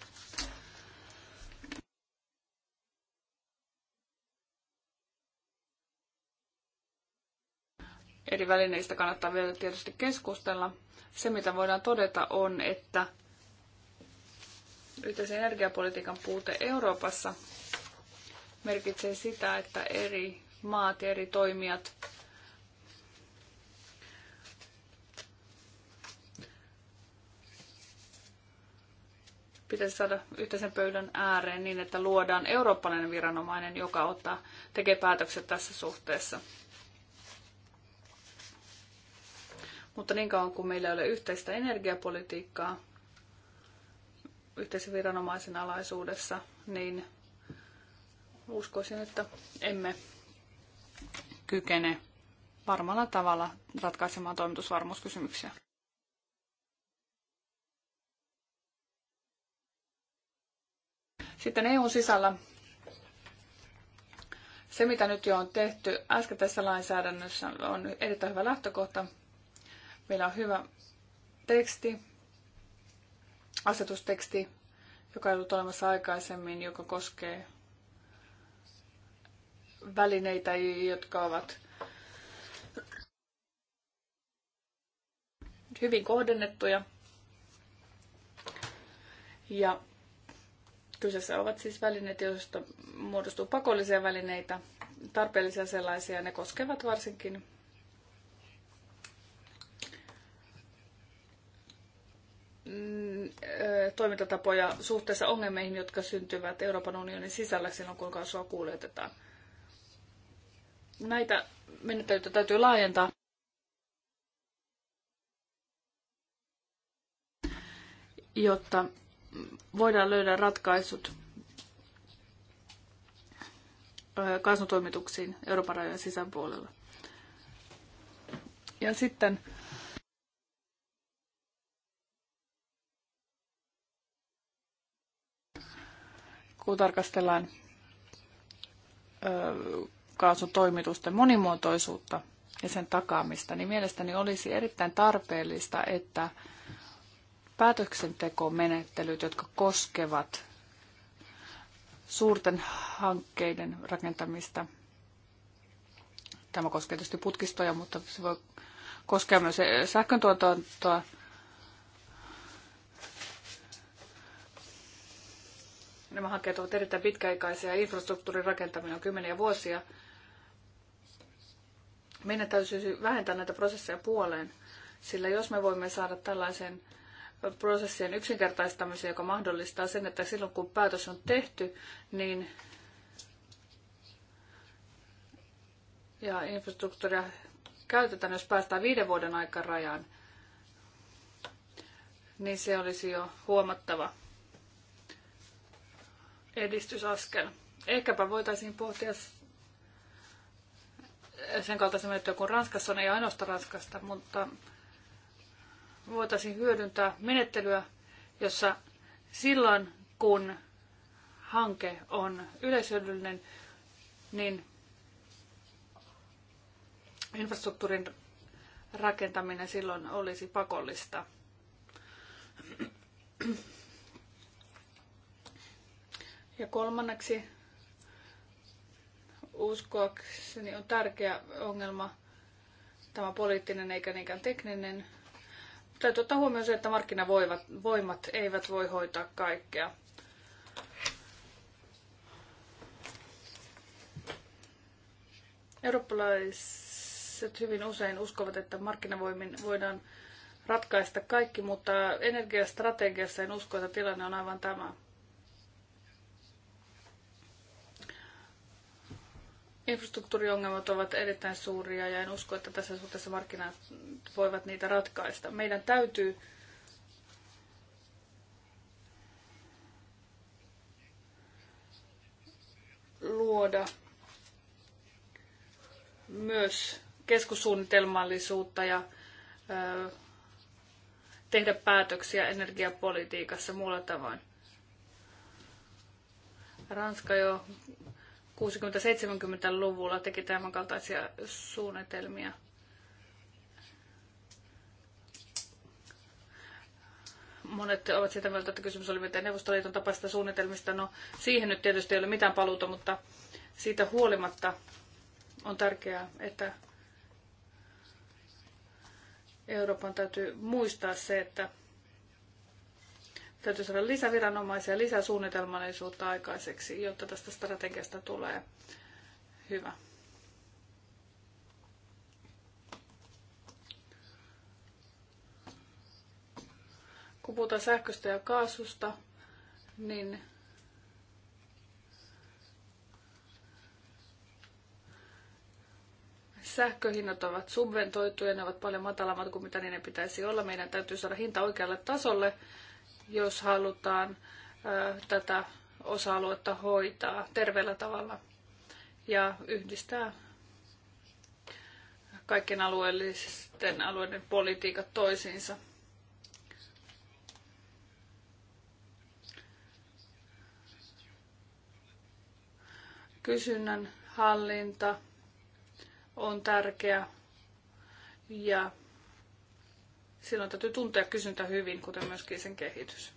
Eri välineistä kannattaa vielä tietysti keskustella. Se, mitä voidaan todeta, on, että yhteisen energiapolitiikan puute Euroopassa merkitsee sitä, että eri maat ja eri toimijat pitäisi saada yhteisen pöydän ääreen niin, että luodaan eurooppalainen viranomainen, joka ottaa, tekee päätökset tässä suhteessa. Mutta niin kauan kuin meillä ei ole yhteistä energiapolitiikkaa, yhteisöviranomaisen alaisuudessa, niin uskoisin, että emme kykene varmalla tavalla ratkaisemaan toimitusvarmuuskysymyksiä. Sitten EUn sisällä se, mitä nyt jo on tehty äsken tässä lainsäädännössä, on erittäin hyvä lähtökohta. Meillä on hyvä teksti, asetusteksti, joka ei ollut olemassa aikaisemmin, joka koskee välineitä, jotka ovat hyvin kohdennettuja. Ja kyseessä ovat siis välineet, joista muodostuu pakollisia välineitä, tarpeellisia sellaisia. Ne koskevat varsinkin toimintatapoja suhteessa ongelmiin, jotka syntyvät Euroopan unionin sisällä silloin, kun kasvua kuljetetaan. Näitä menettelyitä täytyy laajentaa. jotta voidaan löydä ratkaisut kaasutoimituksiin Euroopan rajojen sisäpuolella. Ja sitten kun tarkastellaan toimitusten monimuotoisuutta ja sen takaamista, niin mielestäni olisi erittäin tarpeellista, että päätöksentekomenettelyt, jotka koskevat suurten hankkeiden rakentamista, tämä koskee tietysti putkistoja, mutta se voi koskea myös sähköntuotantoa, Nämä hankkeet ovat erittäin pitkäaikaisia. Infrastruktuurin rakentaminen on kymmeniä vuosia. Meidän täytyy vähentää näitä prosesseja puoleen, sillä jos me voimme saada tällaisen prosessien yksinkertaistamisen, joka mahdollistaa sen, että silloin kun päätös on tehty, niin ja infrastruktuuria käytetään, jos päästään viiden vuoden aikarajaan, niin se olisi jo huomattava edistysaskel. Ehkäpä voitaisiin pohtia sen kaltaisen menettyä kun Ranskassa on, ei ainoastaan Ranskasta, mutta voitaisiin hyödyntää menettelyä, jossa silloin kun hanke on yleisöllinen, niin infrastruktuurin rakentaminen silloin olisi pakollista. Ja kolmanneksi uskoakseni on tärkeä ongelma tämä poliittinen eikä niinkään tekninen. Täytyy ottaa huomioon se, että markkinavoimat eivät voi hoitaa kaikkea. Eurooppalaiset hyvin usein uskovat, että markkinavoimin voidaan ratkaista kaikki, mutta energiastrategiassa en usko, että tilanne on aivan tämä. infrastruktuuriongelmat ovat erittäin suuria ja en usko, että tässä suhteessa markkinat voivat niitä ratkaista. Meidän täytyy luoda myös keskussuunnitelmallisuutta ja ö, tehdä päätöksiä energiapolitiikassa muulla tavoin. Ranska jo 60-70-luvulla teki tämän kaltaisia suunnitelmia. Monet ovat sitä mieltä, että kysymys oli miten Neuvostoliiton tapaista suunnitelmista. No siihen nyt tietysti ei ole mitään paluuta, mutta siitä huolimatta on tärkeää, että Euroopan täytyy muistaa se, että Täytyy saada lisäviranomaisia, lisäsuunnitelmallisuutta aikaiseksi, jotta tästä strategiasta tulee hyvä. Kun puhutaan sähköstä ja kaasusta, niin sähköhinnat ovat subventoituja, ne ovat paljon matalammat kuin mitä niiden pitäisi olla. Meidän täytyy saada hinta oikealle tasolle jos halutaan tätä osa-aluetta hoitaa terveellä tavalla ja yhdistää kaikkien alueellisten alueiden politiikat toisiinsa. Kysynnän hallinta on tärkeä ja silloin täytyy tuntea kysyntä hyvin, kuten myöskin sen kehitys.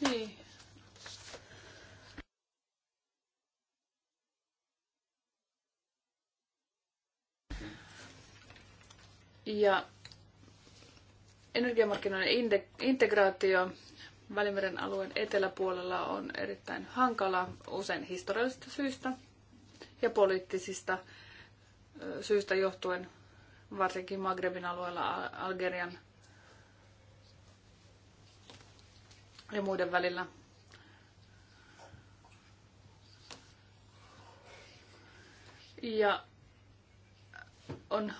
Niin. Ja energiamarkkinoiden integraatio Välimeren alueen eteläpuolella on erittäin hankala usein historiallisista syistä ja poliittisista syistä johtuen, varsinkin Magrebin alueella Algerian ja muiden välillä. Ja on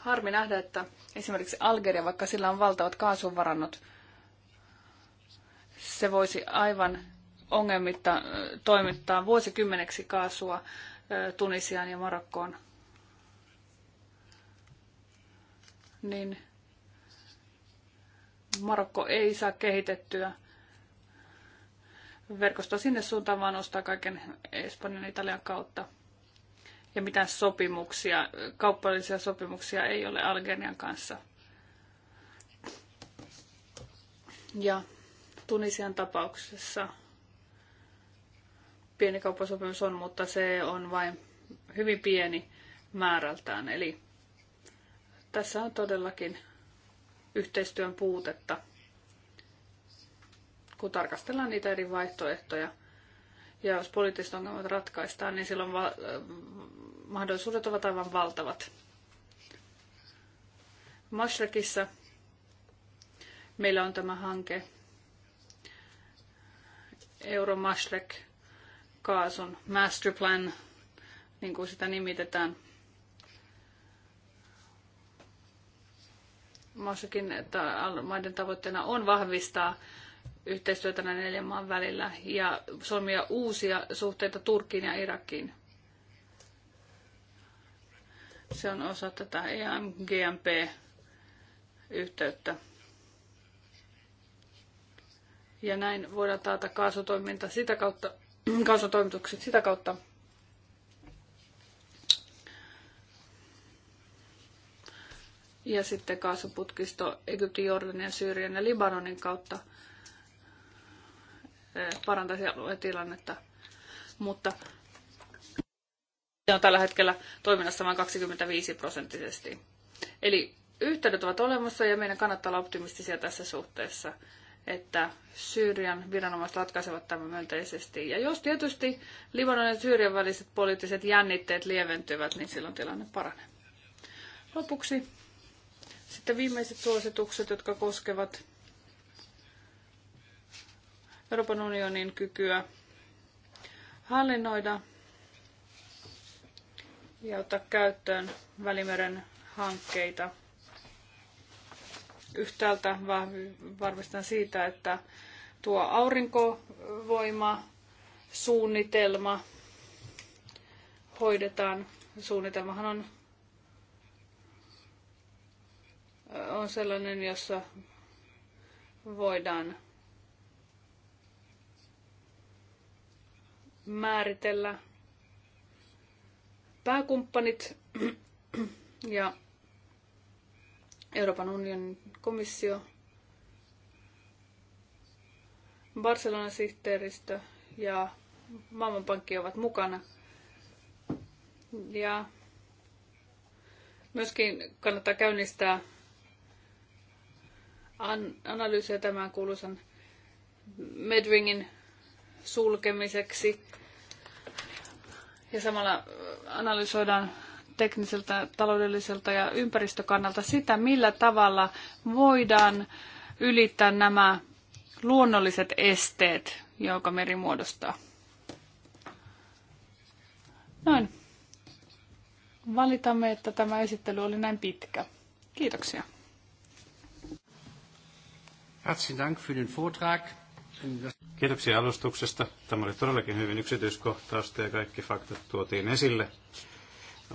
harmi nähdä, että esimerkiksi Algeria, vaikka sillä on valtavat kaasuvarannot, se voisi aivan ongelmitta toimittaa vuosikymmeneksi kaasua Tunisiaan ja Marokkoon. Niin Marokko ei saa kehitettyä verkostoa sinne suuntaan, vaan ostaa kaiken Espanjan ja Italian kautta – ja mitään sopimuksia, kaupallisia sopimuksia ei ole Algerian kanssa. Ja Tunisian tapauksessa pieni kauppasopimus on, mutta se on vain hyvin pieni määrältään. Eli tässä on todellakin yhteistyön puutetta, kun tarkastellaan niitä eri vaihtoehtoja, ja jos poliittiset ongelmat ratkaistaan, niin silloin va- mahdollisuudet ovat aivan valtavat. Mashrekissa meillä on tämä hanke Euromashrek kaasun masterplan, niin kuin sitä nimitetään. Mashrekin maiden tavoitteena on vahvistaa yhteistyötä näiden neljän maan välillä ja solmia uusia suhteita Turkkiin ja Irakiin. Se on osa tätä EMGMP-yhteyttä. Ja näin voidaan taata kaasutoiminta sitä kautta, kaasutoimitukset sitä kautta. Ja sitten kaasuputkisto Egyptin, Jordanian, Syyrian ja Libanonin kautta – parantaisi alueen tilannetta. Mutta se on tällä hetkellä toiminnassa vain 25 prosenttisesti. Eli yhteydet ovat olemassa ja meidän kannattaa olla optimistisia tässä suhteessa, että Syyrian viranomaiset ratkaisevat tämän myönteisesti. Ja jos tietysti Libanon ja Syyrian väliset poliittiset jännitteet lieventyvät, niin silloin tilanne paranee. Lopuksi sitten viimeiset suositukset, jotka koskevat Euroopan unionin kykyä hallinnoida ja ottaa käyttöön Välimeren hankkeita. Yhtäältä varmistan siitä, että tuo aurinkovoima suunnitelma hoidetaan. Suunnitelmahan on, on sellainen, jossa voidaan määritellä pääkumppanit ja Euroopan unionin komissio, Barcelonan sihteeristö ja Maailmanpankki ovat mukana. Ja myöskin kannattaa käynnistää analyysiä tämän kuuluisan Medringin sulkemiseksi ja samalla äh, analysoidaan tekniseltä, taloudelliselta ja ympäristökannalta sitä, millä tavalla voidaan ylittää nämä luonnolliset esteet, joka meri muodostaa. Noin. Valitamme, että tämä esittely oli näin pitkä. Kiitoksia. Herzlichen Dank für den Vortrag. Kiitoksia alustuksesta. Tämä oli todellakin hyvin yksityiskohtaista ja kaikki faktat tuotiin esille.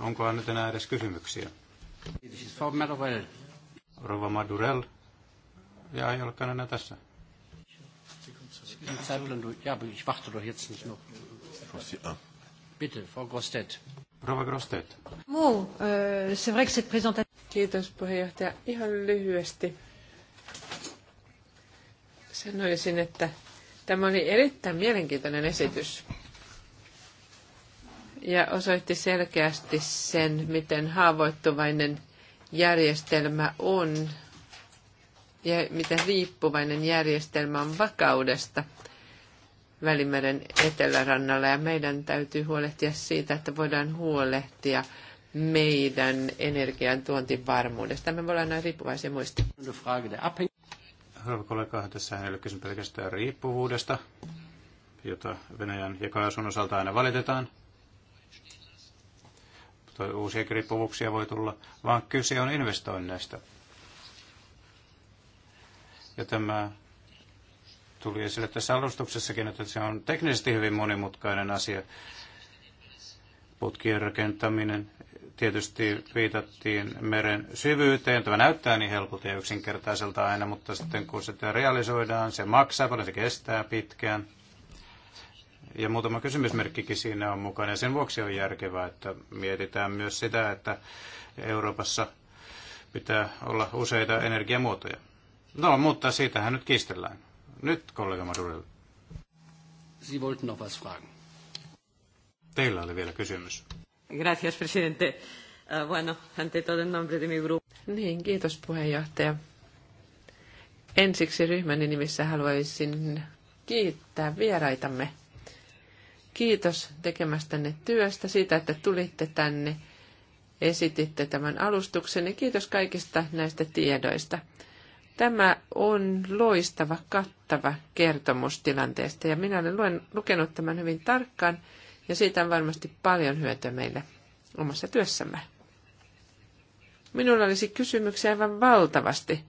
Onkohan nyt enää edes kysymyksiä? Rova Madurell. Ja ei olekaan enää tässä. Ja, Rova Grostet. c'est vrai que cette présentation... Kiitos puheenjohtaja. Ihan lyhyesti sanoisin, että tämä oli erittäin mielenkiintoinen esitys ja osoitti selkeästi sen, miten haavoittuvainen järjestelmä on ja miten riippuvainen järjestelmä on vakaudesta Välimeren etelärannalla. Ja meidän täytyy huolehtia siitä, että voidaan huolehtia meidän energian tuontivarmuudesta. Me voidaan näin riippuvaisia muista hyvä kollega, tässä ei ole kysymys pelkästään riippuvuudesta, jota Venäjän ja kaasun osalta aina valitetaan. Toi uusia riippuvuuksia voi tulla, vaan kyse on investoinneista. Ja tämä tuli esille tässä alustuksessakin, että se on teknisesti hyvin monimutkainen asia. Putkien rakentaminen, tietysti viitattiin meren syvyyteen. Tämä näyttää niin helpolta ja yksinkertaiselta aina, mutta sitten kun sitä realisoidaan, se maksaa paljon, se kestää pitkään. Ja muutama kysymysmerkkikin siinä on mukana. Ja sen vuoksi on järkevää, että mietitään myös sitä, että Euroopassa pitää olla useita energiamuotoja. No, mutta siitähän nyt kiistellään. Nyt kollega Madurelle. Sie wollten noch was fragen. Teillä oli vielä kysymys. Gracias, presidente. Uh, bueno, ante todo en nombre de mi grupo. Niin, kiitos puheenjohtaja. Ensiksi ryhmäni nimissä haluaisin kiittää vieraitamme. Kiitos tekemästänne työstä, siitä, että tulitte tänne, esititte tämän alustuksen ja kiitos kaikista näistä tiedoista. Tämä on loistava, kattava kertomus tilanteesta ja minä olen luen, lukenut tämän hyvin tarkkaan ja siitä on varmasti paljon hyötyä meille omassa työssämme. Minulla olisi kysymyksiä aivan valtavasti.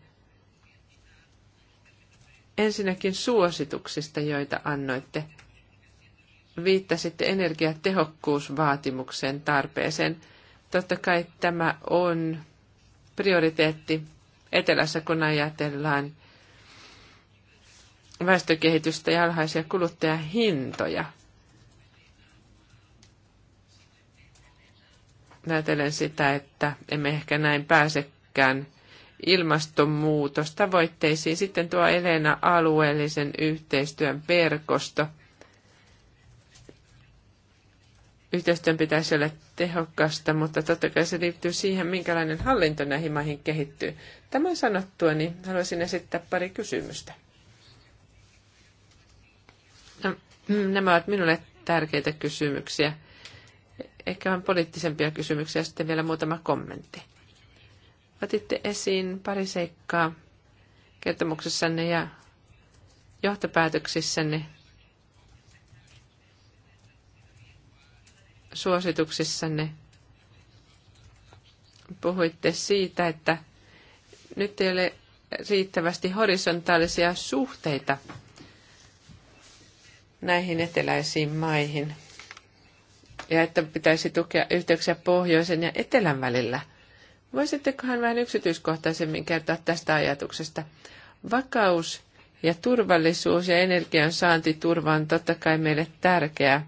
Ensinnäkin suosituksista, joita annoitte. Viittasitte energiatehokkuusvaatimuksen tarpeeseen. Totta kai tämä on prioriteetti etelässä, kun ajatellaan väestökehitystä ja alhaisia kuluttajahintoja. ajatellen sitä, että emme ehkä näin pääsekään ilmastonmuutostavoitteisiin. Sitten tuo Elena alueellisen yhteistyön verkosto. Yhteistyön pitäisi olla tehokasta, mutta totta kai se liittyy siihen, minkälainen hallinto näihin maihin kehittyy. Tämän sanottua, niin haluaisin esittää pari kysymystä. Nämä ovat minulle tärkeitä kysymyksiä ehkä vähän poliittisempia kysymyksiä sitten vielä muutama kommentti. Otitte esiin pari seikkaa kertomuksessanne ja johtopäätöksissänne, suosituksissanne. Puhuitte siitä, että nyt ei ole riittävästi horisontaalisia suhteita näihin eteläisiin maihin – ja että pitäisi tukea yhteyksiä pohjoisen ja etelän välillä. Voisittekohan vähän yksityiskohtaisemmin kertoa tästä ajatuksesta? Vakaus ja turvallisuus ja energian saantiturva on totta kai meille tärkeää.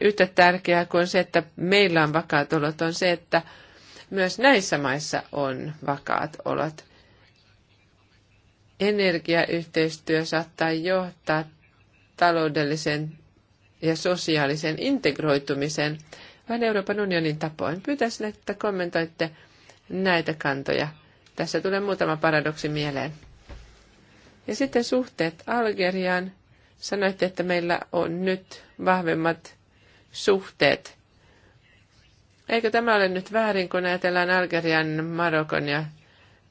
Yhtä tärkeää kuin se, että meillä on vakaat olot, on se, että myös näissä maissa on vakaat olot energiayhteistyö saattaa johtaa taloudellisen ja sosiaalisen integroitumisen, vaan Euroopan unionin tapoin. Pyytäisin, että kommentoitte näitä kantoja. Tässä tulee muutama paradoksi mieleen. Ja sitten suhteet Algeriaan. Sanoitte, että meillä on nyt vahvemmat suhteet. Eikö tämä ole nyt väärin, kun ajatellaan Algerian, Marokon ja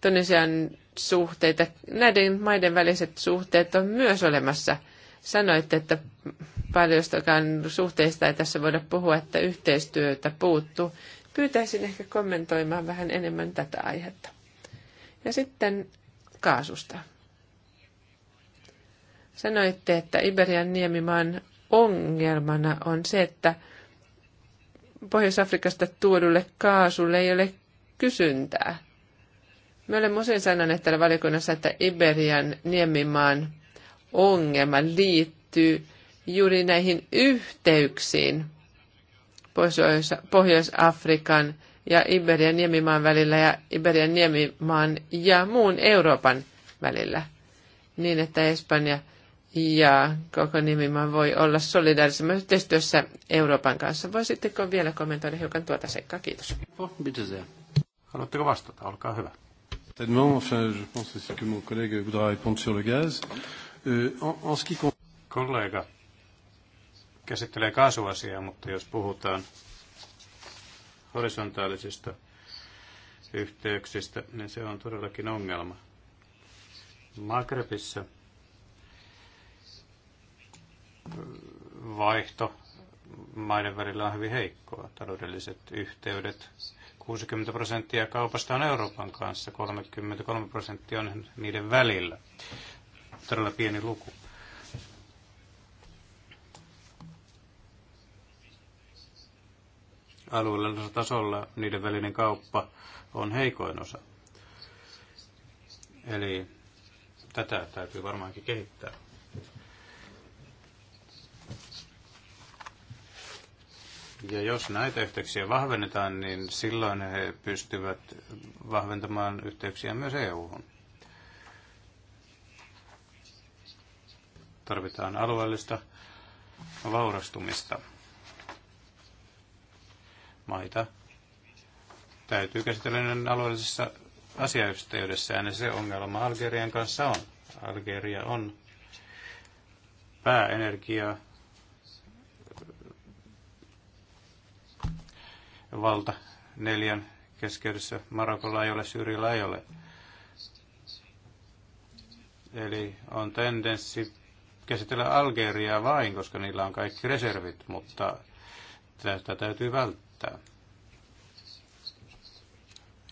Tunisian suhteita? Näiden maiden väliset suhteet on myös olemassa – Sanoitte, että paljostakaan suhteista ei tässä voida puhua, että yhteistyötä puuttuu. Pyytäisin ehkä kommentoimaan vähän enemmän tätä aihetta. Ja sitten kaasusta. Sanoitte, että Iberian niemimaan ongelmana on se, että Pohjois-Afrikasta tuodulle kaasulle ei ole kysyntää. Me olemme usein sanoneet täällä valiokunnassa, että Iberian niemimaan ongelma liittyy juuri näihin yhteyksiin Pohjois-Afrikan ja Iberian niemimaan välillä ja Iberian niemimaan ja muun Euroopan välillä. Niin, että Espanja ja koko Niemimaan voi olla solidaarisemmassa yhteistyössä Euroopan kanssa. Voisitteko vielä kommentoida hiukan tuota seikkaa? Kiitos. Oh, Haluatteko vastata? Olkaa hyvä. Tellement, enfin, je pense aussi que mon collègue voudra répondre sur le gaz. Kollega käsittelee kaasuasiaa, mutta jos puhutaan horisontaalisista yhteyksistä, niin se on todellakin ongelma. Magrebissa vaihto maiden välillä on hyvin heikkoa. Taloudelliset yhteydet. 60 prosenttia kaupasta on Euroopan kanssa, 33 prosenttia on niiden välillä todella pieni luku. Alueellisella tasolla niiden välinen kauppa on heikoin osa. Eli tätä täytyy varmaankin kehittää. Ja jos näitä yhteyksiä vahvennetaan, niin silloin he pystyvät vahventamaan yhteyksiä myös EU-hun. tarvitaan alueellista vaurastumista. Maita täytyy käsitellä alueellisessa asiayhteydessä, ja se ongelma Algerian kanssa on. Algeria on pääenergia valta neljän keskeydessä. Marokolla ei ole, Syyrillä ei ole. Eli on tendenssi käsitellä Algeriaa vain, koska niillä on kaikki reservit, mutta tätä täytyy välttää.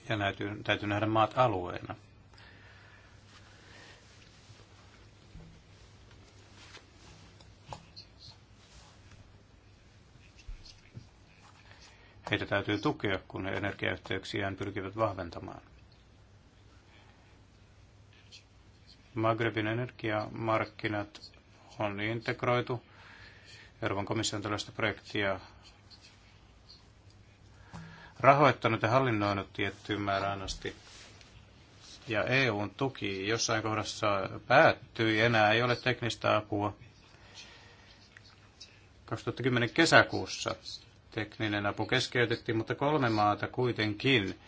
Ja täytyy, täytyy nähdä maat alueena. Heitä täytyy tukea, kun he energiayhteyksiään pyrkivät vahventamaan. Magrebin energiamarkkinat on integroitu Euroopan komission tällaista projektia rahoittanut ja hallinnoinut tiettyyn määrään asti. Ja EUn tuki jossain kohdassa päättyi, enää ei ole teknistä apua. 2010 kesäkuussa tekninen apu keskeytettiin, mutta kolme maata kuitenkin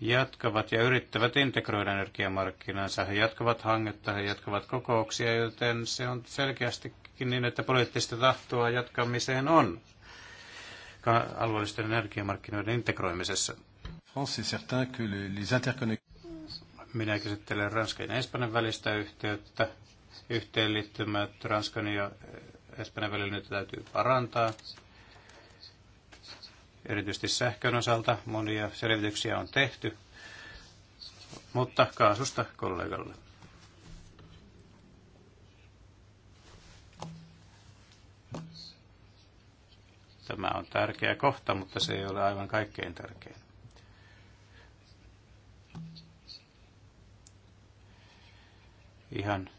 jatkavat ja yrittävät integroida energiamarkkinansa. He jatkavat hangetta, he jatkavat kokouksia, joten se on selkeästikin niin, että poliittista tahtoa jatkamiseen on alueellisten energiamarkkinoiden integroimisessa. Minä käsittelen Ranskan ja Espanjan välistä yhteyttä. Yhteenliittymät Ranskan ja Espanjan välillä nyt täytyy parantaa. Erityisesti sähkön osalta monia selvityksiä on tehty, mutta kaasusta kollegalle. Tämä on tärkeä kohta, mutta se ei ole aivan kaikkein tärkein. Ihan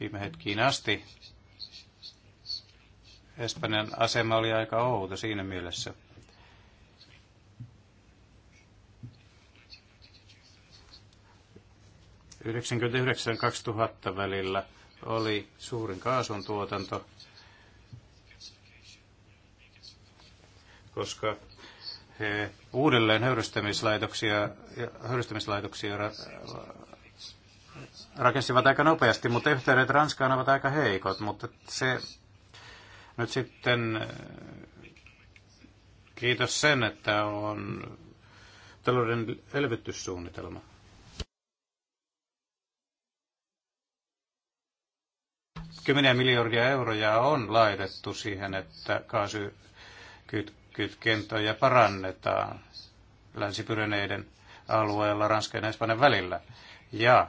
viime hetkiin asti Espanjan asema oli aika outo siinä mielessä. 1999-2000 välillä oli suurin kaasun tuotanto, koska he uudelleen höyrystämislaitoksia, höyrystämislaitoksia rakensivat aika nopeasti, mutta yhteydet Ranskaan ovat aika heikot, mutta se nyt sitten kiitos sen, että on talouden elvytyssuunnitelma. Kymmeniä miljardia euroja on laitettu siihen, että kaasukytkentöjä parannetaan länsipyreneiden alueella Ranskan ja Espanjan välillä. Ja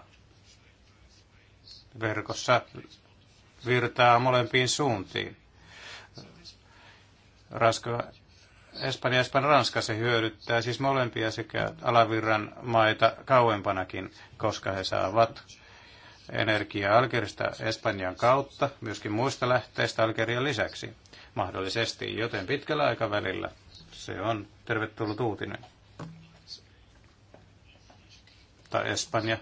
verkossa virtaa molempiin suuntiin. Ranska, Espanja, Espanja, Ranska se hyödyttää siis molempia sekä alavirran maita kauempanakin, koska he saavat energiaa Algerista Espanjan kautta, myöskin muista lähteistä Algerian lisäksi mahdollisesti, joten pitkällä aikavälillä se on tervetullut uutinen. Tai Espanja,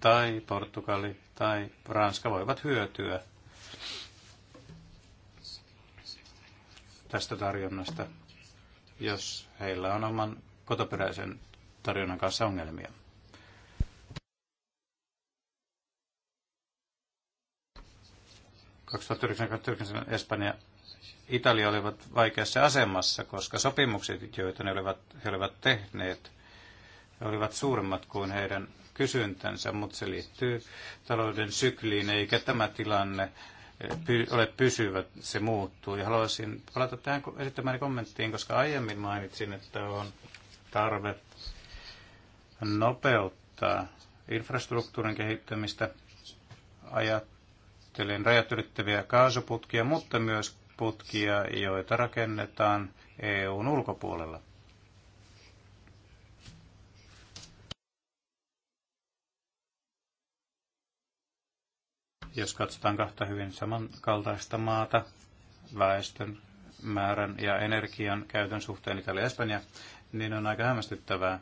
tai Portugali, tai Ranska voivat hyötyä tästä tarjonnasta, jos heillä on oman kotoperäisen tarjonnan kanssa ongelmia. 2009-2009 Espanja Italia olivat vaikeassa asemassa, koska sopimukset, joita ne olivat, he olivat tehneet, olivat suuremmat kuin heidän kysyntänsä, mutta se liittyy talouden sykliin, eikä tämä tilanne eh, ole pysyvä, se muuttuu. Ja haluaisin palata tähän esittämään kommenttiin, koska aiemmin mainitsin, että on tarve nopeuttaa infrastruktuurin kehittämistä, ajat Ajattelen rajat ylittäviä kaasuputkia, mutta myös putkia, joita rakennetaan EUn ulkopuolella. Jos katsotaan kahta hyvin samankaltaista maata väestön määrän ja energian käytön suhteen Italia ja Espanja, niin on aika hämmästyttävää,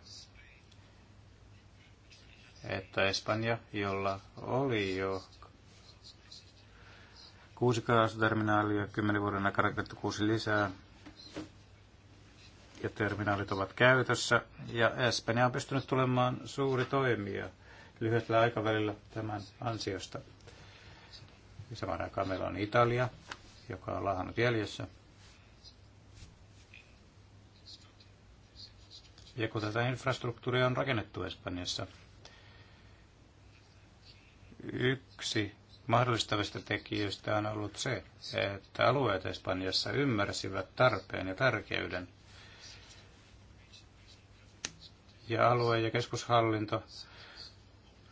että Espanja, jolla oli jo kuusi kaasuterminaalia, kymmenen vuoden aikana rakennettu kuusi lisää. Ja terminaalit ovat käytössä. Ja Espanja on pystynyt tulemaan suuri toimija lyhyellä aikavälillä tämän ansiosta. Ja samaan aikaan meillä on Italia, joka on lahannut jäljessä. Ja kun tätä infrastruktuuria on rakennettu Espanjassa, yksi mahdollistavista tekijöistä on ollut se, että alueet Espanjassa ymmärsivät tarpeen ja tärkeyden. Ja alue- ja keskushallinto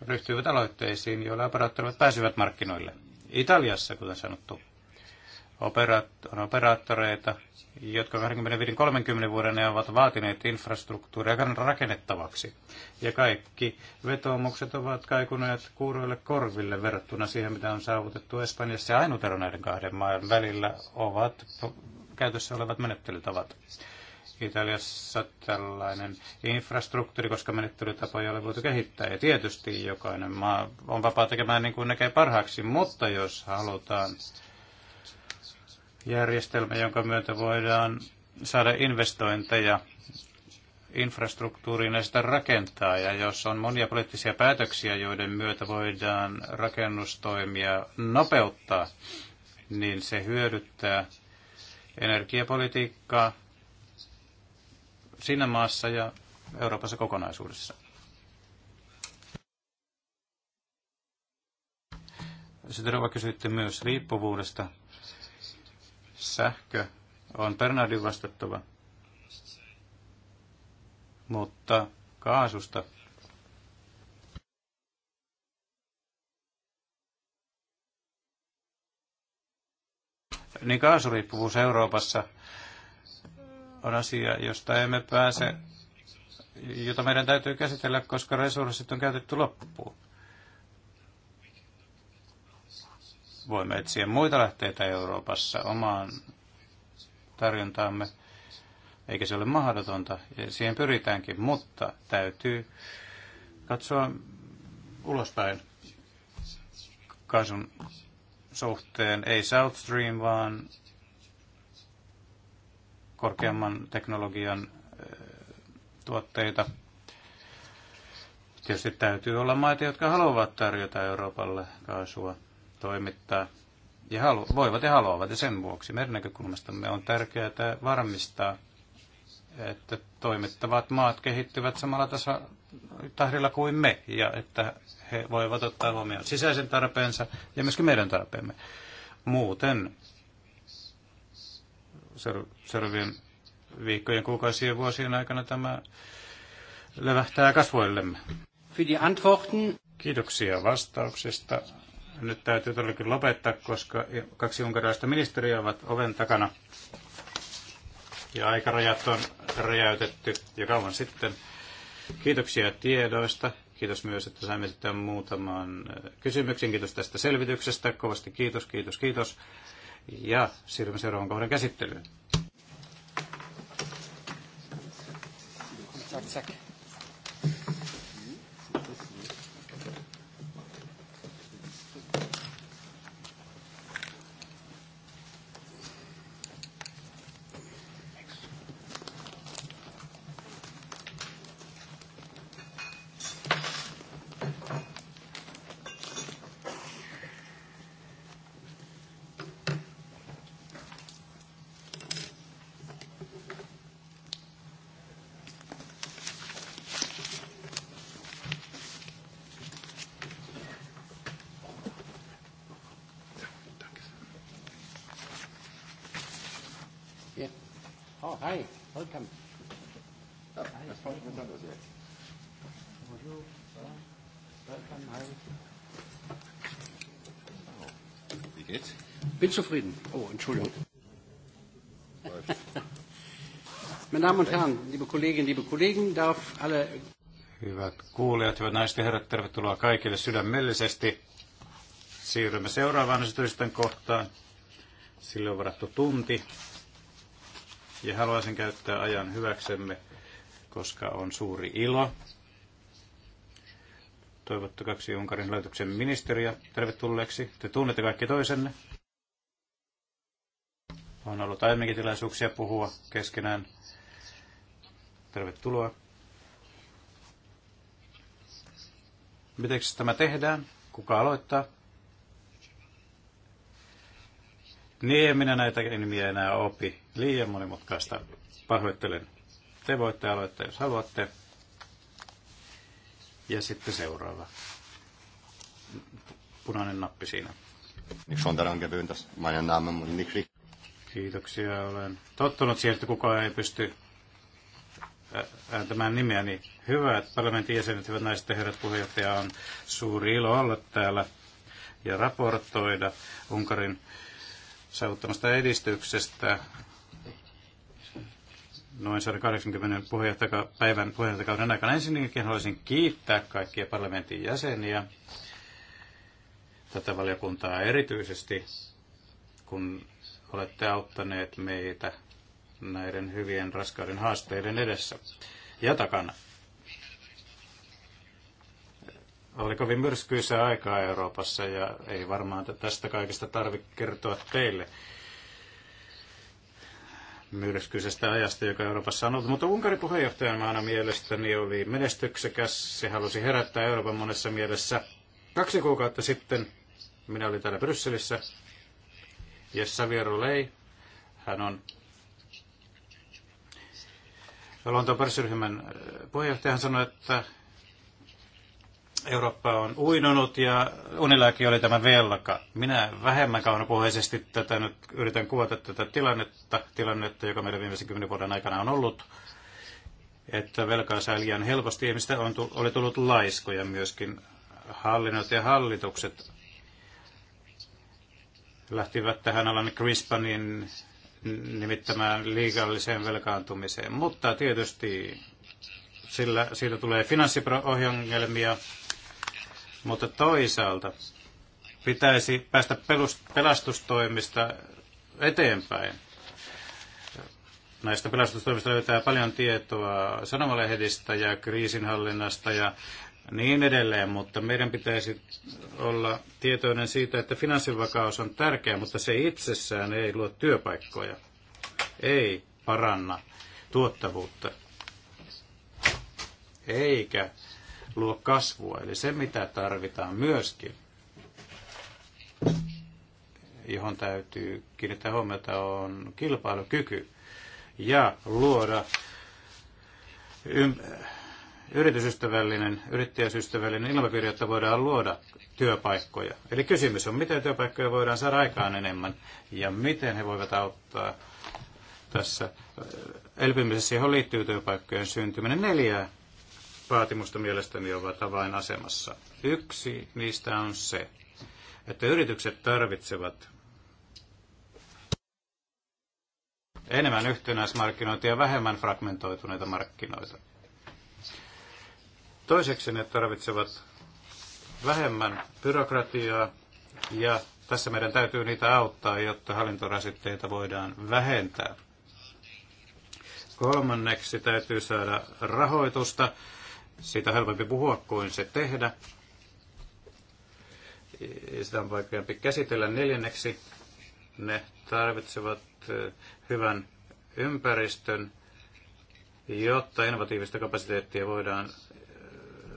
ryhtyivät aloitteisiin, joilla operaattorit pääsivät markkinoille. Italiassa, kuten sanottu, on operaattoreita, jotka 25-30 vuoden ajan ovat vaatineet infrastruktuuria rakennettavaksi. Ja kaikki vetoomukset ovat kaikuneet kuuroille korville verrattuna siihen, mitä on saavutettu Espanjassa. Ja ainut ero näiden kahden maan välillä ovat käytössä olevat menettelytavat. Italiassa tällainen infrastruktuuri, koska menettelytapoja ei ole voitu kehittää. Ja tietysti jokainen maa on vapaa tekemään niin kuin näkee parhaaksi, mutta jos halutaan järjestelmä, jonka myötä voidaan saada investointeja infrastruktuuriin ja sitä rakentaa. Ja jos on monia poliittisia päätöksiä, joiden myötä voidaan rakennustoimia nopeuttaa, niin se hyödyttää energiapolitiikkaa siinä maassa ja Euroopassa kokonaisuudessa. Sitten Rova kysyitte myös riippuvuudesta sähkö on Bernardin vastattava, mutta kaasusta niin kaasuriippuvuus Euroopassa on asia, josta emme pääse, jota meidän täytyy käsitellä, koska resurssit on käytetty loppuun. voimme etsiä muita lähteitä Euroopassa omaan tarjontaamme, eikä se ole mahdotonta, ja siihen pyritäänkin, mutta täytyy katsoa ulospäin kaasun suhteen, ei South Stream, vaan korkeamman teknologian tuotteita. Tietysti täytyy olla maita, jotka haluavat tarjota Euroopalle kaasua toimittaa ja halu, voivat ja haluavat. Ja sen vuoksi meidän näkökulmastamme on tärkeää varmistaa, että toimittavat maat kehittyvät samalla tasa tahdilla kuin me ja että he voivat ottaa huomioon sisäisen tarpeensa ja myöskin meidän tarpeemme. Muuten seuraavien viikkojen, kuukausien ja vuosien aikana tämä levähtää kasvoillemme. Kiitoksia vastauksista nyt täytyy todellakin lopettaa, koska kaksi unkarilaista ministeriä ovat oven takana. Ja aikarajat on räjäytetty jo kauan sitten. Kiitoksia tiedoista. Kiitos myös, että saimme sitten muutaman äh, kysymyksen. Kiitos tästä selvityksestä. Kovasti kiitos, kiitos, kiitos. Ja siirrymme seuraavan kohdan käsittelyyn. Tack, tack. zufrieden. Oh, Entschuldigung. Meine Damen und Herren, liebe Kolleginnen, liebe Kollegen, darf alle... Hyvät kuulijat, hyvät naiset ja herrat, tervetuloa kaikille sydämellisesti. Siirrymme seuraavaan esitysten kohtaan. Sille on varattu tunti. Ja haluaisin käyttää ajan hyväksemme, koska on suuri ilo toivottu kaksi Unkarin laitoksen ministeriä tervetulleeksi. Te tunnette kaikki toisenne. On ollut aiemminkin tilaisuuksia puhua keskenään. Tervetuloa. Miten tämä tehdään? Kuka aloittaa? Niin, en minä näitä nimiä enää opi. Liian monimutkaista. Pahoittelen. Te voitte aloittaa, jos haluatte. Ja sitten seuraava. Punainen nappi siinä. Miksi on daran gewöhnt, dass meine Name miksi Kiitoksia. Olen tottunut siihen, että kukaan ei pysty ääntämään nimeäni. Niin hyvät parlamentin jäsenet, hyvät naiset ja herrat, puheenjohtaja, on suuri ilo olla täällä ja raportoida Unkarin saavuttamasta edistyksestä noin 180 puheenjohtaja- päivän puheenjohtajakauden aikana. Ensinnäkin haluaisin kiittää kaikkia parlamentin jäseniä, tätä valiokuntaa erityisesti, kun olette auttaneet meitä näiden hyvien raskaiden haasteiden edessä ja takana. Oli kovin myrskyisä aikaa Euroopassa ja ei varmaan tästä kaikesta tarvitse kertoa teille myrskyisestä ajasta, joka Euroopassa on ollut. Mutta Unkarin maana mielestäni oli menestyksekäs. Se halusi herättää Euroopan monessa mielessä. Kaksi kuukautta sitten minä olin täällä Brysselissä Yes, Xavier hän on Lontoon pörssiryhmän äh, puheenjohtaja, hän sanoi, että Eurooppa on uinunut ja unilääki oli tämä velka. Minä vähemmän kaunopuheisesti tätä nyt yritän kuvata tätä tilannetta, tilannetta joka meidän viimeisen kymmenen vuoden aikana on ollut, että velkaa sai liian helposti. Ihmistä on, oli tullut laiskoja myöskin hallinnot ja hallitukset lähtivät tähän alan Crispanin nimittämään liigalliseen velkaantumiseen. Mutta tietysti sillä, siitä tulee finanssiohjelmia, mutta toisaalta pitäisi päästä pelastustoimista eteenpäin. Näistä pelastustoimista löytää paljon tietoa sanomalehdistä ja kriisinhallinnasta ja niin edelleen, mutta meidän pitäisi olla tietoinen siitä, että finanssivakaus on tärkeä, mutta se itsessään ei luo työpaikkoja, ei paranna tuottavuutta, eikä luo kasvua. Eli se, mitä tarvitaan myöskin, johon täytyy kiinnittää huomiota, on kilpailukyky ja luoda ym- yritysystävällinen, yrittäjäsystävällinen ilmapiiri, jotta voidaan luoda työpaikkoja. Eli kysymys on, miten työpaikkoja voidaan saada aikaan enemmän ja miten he voivat auttaa tässä äh, elpymisessä, johon liittyy työpaikkojen syntyminen. Neljä vaatimusta mielestäni ovat avainasemassa. Yksi niistä on se, että yritykset tarvitsevat enemmän yhtenäismarkkinoita ja vähemmän fragmentoituneita markkinoita. Toiseksi ne tarvitsevat vähemmän byrokratiaa ja tässä meidän täytyy niitä auttaa, jotta hallintorasitteita voidaan vähentää. Kolmanneksi täytyy saada rahoitusta. Siitä on helpompi puhua kuin se tehdä. Sitä on vaikeampi käsitellä. Neljänneksi ne tarvitsevat hyvän ympäristön, jotta innovatiivista kapasiteettia voidaan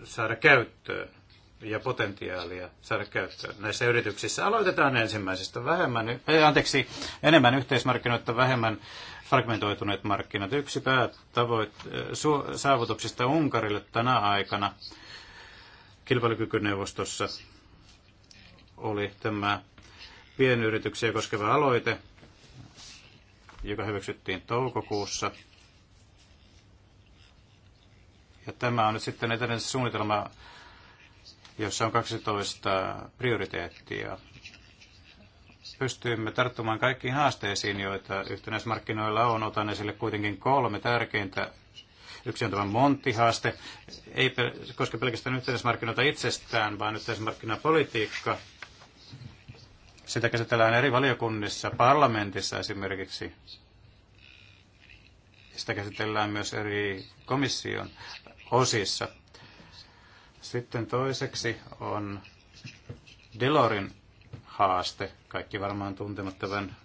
saada käyttöön ja potentiaalia saada käyttöön näissä yrityksissä. Aloitetaan ensimmäisestä vähemmän, ei, anteeksi, enemmän yhteismarkkinoita, vähemmän fragmentoituneet markkinat. Yksi päätavoit saavutuksista Unkarille tänä aikana kilpailukykyneuvostossa oli tämä pienyrityksiä koskeva aloite, joka hyväksyttiin toukokuussa – ja tämä on nyt sitten etenemisessä suunnitelma, jossa on 12 prioriteettia. Pystyimme tarttumaan kaikkiin haasteisiin, joita yhtenäismarkkinoilla on. Otan esille kuitenkin kolme tärkeintä Yksi on tämä montti ei koske pelkästään yhteismarkkinoita itsestään, vaan yhteismarkkinapolitiikka. Sitä käsitellään eri valiokunnissa, parlamentissa esimerkiksi. Sitä käsitellään myös eri komission osissa. Sitten toiseksi on Delorin haaste. Kaikki varmaan tuntemat tämän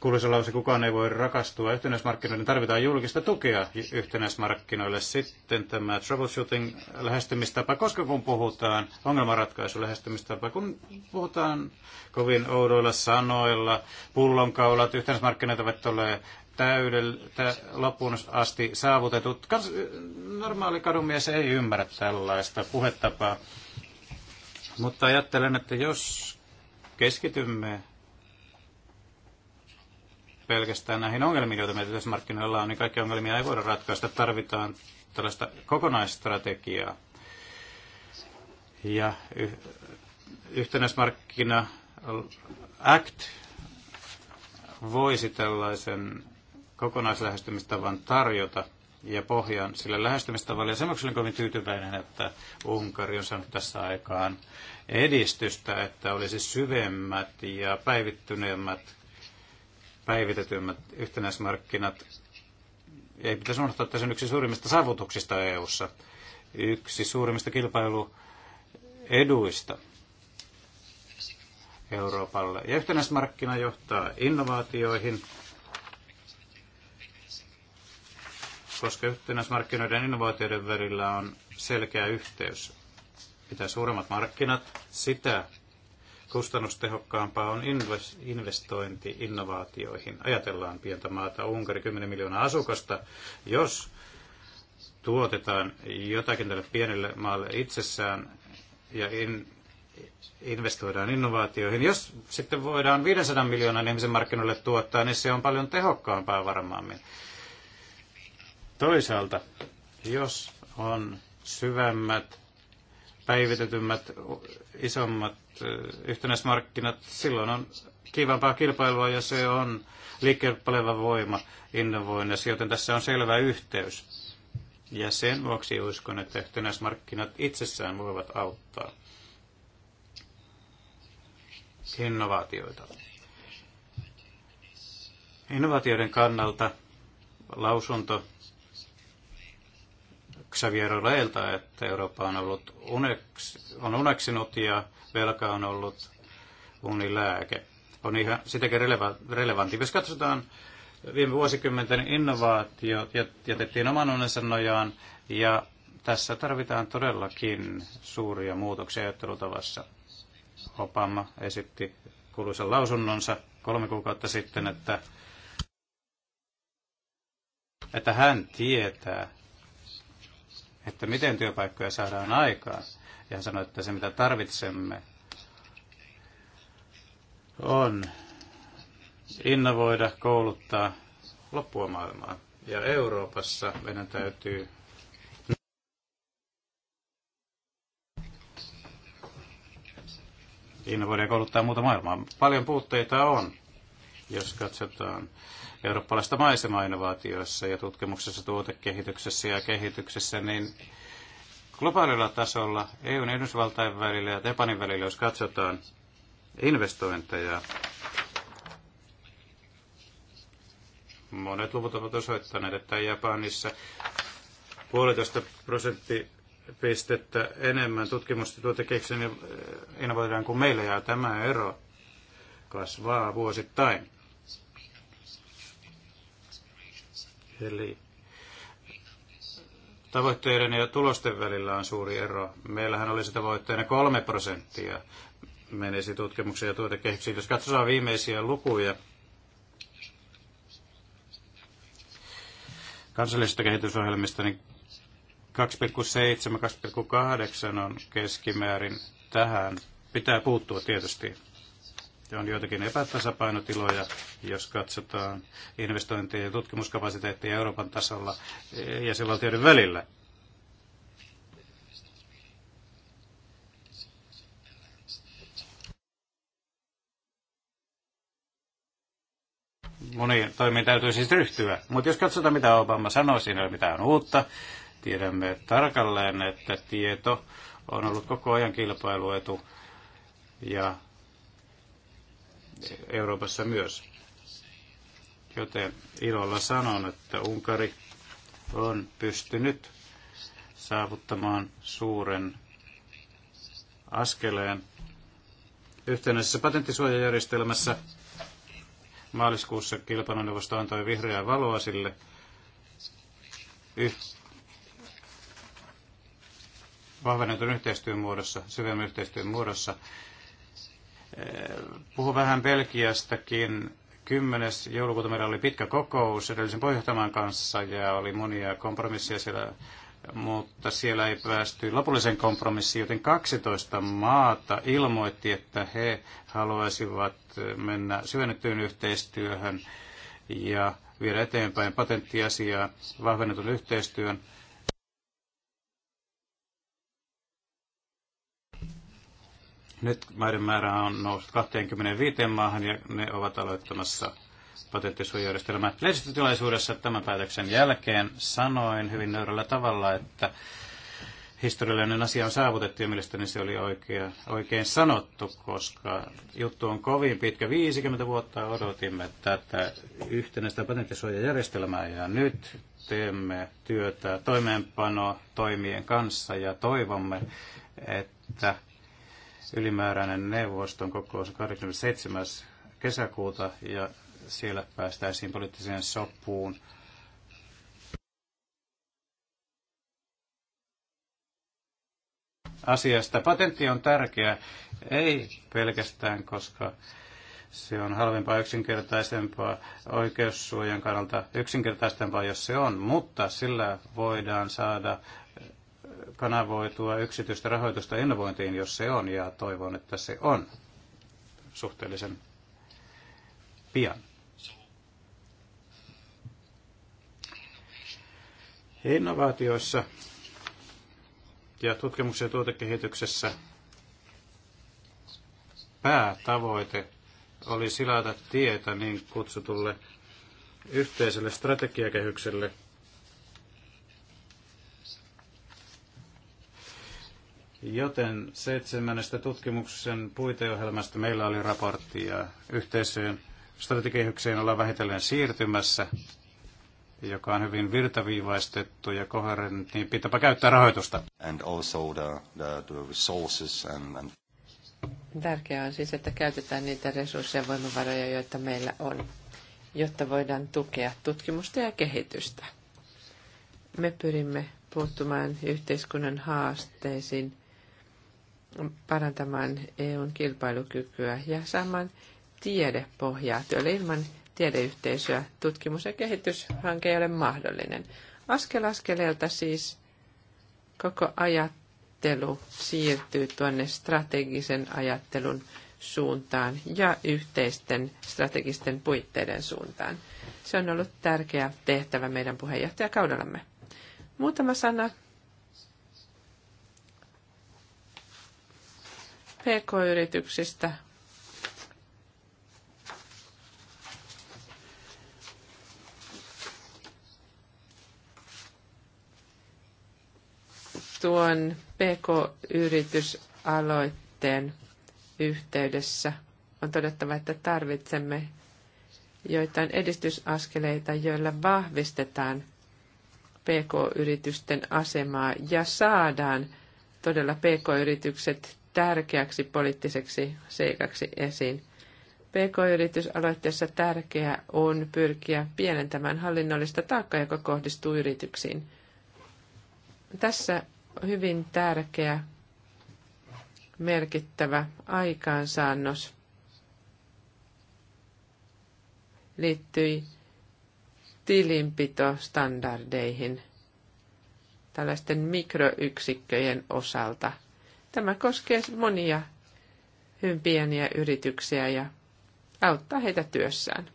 kuuluisa lause, kukaan ei voi rakastua yhtenäismarkkinoiden, tarvitaan julkista tukea yhtenäismarkkinoille. Sitten tämä troubleshooting-lähestymistapa, koska kun puhutaan lähestymistapa, kun puhutaan kovin oudoilla sanoilla, pullonkaulat, yhtenäismarkkinoita ovat ole täydeltä loppuun asti saavutetut. Kans, normaali kadumies ei ymmärrä tällaista puhetapaa. Mutta ajattelen, että jos keskitymme pelkästään näihin ongelmiin, joita meillä tässä markkinoilla on, niin kaikki ongelmia ei voida ratkaista. Tarvitaan tällaista kokonaisstrategiaa. Ja y- yhtenäismarkkina Act voisi tällaisen kokonaislähestymistavan tarjota ja pohjan sille lähestymistavalle. Ja sen kovin tyytyväinen, että Unkari on saanut tässä aikaan edistystä, että olisi syvemmät ja päivittyneemmät, päivitetymmät yhtenäismarkkinat. Ei pitäisi unohtaa, että se on yksi suurimmista saavutuksista EU:ssa, yksi suurimmista kilpailueduista Euroopalle. Ja yhtenäismarkkina johtaa innovaatioihin, koska yhtenäismarkkinoiden innovaatioiden välillä on selkeä yhteys. Mitä suuremmat markkinat, sitä kustannustehokkaampaa on investointi innovaatioihin. Ajatellaan pientä maata, Unkari 10 miljoonaa asukasta. Jos tuotetaan jotakin tälle pienelle maalle itsessään ja in, investoidaan innovaatioihin. Jos sitten voidaan 500 miljoonan ihmisen markkinoille tuottaa, niin se on paljon tehokkaampaa varmaammin. Toisaalta, jos on syvemmät, päivitetymmät, isommat yhtenäismarkkinat, silloin on kivampaa kilpailua ja se on liikkeelle voima innovoinnissa, joten tässä on selvä yhteys. Ja sen vuoksi uskon, että yhtenäismarkkinat itsessään voivat auttaa innovaatioita. Innovaatioiden kannalta lausunto Xavier Oleilta, että Eurooppa on, ollut uneks, on uneksinut ja velka on ollut unilääke. On ihan sitäkin releva, relevantti. Jos katsotaan viime vuosikymmenten innovaatio, jätettiin oman onnensa nojaan ja tässä tarvitaan todellakin suuria muutoksia ajattelutavassa. Obama esitti kuuluisen lausunnonsa kolme kuukautta sitten, että, että hän tietää, että miten työpaikkoja saadaan aikaan. Ja hän sanoi, että se mitä tarvitsemme on innovoida, kouluttaa loppua maailmaa. Ja Euroopassa meidän täytyy innovoida ja kouluttaa muuta maailmaa. Paljon puutteita on jos katsotaan eurooppalaista maisema innovaatioissa ja tutkimuksessa, tuotekehityksessä ja kehityksessä, niin globaalilla tasolla EUn edusvaltain välillä ja Japanin välillä, jos katsotaan investointeja, monet luvut ovat osoittaneet, että Japanissa puolitoista prosenttipistettä enemmän tutkimusta tuotekeksin innovoidaan kuin meillä, ja tämä ero kasvaa vuosittain. Eli tavoitteiden ja tulosten välillä on suuri ero. Meillähän olisi tavoitteena kolme prosenttia menisi tutkimukseen ja tuotekehyksiin. Jos katsotaan viimeisiä lukuja kansallisista kehitysohjelmista, niin 2,7-2,8 on keskimäärin tähän. Pitää puuttua tietysti ja on joitakin epätasapainotiloja, jos katsotaan investointeja ja tutkimuskapasiteettia Euroopan tasolla ja valtioiden välillä. Moni toimiin täytyy siis ryhtyä. Mutta jos katsotaan, mitä Obama sanoi, siinä ei ole mitään uutta. Tiedämme tarkalleen, että tieto on ollut koko ajan kilpailuetu ja Euroopassa myös. Joten ilolla sanon, että Unkari on pystynyt saavuttamaan suuren askeleen yhtenäisessä patenttisuojajärjestelmässä. Maaliskuussa kilpailuneuvosto antoi vihreää valoa sille yh- vahvennetun yhteistyön muodossa, syvemmän yhteistyön muodossa. Puhu vähän Belgiastakin. 10. joulukuuta meillä oli pitkä kokous edellisen pohjohtamaan kanssa ja oli monia kompromisseja siellä, mutta siellä ei päästy lopulliseen kompromissiin, joten 12 maata ilmoitti, että he haluaisivat mennä syvennettyyn yhteistyöhön ja viedä eteenpäin patenttiasiaa vahvennetun yhteistyön Nyt maiden määrä on noussut 25 maahan ja ne ovat aloittamassa patenttisuojajärjestelmää. Lehdistötilaisuudessa tämän päätöksen jälkeen sanoin hyvin nöyrällä tavalla, että historiallinen asia on saavutettu ja mielestäni se oli oikea, oikein sanottu, koska juttu on kovin pitkä. 50 vuotta odotimme tätä yhtenäistä patenttisuojajärjestelmää ja nyt teemme työtä toimeenpano toimien kanssa ja toivomme, että ylimääräinen neuvoston kokous 27. kesäkuuta ja siellä päästäisiin poliittiseen sopuun. asiasta. Patentti on tärkeä, ei pelkästään, koska se on halvempaa, yksinkertaisempaa, oikeussuojan kannalta yksinkertaisempaa, jos se on, mutta sillä voidaan saada kanavoitua yksityistä rahoitusta innovointiin, jos se on, ja toivon, että se on suhteellisen pian. Innovaatioissa ja tutkimuksen ja tuotekehityksessä päätavoite oli silata tietä niin kutsutulle yhteiselle strategiakehykselle – Joten seitsemännestä tutkimuksen puiteohjelmasta meillä oli raportti ja yhteisöön strategiakehykseen ollaan vähitellen siirtymässä, joka on hyvin virtaviivaistettu ja koherentti, niin pitääpä käyttää rahoitusta. And also the, the, the resources and, and... Tärkeää on siis, että käytetään niitä resursseja ja voimavaroja, joita meillä on, jotta voidaan tukea tutkimusta ja kehitystä. Me pyrimme puuttumaan yhteiskunnan haasteisiin parantamaan EUn kilpailukykyä ja saamaan tiedepohjaa työlle ilman tiedeyhteisöä. Tutkimus- ja kehityshanke ei ole mahdollinen. Askel askeleelta siis koko ajattelu siirtyy tuonne strategisen ajattelun suuntaan ja yhteisten strategisten puitteiden suuntaan. Se on ollut tärkeä tehtävä meidän puheenjohtajakaudellamme. Muutama sana PK-yrityksistä. Tuon PK-yritysaloitteen yhteydessä on todettava, että tarvitsemme joitain edistysaskeleita, joilla vahvistetaan PK-yritysten asemaa ja saadaan todella PK-yritykset tärkeäksi poliittiseksi seikaksi esiin. PK-yritysaloitteessa tärkeää on pyrkiä pienentämään hallinnollista taakkaa, joka kohdistuu yrityksiin. Tässä hyvin tärkeä merkittävä aikaansaannos liittyi tilinpitostandardeihin tällaisten mikroyksikköjen osalta – Tämä koskee monia hyvin pieniä yrityksiä ja auttaa heitä työssään.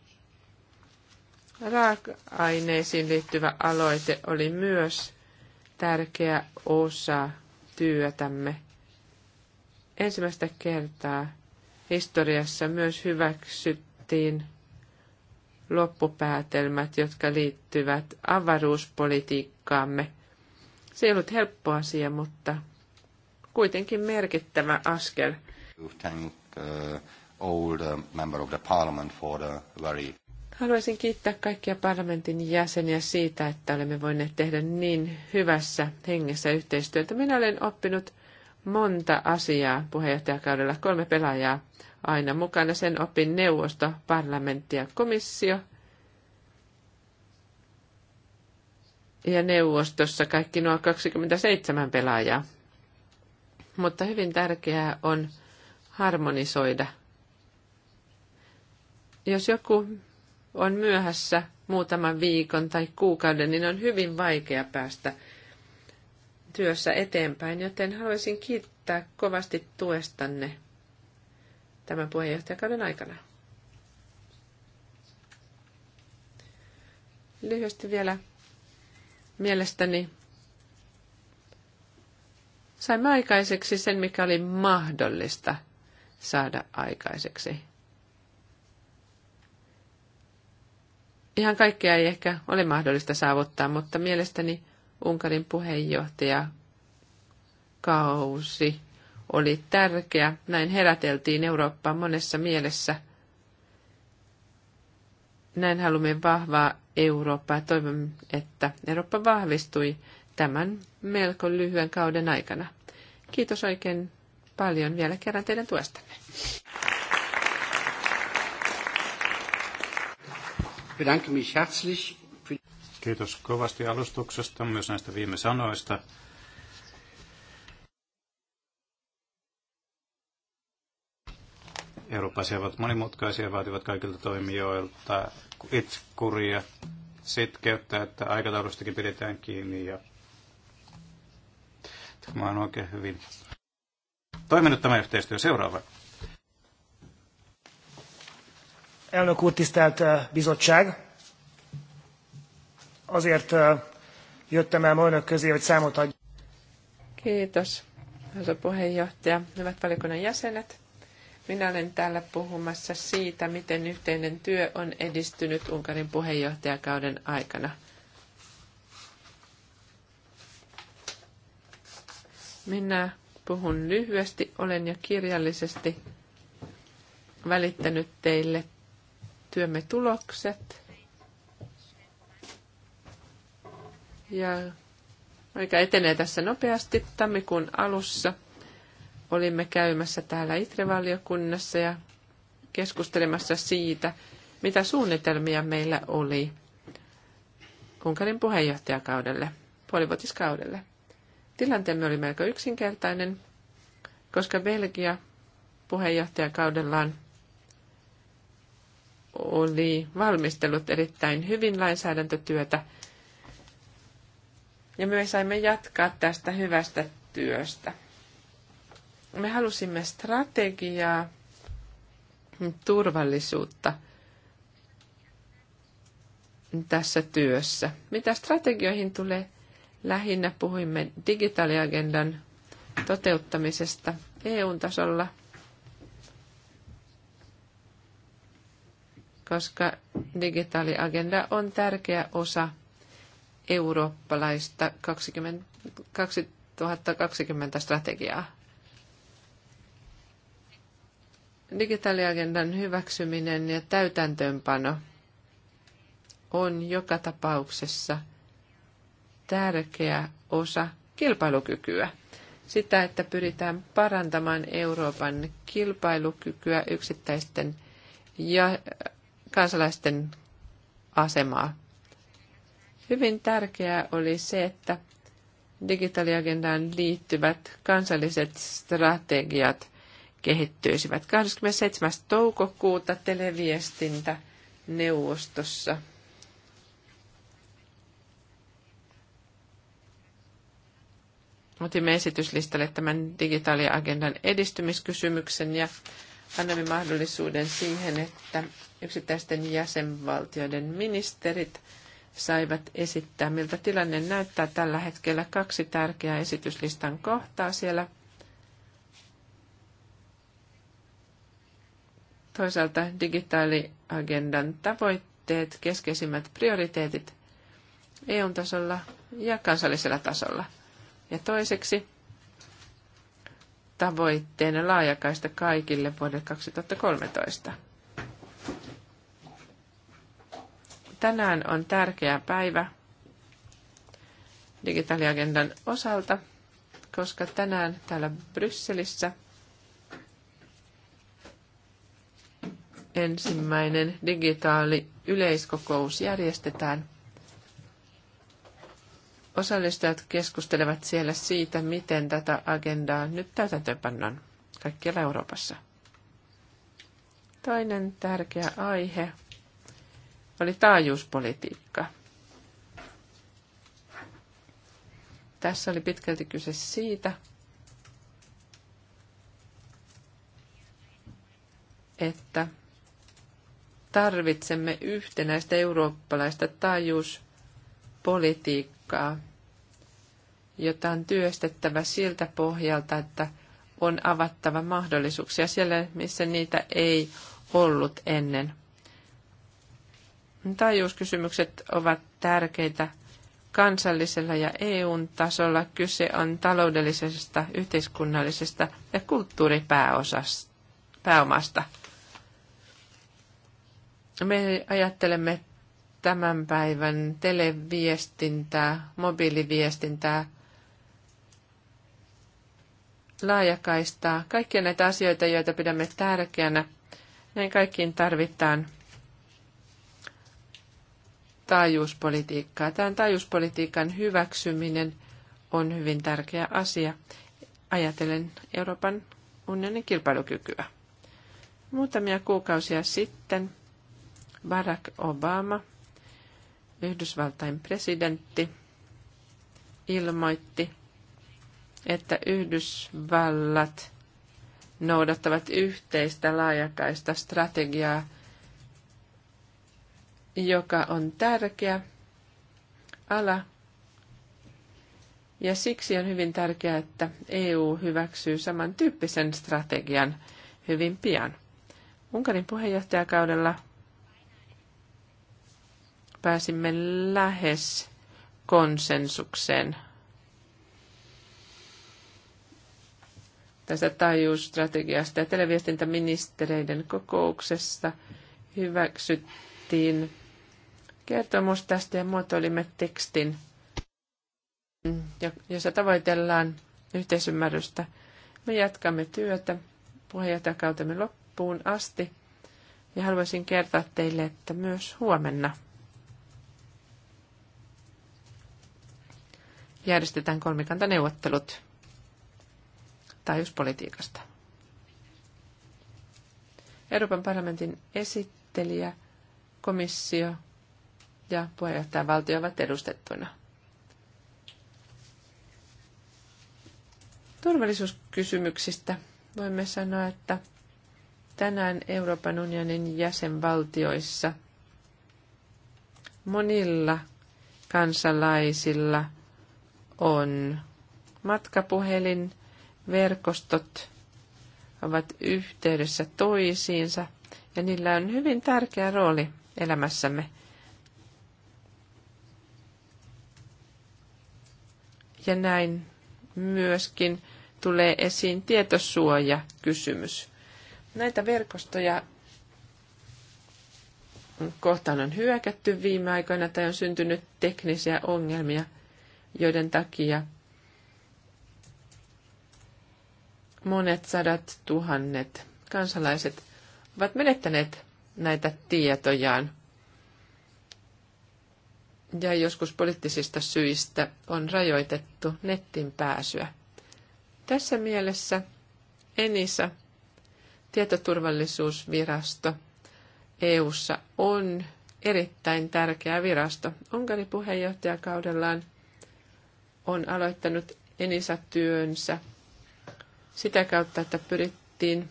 Raaka-aineisiin liittyvä aloite oli myös tärkeä osa työtämme. Ensimmäistä kertaa historiassa myös hyväksyttiin loppupäätelmät, jotka liittyvät avaruuspolitiikkaamme. Se ei ollut helppo asia, mutta kuitenkin merkittävä askel. Uh, Haluaisin kiittää kaikkia parlamentin jäseniä siitä, että olemme voineet tehdä niin hyvässä hengessä yhteistyötä. Minä olen oppinut monta asiaa puheenjohtajakaudella, kolme pelaajaa aina mukana. Sen opin neuvosto, parlamentti ja komissio. Ja neuvostossa kaikki nuo 27 pelaajaa mutta hyvin tärkeää on harmonisoida. Jos joku on myöhässä muutaman viikon tai kuukauden, niin on hyvin vaikea päästä työssä eteenpäin, joten haluaisin kiittää kovasti tuestanne tämän puheenjohtajakauden aikana. Lyhyesti vielä mielestäni saimme aikaiseksi sen, mikä oli mahdollista saada aikaiseksi. Ihan kaikkea ei ehkä ole mahdollista saavuttaa, mutta mielestäni Unkarin puheenjohtaja kausi oli tärkeä. Näin heräteltiin Eurooppaa monessa mielessä. Näin haluamme vahvaa Eurooppaa. Toivon, että Eurooppa vahvistui tämän melko lyhyen kauden aikana. Kiitos oikein paljon vielä kerran teidän tuestanne. Kiitos kovasti alustuksesta, myös näistä viime sanoista. Euroopassa ovat monimutkaisia ja vaativat kaikilta toimijoilta itkuria, sitkeyttä, että aikataulustakin pidetään kiinni ja Tämä on oikein hyvin toiminut tämä yhteistyö. Seuraava. Elnök úr, tisztelt bizottság! Azért jöttem el majdnök közé, hogy számot adj. Kiitos, a puheenjohtaja. Hyvät valikunnan jäsenet, minä olen täällä puhumassa siitä, miten yhteinen työ on edistynyt Unkarin puheenjohtajakauden aikana – Minä puhun lyhyesti, olen ja kirjallisesti välittänyt teille työmme tulokset. Ja aika etenee tässä nopeasti. Tammikuun alussa olimme käymässä täällä Itrevaliokunnassa ja keskustelemassa siitä, mitä suunnitelmia meillä oli Unkarin puheenjohtajakaudelle, puolivuotiskaudelle. Tilanteemme oli melko yksinkertainen, koska Belgia puheenjohtajakaudellaan oli valmistellut erittäin hyvin lainsäädäntötyötä. Ja me saimme jatkaa tästä hyvästä työstä. Me halusimme strategiaa, turvallisuutta tässä työssä. Mitä strategioihin tulee, Lähinnä puhuimme digitaaliagendan toteuttamisesta EU-tasolla, koska digitaaliagenda on tärkeä osa eurooppalaista 2020 strategiaa. Digitaaliagendan hyväksyminen ja täytäntöönpano on joka tapauksessa – tärkeä osa kilpailukykyä. Sitä, että pyritään parantamaan Euroopan kilpailukykyä yksittäisten ja äh, kansalaisten asemaa. Hyvin tärkeää oli se, että digitaaliagendaan liittyvät kansalliset strategiat kehittyisivät. 27. toukokuuta televiestintä neuvostossa – otimme esityslistalle tämän digitaaliagendan edistymiskysymyksen ja annamme mahdollisuuden siihen, että yksittäisten jäsenvaltioiden ministerit saivat esittää, miltä tilanne näyttää tällä hetkellä. Kaksi tärkeää esityslistan kohtaa siellä. Toisaalta digitaaliagendan tavoitteet, keskeisimmät prioriteetit EU-tasolla ja kansallisella tasolla – ja toiseksi tavoitteena laajakaista kaikille vuodelle 2013. Tänään on tärkeä päivä digitaaliagendan osalta, koska tänään täällä Brysselissä ensimmäinen digitaali yleiskokous järjestetään – Osallistujat keskustelevat siellä siitä, miten tätä agendaa nyt täytäntöönpannaan kaikkialla Euroopassa. Toinen tärkeä aihe oli taajuuspolitiikka. Tässä oli pitkälti kyse siitä, että tarvitsemme yhtenäistä eurooppalaista taajuuspolitiikkaa taakkaa, jota on työstettävä siltä pohjalta, että on avattava mahdollisuuksia siellä, missä niitä ei ollut ennen. Taajuuskysymykset ovat tärkeitä kansallisella ja EUn tasolla. Kyse on taloudellisesta, yhteiskunnallisesta ja kulttuuripääomasta. Me ajattelemme tämän päivän televiestintää, mobiiliviestintää, laajakaistaa, kaikkia näitä asioita, joita pidämme tärkeänä. Näin kaikkiin tarvitaan taajuuspolitiikkaa. Tämän taajuuspolitiikan hyväksyminen on hyvin tärkeä asia, ajatellen Euroopan unionin kilpailukykyä. Muutamia kuukausia sitten Barack Obama – Yhdysvaltain presidentti ilmoitti, että Yhdysvallat noudattavat yhteistä laajakaista strategiaa, joka on tärkeä ala. Ja siksi on hyvin tärkeää, että EU hyväksyy samantyyppisen strategian hyvin pian. Unkarin puheenjohtajakaudella pääsimme lähes konsensukseen tästä taajuusstrategiasta ja televiestintäministereiden kokouksessa hyväksyttiin kertomus tästä ja muotoilimme tekstin, jossa tavoitellaan yhteisymmärrystä. Me jatkamme työtä puheenjohtajakautemme loppuun asti ja haluaisin kertoa teille, että myös huomenna – järjestetään kolmikantaneuvottelut taajuuspolitiikasta. Euroopan parlamentin esittelijä, komissio ja puheenjohtajavaltio ovat edustettuina. Turvallisuuskysymyksistä voimme sanoa, että tänään Euroopan unionin jäsenvaltioissa monilla kansalaisilla – on matkapuhelin, verkostot ovat yhteydessä toisiinsa ja niillä on hyvin tärkeä rooli elämässämme. Ja näin myöskin tulee esiin tietosuojakysymys. Näitä verkostoja kohtaan on hyökätty viime aikoina tai on syntynyt teknisiä ongelmia – joiden takia monet sadat tuhannet kansalaiset ovat menettäneet näitä tietojaan. Ja joskus poliittisista syistä on rajoitettu nettin pääsyä. Tässä mielessä Enisa, tietoturvallisuusvirasto EU:ssa on erittäin tärkeä virasto. Unkari puheenjohtajakaudellaan on aloittanut Enisa-työnsä sitä kautta, että pyrittiin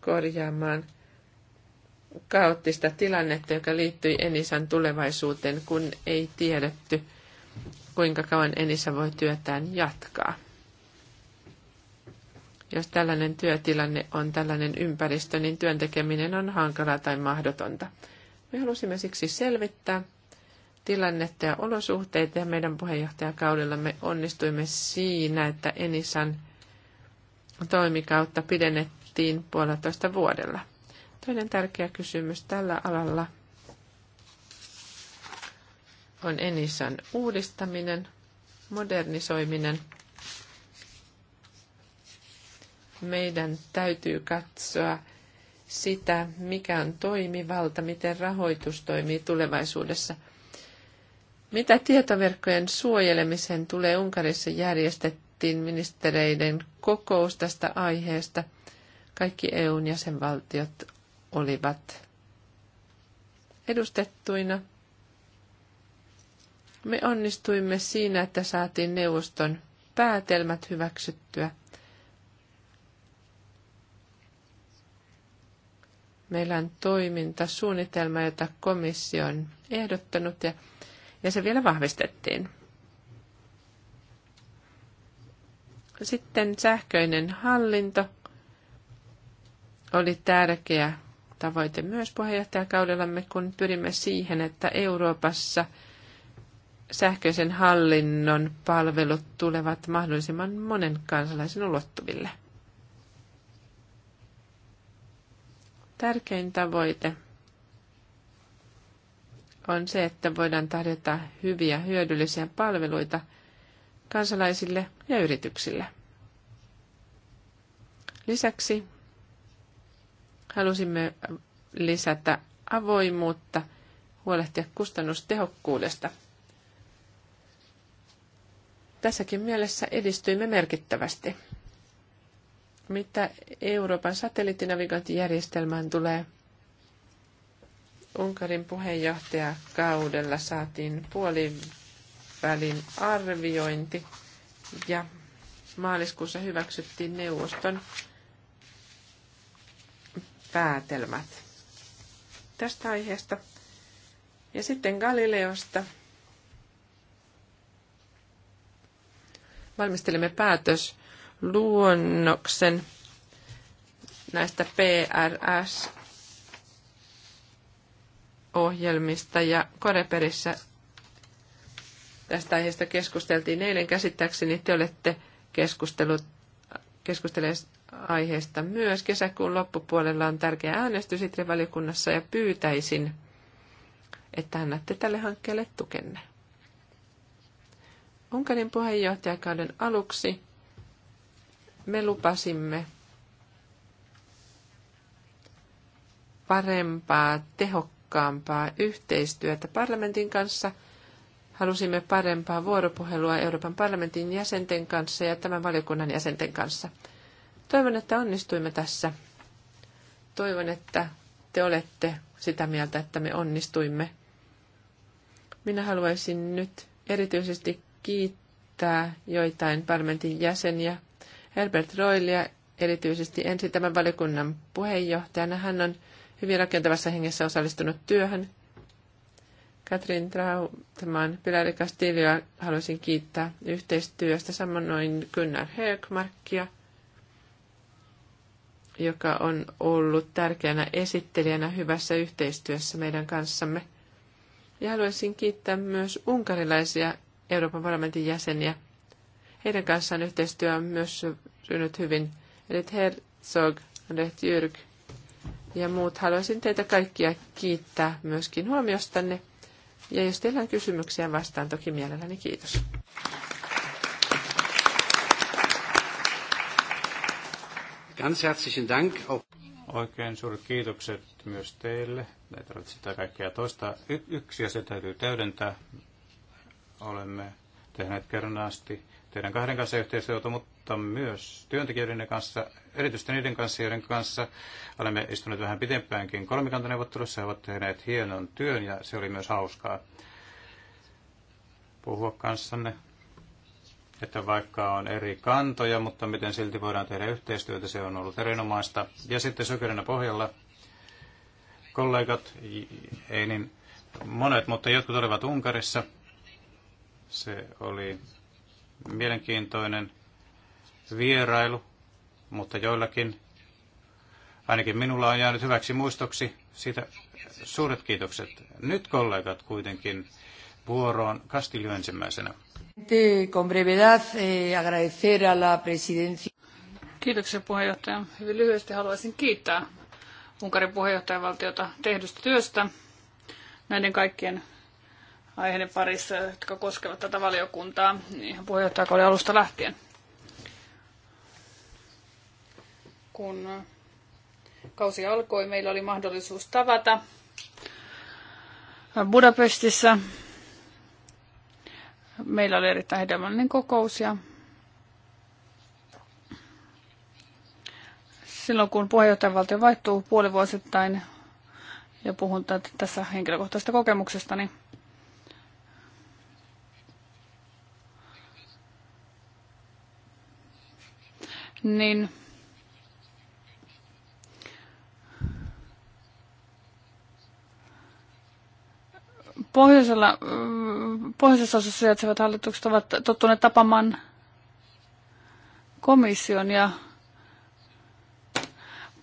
korjaamaan kaoottista tilannetta, joka liittyi Enisan tulevaisuuteen, kun ei tiedetty, kuinka kauan Enisa voi työtään jatkaa. Jos tällainen työtilanne on tällainen ympäristö, niin työntekeminen on hankalaa tai mahdotonta. Me halusimme siksi selvittää, tilannetta ja olosuhteita ja meidän puheenjohtajakaudellamme onnistuimme siinä, että Enisan toimikautta pidennettiin puolitoista vuodella. Toinen tärkeä kysymys tällä alalla on Enisan uudistaminen, modernisoiminen. Meidän täytyy katsoa sitä, mikä on toimivalta, miten rahoitus toimii tulevaisuudessa – mitä tietoverkkojen suojelemisen tulee Unkarissa järjestettiin ministereiden kokous tästä aiheesta. Kaikki EUn jäsenvaltiot olivat edustettuina. Me onnistuimme siinä, että saatiin neuvoston päätelmät hyväksyttyä. Meillä on toimintasuunnitelma, jota komissio on ehdottanut ja ja se vielä vahvistettiin. Sitten sähköinen hallinto oli tärkeä tavoite myös puheenjohtajakaudellamme, kun pyrimme siihen, että Euroopassa sähköisen hallinnon palvelut tulevat mahdollisimman monen kansalaisen ulottuville. Tärkein tavoite on se, että voidaan tarjota hyviä hyödyllisiä palveluita kansalaisille ja yrityksille. Lisäksi halusimme lisätä avoimuutta, huolehtia kustannustehokkuudesta. Tässäkin mielessä edistyimme merkittävästi. Mitä Euroopan satelliittinavigointijärjestelmään tulee – Unkarin puheenjohtajakaudella saatiin puolivälin arviointi ja maaliskuussa hyväksyttiin neuvoston päätelmät tästä aiheesta. Ja sitten Galileosta valmistelemme luonnoksen näistä PRS ohjelmista ja Koreperissä tästä aiheesta keskusteltiin eilen käsittääkseni. Te olette keskustelleet aiheesta myös. Kesäkuun loppupuolella on tärkeä äänestys valiokunnassa ja pyytäisin, että annatte tälle hankkeelle tukenne. Unkarin puheenjohtajakauden aluksi me lupasimme parempaa, tehokkaampi tehokkaampaa yhteistyötä parlamentin kanssa. Halusimme parempaa vuoropuhelua Euroopan parlamentin jäsenten kanssa ja tämän valiokunnan jäsenten kanssa. Toivon, että onnistuimme tässä. Toivon, että te olette sitä mieltä, että me onnistuimme. Minä haluaisin nyt erityisesti kiittää joitain parlamentin jäseniä, Herbert Roilia erityisesti ensin tämän valiokunnan puheenjohtajana. Hän on hyvin rakentavassa hengessä osallistunut työhön. Katrin Trautman, Pilar Castilloa haluaisin kiittää yhteistyöstä, samoin Gunnar Högmarkia, joka on ollut tärkeänä esittelijänä hyvässä yhteistyössä meidän kanssamme. Ja haluaisin kiittää myös unkarilaisia Euroopan parlamentin jäseniä. Heidän kanssaan yhteistyö on myös synnyt hyvin. Eli Herzog, Andret Jyrk, ja muut. Haluaisin teitä kaikkia kiittää myöskin huomiostanne. Ja jos teillä on kysymyksiä, vastaan toki mielelläni. Kiitos. Ganz herzlichen Dank. Oikein suuret kiitokset myös teille. Ei tarvitse sitä kaikkea toista. Y- yksi asia täytyy täydentää. Olemme tehneet kerran asti teidän kahden kanssa yhteistyötä, mutta myös työntekijöiden kanssa, erityisesti niiden kanssa, joiden kanssa olemme istuneet vähän pitempäänkin kolmikantaneuvottelussa. He ovat tehneet hienon työn ja se oli myös hauskaa puhua kanssanne. Että vaikka on eri kantoja, mutta miten silti voidaan tehdä yhteistyötä, se on ollut erinomaista. Ja sitten sykerinä pohjalla kollegat, ei niin monet, mutta jotkut olivat Unkarissa. Se oli mielenkiintoinen vierailu, mutta joillakin, ainakin minulla on jäänyt hyväksi muistoksi, siitä suuret kiitokset. Nyt kollegat kuitenkin vuoroon Kastilio ensimmäisenä. Eh, la presidencia. Kiitoksia puheenjohtaja. Hyvin lyhyesti haluaisin kiittää Unkarin puheenjohtajavaltiota tehdystä työstä näiden kaikkien aiheiden parissa, jotka koskevat tätä valiokuntaa niin ihan puheenjohtajakauden alusta lähtien. Kun kausi alkoi, meillä oli mahdollisuus tavata Budapestissa. Meillä oli erittäin hedelmällinen kokous ja silloin kun puheenjohtajavaltio vaihtuu puolivuosittain, ja puhun tässä henkilökohtaisesta kokemuksestani, niin niin pohjoisella, pohjoisessa osassa sijaitsevat hallitukset ovat tottuneet tapamaan komission ja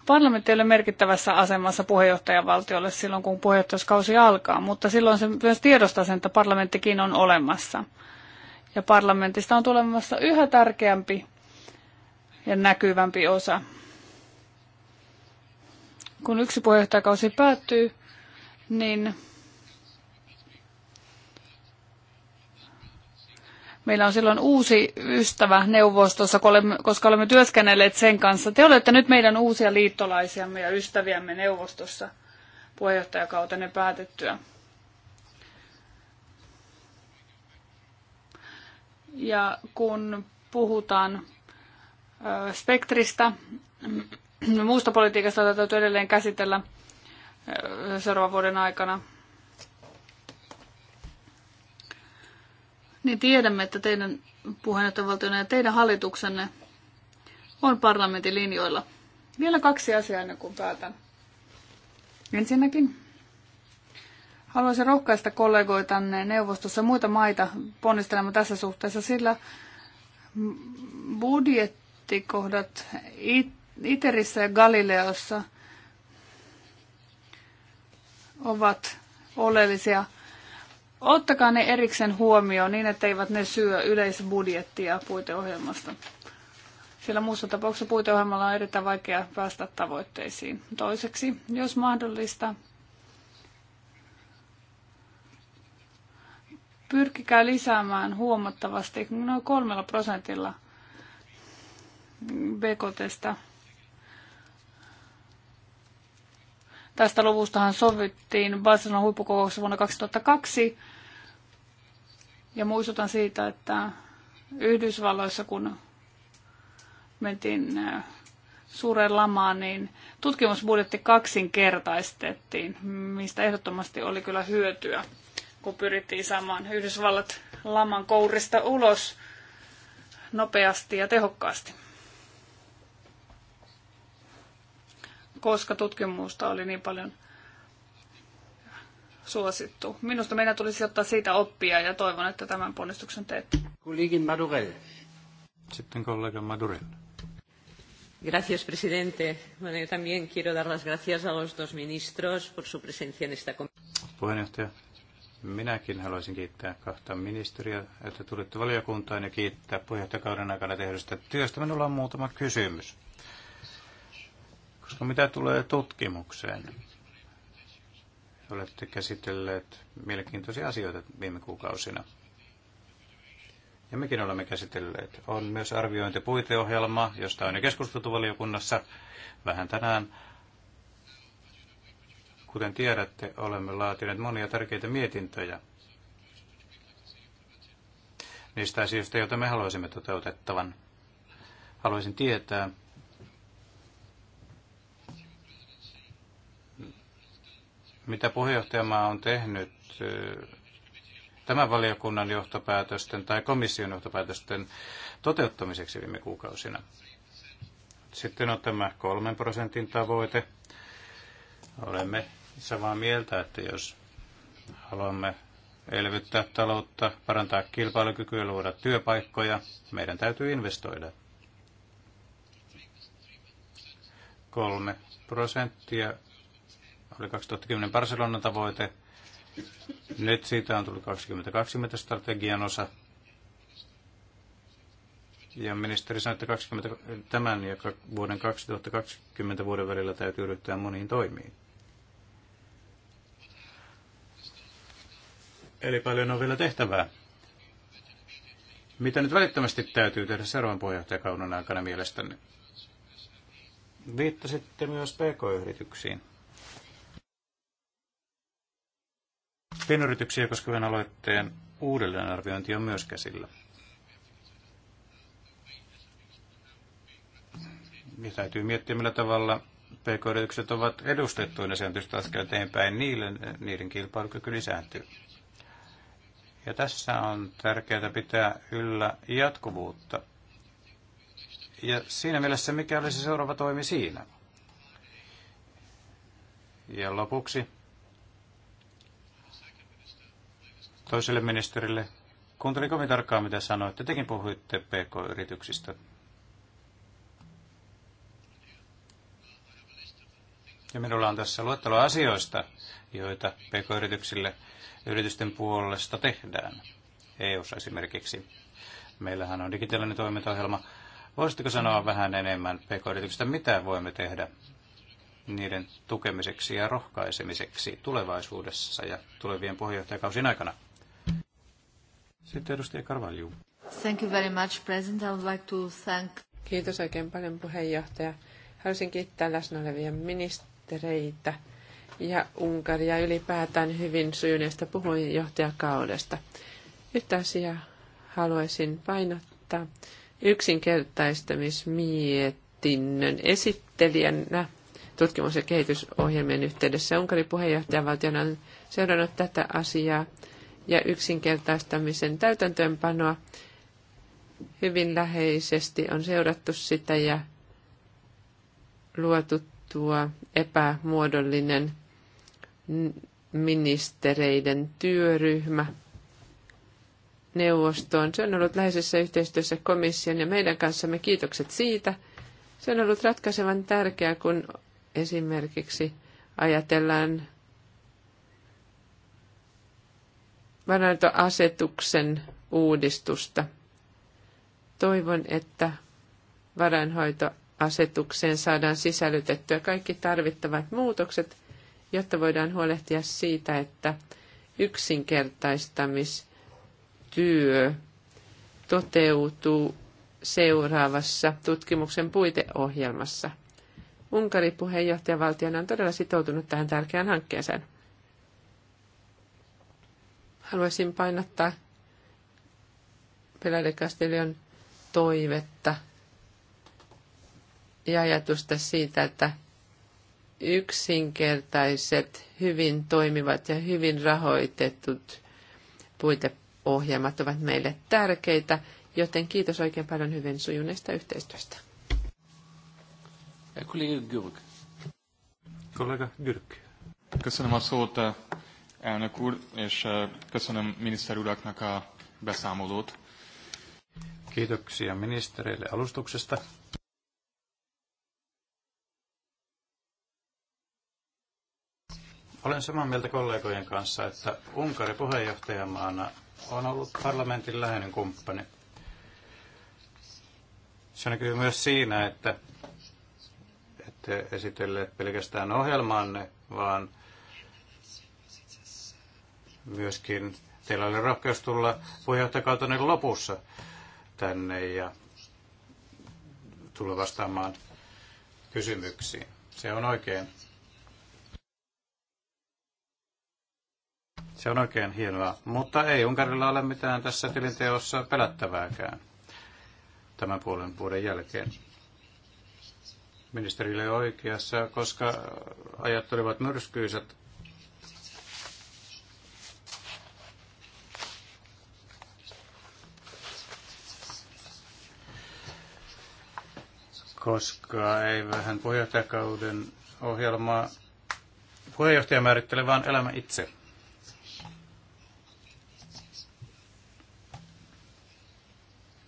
parlamentti ei ole merkittävässä asemassa puheenjohtajavaltiolle silloin, kun puheenjohtajuuskausi alkaa, mutta silloin se myös tiedostaa sen, että parlamenttikin on olemassa. Ja parlamentista on tulemassa yhä tärkeämpi ja näkyvämpi osa. Kun yksi puheenjohtajakausi päättyy, niin meillä on silloin uusi ystävä neuvostossa, koska olemme työskennelleet sen kanssa. Te olette nyt meidän uusia liittolaisiamme ja ystäviämme neuvostossa puheenjohtajakautenne päätettyä. Ja kun puhutaan spektristä, muusta politiikasta, jota täytyy edelleen käsitellä seuraavan vuoden aikana. Niin tiedämme, että teidän puheenjohtajavaltiona ja teidän hallituksenne on parlamentin linjoilla. Vielä kaksi asiaa ennen kuin päätän. Ensinnäkin haluaisin rohkaista kollegoitanne neuvostossa muita maita ponnistelemaan tässä suhteessa, sillä budjetti ristikohdat Iterissä ja Galileossa ovat oleellisia. Ottakaa ne erikseen huomioon niin, että eivät ne syö yleisbudjettia puiteohjelmasta. Sillä muussa tapauksessa puiteohjelmalla on erittäin vaikea päästä tavoitteisiin. Toiseksi, jos mahdollista, pyrkikää lisäämään huomattavasti noin kolmella prosentilla – BKTstä. Tästä luvustahan sovittiin Barcelonan huippukokouksessa vuonna 2002. Ja muistutan siitä, että Yhdysvalloissa, kun mentiin äh, suureen lamaan, niin tutkimusbudjetti kaksinkertaistettiin, mistä ehdottomasti oli kyllä hyötyä, kun pyrittiin saamaan Yhdysvallat laman kourista ulos nopeasti ja tehokkaasti. koska tutkimusta oli niin paljon suosittu. Minusta meidän tulisi ottaa siitä oppia ja toivon, että tämän ponnistuksen teette. Kollegin Madurell. Sitten kollega Madurell. Gracias, presidente. Bueno, yo también quiero dar las gracias a los dos ministros por su presencia en esta Puheenjohtaja, minäkin haluaisin kiittää kahta ministeriä, että tulitte valiokuntaan ja kiittää puheenjohtajakauden aikana tehdystä työstä. Minulla on muutama kysymys. Koska no, mitä tulee tutkimukseen, olette käsitelleet mielenkiintoisia asioita viime kuukausina. Ja mekin olemme käsitelleet. On myös arviointipuiteohjelma, josta on jo keskusteltu valiokunnassa vähän tänään. Kuten tiedätte, olemme laatineet monia tärkeitä mietintöjä niistä asioista, joita me haluaisimme toteutettavan. Haluaisin tietää, Mitä puheenjohtajamaa on tehnyt tämän valiokunnan johtopäätösten tai komission johtopäätösten toteuttamiseksi viime kuukausina? Sitten on tämä kolmen prosentin tavoite. Olemme samaa mieltä, että jos haluamme elvyttää taloutta, parantaa kilpailukykyä, luoda työpaikkoja, meidän täytyy investoida. Kolme prosenttia oli 2010 Barcelonan tavoite. Nyt siitä on tullut 2020 strategian osa. Ja ministeri sanoi, että 20, tämän ja vuoden 2020 vuoden välillä täytyy ryhtyä moniin toimiin. Eli paljon on vielä tehtävää. Mitä nyt välittömästi täytyy tehdä seuraavan puheenjohtajakauden aikana mielestänne? Viittasitte myös pk-yrityksiin. Pienyrityksiä koskevan aloitteen uudelleenarviointi on myös käsillä. Ja täytyy miettiä, millä tavalla pk-yritykset ovat edustettuina. Se on tietysti askel eteenpäin niille, niiden kilpailukyky lisääntyy. Ja tässä on tärkeää pitää yllä jatkuvuutta. Ja siinä mielessä, mikä olisi seuraava toimi siinä? Ja lopuksi toiselle ministerille. Kuuntelin kovin tarkkaan, mitä sanoitte. Tekin puhuitte PK-yrityksistä. Ja minulla on tässä luettelo asioista, joita PK-yrityksille yritysten puolesta tehdään. eu esimerkiksi. Meillähän on digitaalinen toimintaohjelma. Voisitteko sanoa vähän enemmän PK-yrityksistä, mitä voimme tehdä niiden tukemiseksi ja rohkaisemiseksi tulevaisuudessa ja tulevien puheenjohtajakausien aikana? Sitten edustaja Carvalho. Thank you very much, President. I would like to thank... Kiitos oikein paljon puheenjohtaja. Haluaisin kiittää läsnä olevia ministereitä ja Unkaria ylipäätään hyvin sujuneesta puheenjohtajakaudesta. Yhtä asiaa haluaisin painottaa. Yksinkertaistamismietinnön esittelijänä tutkimus- ja kehitysohjelmien yhteydessä Unkarin puheenjohtajavaltiona on seurannut tätä asiaa ja yksinkertaistamisen täytäntöönpanoa. Hyvin läheisesti on seurattu sitä ja luotu tuo epämuodollinen ministereiden työryhmä neuvostoon. Se on ollut läheisessä yhteistyössä komission ja meidän kanssamme kiitokset siitä. Se on ollut ratkaisevan tärkeää, kun esimerkiksi ajatellaan varantoasetuksen uudistusta. Toivon, että varainhoitoasetukseen saadaan sisällytettyä kaikki tarvittavat muutokset, jotta voidaan huolehtia siitä, että yksinkertaistamistyö toteutuu seuraavassa tutkimuksen puiteohjelmassa. Unkari puheenjohtajavaltiona on todella sitoutunut tähän tärkeään hankkeeseen. Haluaisin painottaa Pilar toivetta ja ajatusta siitä, että yksinkertaiset, hyvin toimivat ja hyvin rahoitetut puiteohjelmat ovat meille tärkeitä, joten kiitos oikein paljon hyvin sujuneesta yhteistyöstä. kollega Gyrk. Kollega Gyrk. Köszönöm elnök úr, és köszönöm miniszter uraknak a beszámolót. Kiitoksia ministerille alustuksesta. Olen samaa mieltä kollegojen kanssa, että Unkari puheenjohtajamaana on ollut parlamentin läheinen kumppani. Se näkyy myös siinä, että ette esitelleet pelkästään ohjelmaanne, vaan – myöskin teillä oli rohkeus tulla puheenjohtajakautenen niin lopussa tänne ja tulla vastaamaan kysymyksiin. Se on oikein. Se on oikein hienoa, mutta ei Unkarilla ole mitään tässä tilinteossa pelättävääkään tämän puolen vuoden jälkeen. Ministerille oikeassa, koska ajat olivat myrskyiset koska ei vähän puheenjohtajakauden ohjelmaa puheenjohtaja määrittele, vaan elämä itse.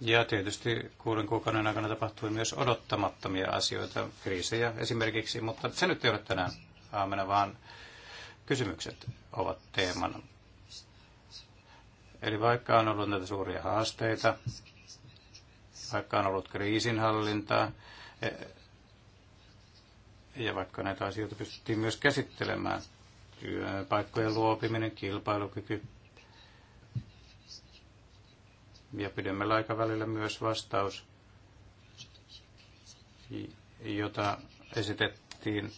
Ja tietysti kuuden kuukauden aikana tapahtui myös odottamattomia asioita, kriisejä esimerkiksi, mutta se nyt ei ole tänään aamena, vaan kysymykset ovat teemana. Eli vaikka on ollut näitä suuria haasteita, vaikka on ollut kriisinhallintaa, ja vaikka näitä asioita pystyttiin myös käsittelemään, työpaikkojen luopiminen, kilpailukyky ja pidemmällä aikavälillä myös vastaus, jota esitettiin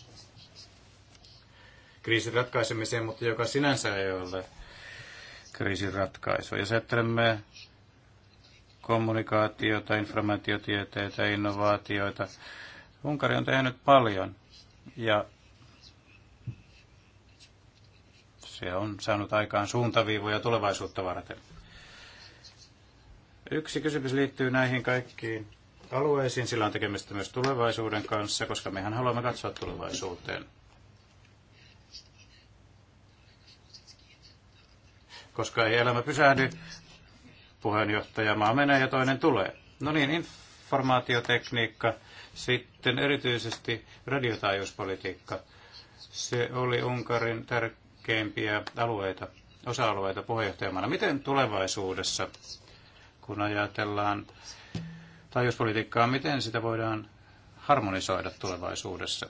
kriisin ratkaisemiseen, mutta joka sinänsä ei ole kriisin ratkaisu. Jos ajattelemme kommunikaatiota, informaatiotieteitä, innovaatioita. Unkari on tehnyt paljon ja se on saanut aikaan suuntaviivoja tulevaisuutta varten. Yksi kysymys liittyy näihin kaikkiin alueisiin. Sillä on tekemistä myös tulevaisuuden kanssa, koska mehän haluamme katsoa tulevaisuuteen. Koska ei elämä pysähdy puheenjohtajamaa menee ja toinen tulee. No niin, informaatiotekniikka, sitten erityisesti radiotaajuuspolitiikka. Se oli Unkarin tärkeimpiä alueita, osa-alueita puheenjohtajamaana. Miten tulevaisuudessa, kun ajatellaan taajuuspolitiikkaa, miten sitä voidaan harmonisoida tulevaisuudessa?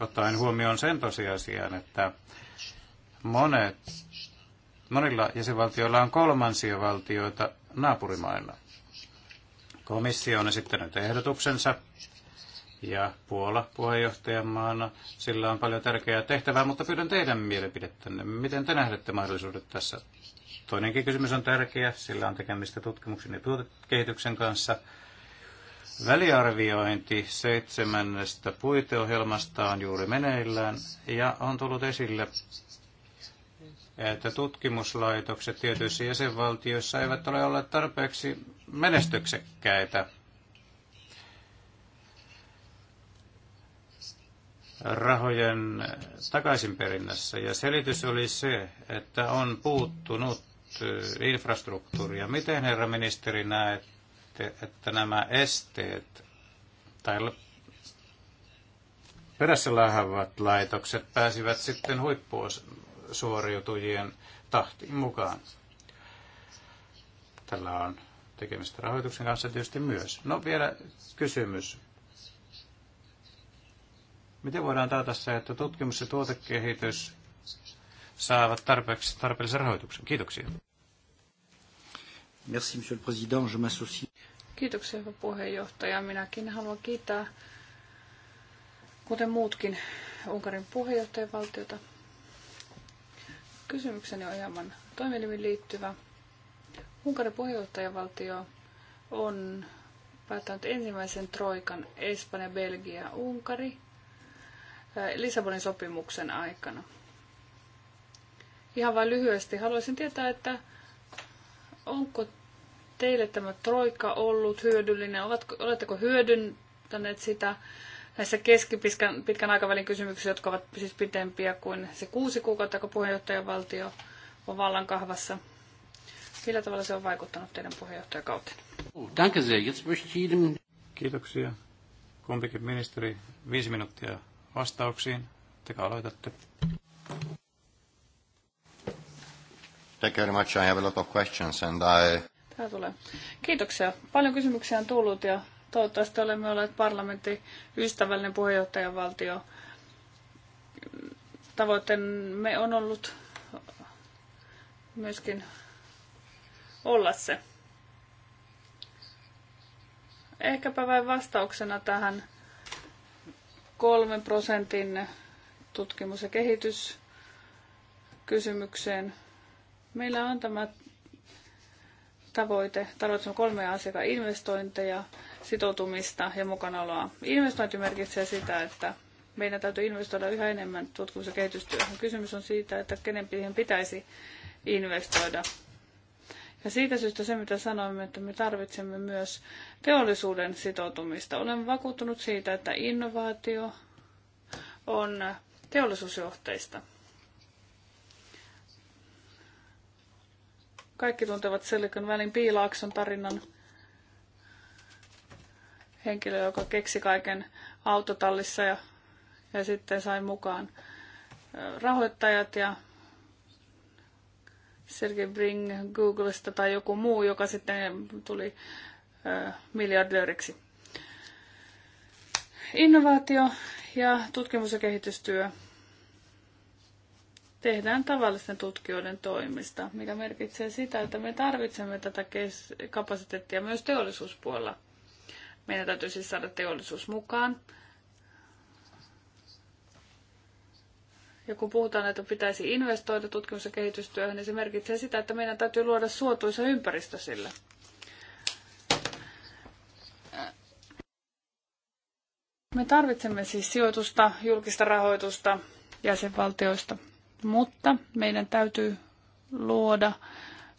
Ottaen huomioon sen tosiasian, että monet Monilla jäsenvaltioilla on kolmansia valtioita naapurimailla. Komissio on esittänyt ehdotuksensa ja Puola puheenjohtajamaana. Sillä on paljon tärkeää tehtävää, mutta pyydän teidän mielipidettänne. Miten te nähdette mahdollisuudet tässä? Toinenkin kysymys on tärkeä. Sillä on tekemistä tutkimuksen ja tuotekehityksen kanssa. Väliarviointi seitsemännestä puiteohjelmasta on juuri meneillään ja on tullut esille että tutkimuslaitokset tietyissä jäsenvaltioissa eivät ole olleet tarpeeksi menestyksekkäitä rahojen takaisinperinnässä. Ja selitys oli se, että on puuttunut infrastruktuuria. Miten, herra ministeri, näette, että nämä esteet tai perässä lähevät laitokset pääsivät sitten huippuos- suoriutujien tahtiin mukaan. Tällä on tekemistä rahoituksen kanssa tietysti myös. No vielä kysymys. Miten voidaan taata se, että tutkimus ja tuotekehitys saavat tarpeeksi, tarpeellisen rahoituksen? Kiitoksia. Merci, monsieur le président. Je m'associe. Kiitoksia, hyvä puheenjohtaja. Minäkin haluan kiittää, kuten muutkin, Unkarin puheenjohtajavaltiota Kysymykseni on hieman toimielimin liittyvä. Unkarin puheenjohtajavaltio on päättänyt ensimmäisen troikan Espanja, Belgia, Unkari eh, Lissabonin sopimuksen aikana. Ihan vain lyhyesti haluaisin tietää, että onko teille tämä troika ollut hyödyllinen? oletteko hyödyntäneet sitä? näissä keskipitkän pitkän aikavälin kysymyksissä, jotka ovat siis pitempiä kuin se kuusi kuukautta, kun puheenjohtajavaltio on vallan kahvassa. Millä tavalla se on vaikuttanut teidän puheenjohtajakauteen? Oh, Kiitoksia. Kumpikin ministeri, viisi minuuttia vastauksiin. Tekä aloitatte. Thank you very much. I have a lot of questions and I... Tää tulee. Kiitoksia. Paljon kysymyksiä on tullut ja Toivottavasti olemme olleet parlamentti ystävällinen puheenjohtajavaltio. Tavoitteemme on ollut myöskin olla se. Ehkäpä vain vastauksena tähän kolmen prosentin tutkimus- ja kehityskysymykseen. Meillä on tämä tavoite, tarvitsemme kolmea asiakkaan investointeja, sitoutumista ja mukanaoloa. Investointi merkitsee sitä, että meidän täytyy investoida yhä enemmän tutkimus- ja kehitystyöhön. Kysymys on siitä, että kenen pitäisi investoida. Ja siitä syystä se, mitä sanoimme, että me tarvitsemme myös teollisuuden sitoutumista. Olen vakuuttunut siitä, että innovaatio on teollisuusjohteista. Kaikki tuntevat Silicon Valleyn piilaakson tarinan – henkilö, joka keksi kaiken autotallissa ja, ja sitten sai mukaan rahoittajat ja Sergey Brin Googlesta tai joku muu, joka sitten tuli miljardööriksi. Innovaatio ja tutkimus- ja kehitystyö tehdään tavallisten tutkijoiden toimista, mikä merkitsee sitä, että me tarvitsemme tätä kapasiteettia myös teollisuuspuolella – meidän täytyy siis saada teollisuus mukaan. Ja kun puhutaan, että pitäisi investoida tutkimus- ja kehitystyöhön, niin se merkitsee sitä, että meidän täytyy luoda suotuisa ympäristö sille. Me tarvitsemme siis sijoitusta, julkista rahoitusta jäsenvaltioista, mutta meidän täytyy luoda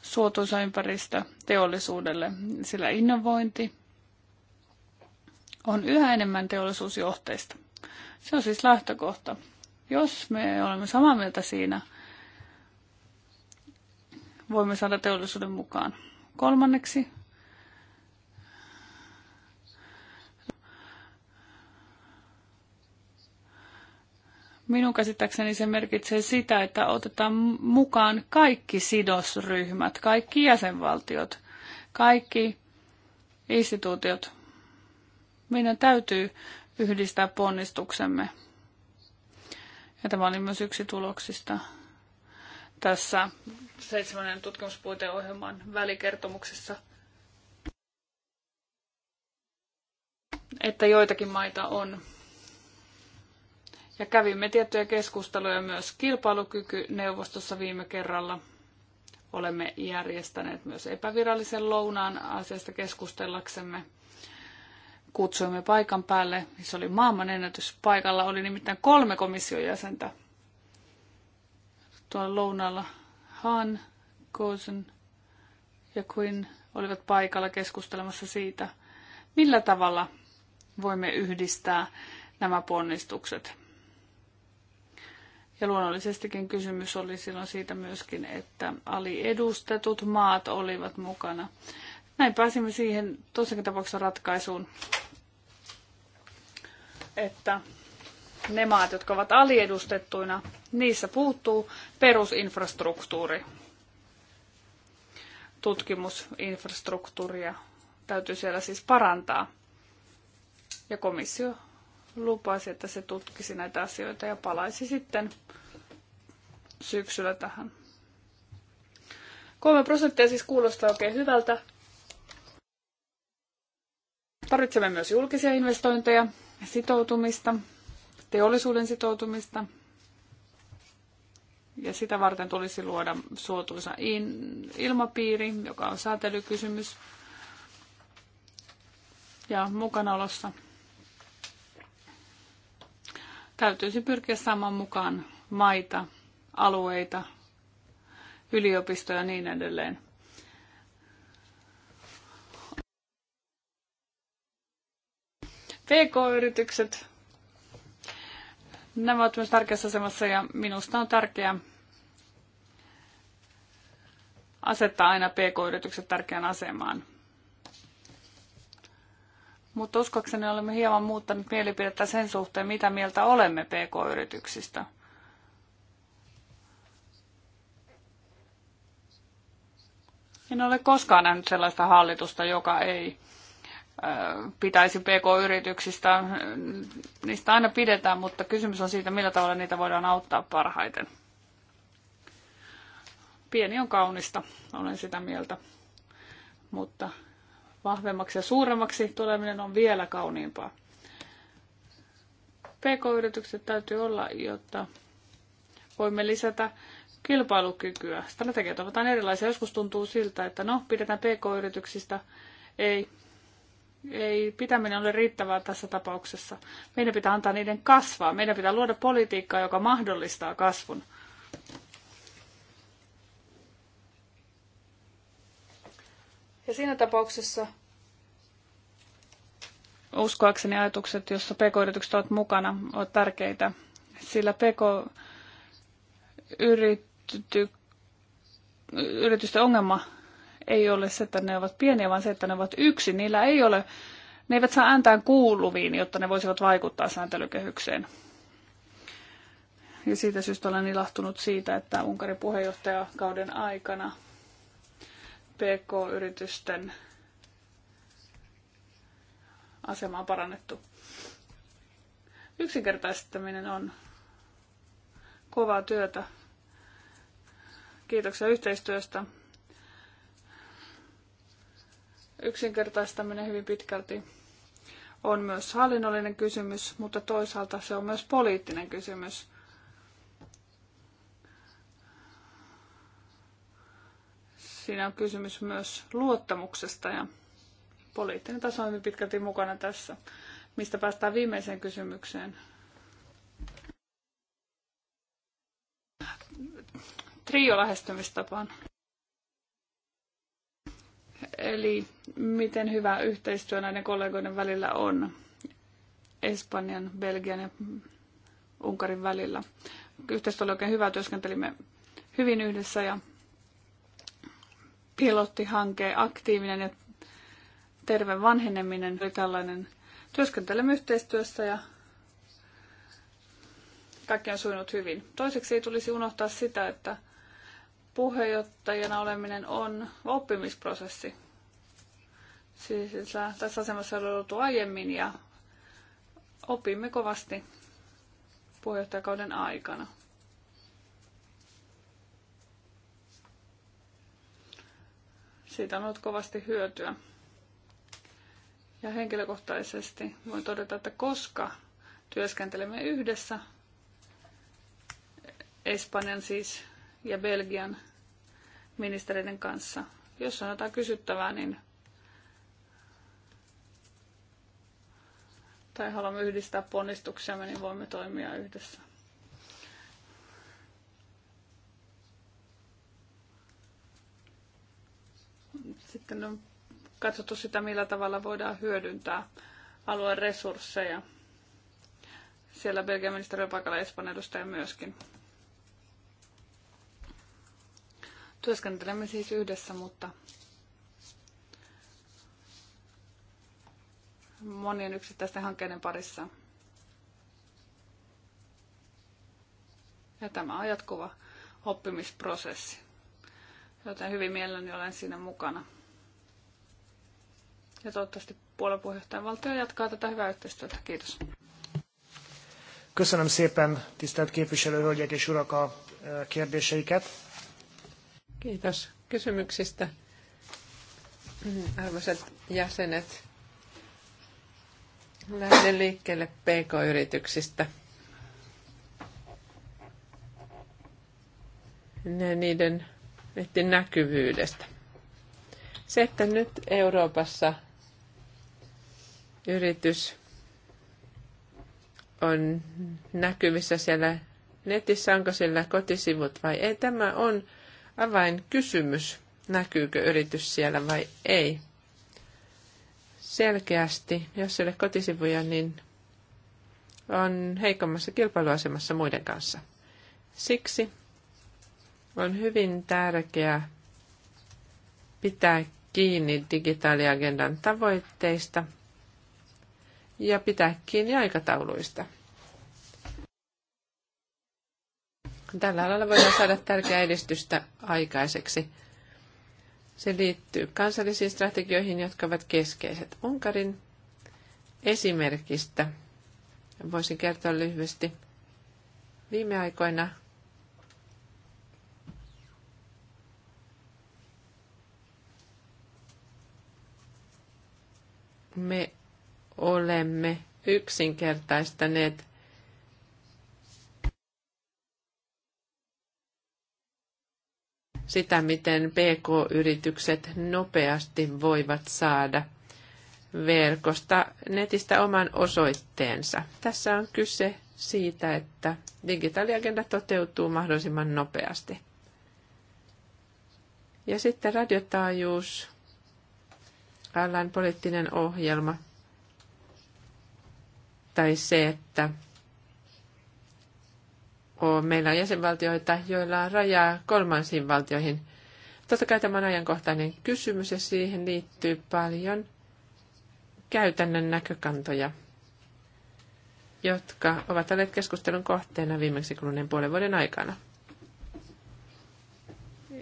suotuisa ympäristö teollisuudelle, sillä innovointi on yhä enemmän teollisuusjohteista. Se on siis lähtökohta. Jos me olemme samaa mieltä siinä, voimme saada teollisuuden mukaan. Kolmanneksi, minun käsittääkseni se merkitsee sitä, että otetaan mukaan kaikki sidosryhmät, kaikki jäsenvaltiot, kaikki instituutiot – meidän täytyy yhdistää ponnistuksemme. Ja tämä oli myös yksi tuloksista tässä seitsemännen tutkimuspuiteohjelman välikertomuksessa, että joitakin maita on. Ja kävimme tiettyjä keskusteluja myös kilpailukykyneuvostossa viime kerralla. Olemme järjestäneet myös epävirallisen lounaan asiasta keskustellaksemme kutsuimme paikan päälle, missä oli maailman ennätys. Paikalla oli nimittäin kolme komission jäsentä. Tuolla lounalla Han, Gosen ja Quinn olivat paikalla keskustelemassa siitä, millä tavalla voimme yhdistää nämä ponnistukset. Ja luonnollisestikin kysymys oli silloin siitä myöskin, että aliedustetut maat olivat mukana. Näin pääsimme siihen tosiaan tapauksessa ratkaisuun, että ne maat, jotka ovat aliedustettuina, niissä puuttuu perusinfrastruktuuri. Tutkimusinfrastruktuuria täytyy siellä siis parantaa. Ja komissio lupasi, että se tutkisi näitä asioita ja palaisi sitten syksyllä tähän. Kolme prosenttia siis kuulostaa oikein hyvältä. Tarvitsemme myös julkisia investointeja, sitoutumista, teollisuuden sitoutumista, ja sitä varten tulisi luoda suotuisa ilmapiiri, joka on säätelykysymys, ja mukanaolossa täytyisi pyrkiä saamaan mukaan maita, alueita, yliopistoja ja niin edelleen. PK-yritykset, nämä ovat myös tärkeässä asemassa ja minusta on tärkeää asettaa aina PK-yritykset tärkeään asemaan. Mutta uskokseni olemme hieman muuttaneet mielipidettä sen suhteen, mitä mieltä olemme PK-yrityksistä. En ole koskaan nähnyt sellaista hallitusta, joka ei pitäisi PK-yrityksistä. Niistä aina pidetään, mutta kysymys on siitä, millä tavalla niitä voidaan auttaa parhaiten. Pieni on kaunista, olen sitä mieltä. Mutta vahvemmaksi ja suuremmaksi tuleminen on vielä kauniimpaa. PK-yritykset täytyy olla, jotta voimme lisätä kilpailukykyä. Strategiat ovat erilaisia. Joskus tuntuu siltä, että no, pidetään PK-yrityksistä, ei ei pitäminen ole riittävää tässä tapauksessa. Meidän pitää antaa niiden kasvaa. Meidän pitää luoda politiikkaa, joka mahdollistaa kasvun. Ja siinä tapauksessa uskoakseni ajatukset, joissa pk-yritykset ovat mukana, ovat tärkeitä, sillä pk-yritysten ongelma ei ole se, että ne ovat pieniä, vaan se, että ne ovat yksin. Niillä ei ole, ne eivät saa ääntään kuuluviin, jotta ne voisivat vaikuttaa sääntelykehykseen. Ja siitä syystä olen ilahtunut siitä, että Unkarin puheenjohtajakauden aikana PK-yritysten asemaa parannettu. Yksinkertaistaminen on kovaa työtä. Kiitoksia yhteistyöstä yksinkertaistaminen hyvin pitkälti on myös hallinnollinen kysymys, mutta toisaalta se on myös poliittinen kysymys. Siinä on kysymys myös luottamuksesta ja poliittinen taso on hyvin pitkälti mukana tässä, mistä päästään viimeiseen kysymykseen. Trio-lähestymistapaan eli miten hyvä yhteistyö näiden kollegoiden välillä on Espanjan, Belgian ja Unkarin välillä. Yhteistyö oli oikein hyvä, työskentelimme hyvin yhdessä ja pilottihanke Aktiivinen ja terve vanheneminen oli tällainen. Työskentelemme yhteistyössä ja kaikki on sujunut hyvin. Toiseksi ei tulisi unohtaa sitä, että puheenjohtajana oleminen on oppimisprosessi. Siis sillä tässä asemassa on oltu aiemmin ja opimme kovasti puheenjohtajakauden aikana. Siitä on ollut kovasti hyötyä. Ja henkilökohtaisesti voin todeta, että koska työskentelemme yhdessä Espanjan siis ja Belgian ministerien kanssa, jos on jotain kysyttävää, niin tai haluamme yhdistää ponnistuksiamme, niin voimme toimia yhdessä. Sitten on katsottu sitä, millä tavalla voidaan hyödyntää alueen resursseja. Siellä Belgian ministeriön paikalla Espan edustaja myöskin. Työskentelemme siis yhdessä, mutta monien yksittäisten hankkeiden parissa. Ja tämä on jatkuva oppimisprosessi, joten hyvin mielelläni olen siinä mukana. Ja toivottavasti Puolan puheenjohtajan valtio jatkaa tätä hyvää yhteistyötä. Kiitos. Köszönöm szépen, tisztelt képviselőhölgyek és urak a e, kérdéseiket. Kiitos kysymyksistä. Arvoisat jäsenet, Lähden liikkeelle PK-yrityksistä. ne niiden, niiden näkyvyydestä. Se, että nyt Euroopassa yritys on näkyvissä siellä netissä, onko sillä kotisivut vai ei. Tämä on avainkysymys, näkyykö yritys siellä vai ei selkeästi, jos ei ole kotisivuja, niin on heikommassa kilpailuasemassa muiden kanssa. Siksi on hyvin tärkeää pitää kiinni digitaaliagendan tavoitteista ja pitää kiinni aikatauluista. Tällä alalla voidaan saada tärkeää edistystä aikaiseksi. Se liittyy kansallisiin strategioihin, jotka ovat keskeiset. Unkarin esimerkistä voisin kertoa lyhyesti. Viime aikoina me olemme yksinkertaistaneet sitä, miten PK-yritykset nopeasti voivat saada verkosta netistä oman osoitteensa. Tässä on kyse siitä, että digitaaliagenda toteutuu mahdollisimman nopeasti. Ja sitten radiotaajuus, alan poliittinen ohjelma, tai se, että on. Meillä on jäsenvaltioita, joilla on rajaa kolmansiin valtioihin. Totta kai tämä on ajankohtainen kysymys ja siihen liittyy paljon käytännön näkökantoja, jotka ovat olleet keskustelun kohteena viimeksi kuluneen puolen vuoden aikana.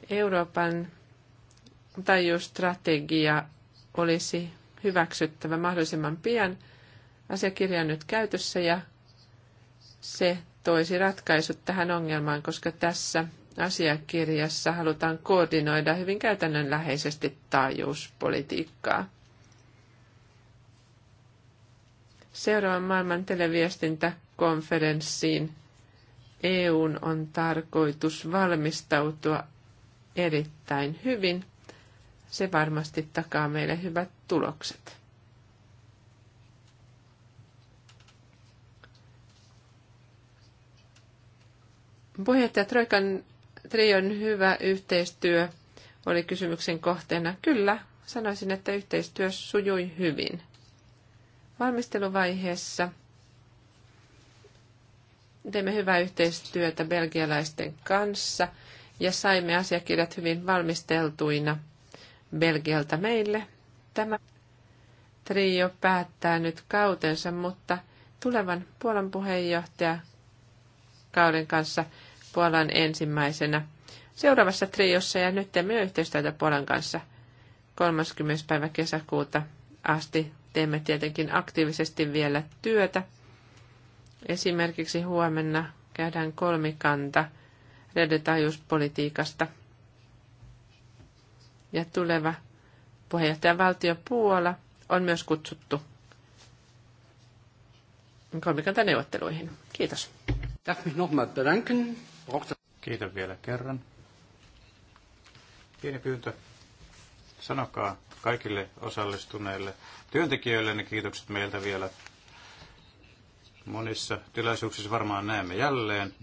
Euroopan taajuusstrategia olisi hyväksyttävä mahdollisimman pian. Asiakirja on nyt käytössä ja se toisi ratkaisut tähän ongelmaan, koska tässä asiakirjassa halutaan koordinoida hyvin käytännönläheisesti taajuuspolitiikkaa. Seuraavan maailman televiestintäkonferenssiin EUn on tarkoitus valmistautua erittäin hyvin. Se varmasti takaa meille hyvät tulokset. Puheenjohtaja Troikan trion hyvä yhteistyö oli kysymyksen kohteena. Kyllä, sanoisin, että yhteistyö sujui hyvin. Valmisteluvaiheessa teimme hyvää yhteistyötä belgialaisten kanssa ja saimme asiakirjat hyvin valmisteltuina Belgialta meille. Tämä trio päättää nyt kautensa, mutta tulevan Puolan puheenjohtaja kauden kanssa – Puolan ensimmäisenä seuraavassa triossa ja nyt teemme yhteistyötä Puolan kanssa 30. päivä kesäkuuta asti. Teemme tietenkin aktiivisesti vielä työtä. Esimerkiksi huomenna käydään kolmikanta redetajuuspolitiikasta. Ja tuleva puheenjohtajavaltio Puola on myös kutsuttu kolmikanta-neuvotteluihin. Kiitos. Darf mich nochmal bedanken. Kiitos vielä kerran. Pieni pyyntö. Sanokaa kaikille osallistuneille työntekijöille ne kiitokset meiltä vielä. Monissa tilaisuuksissa varmaan näemme jälleen.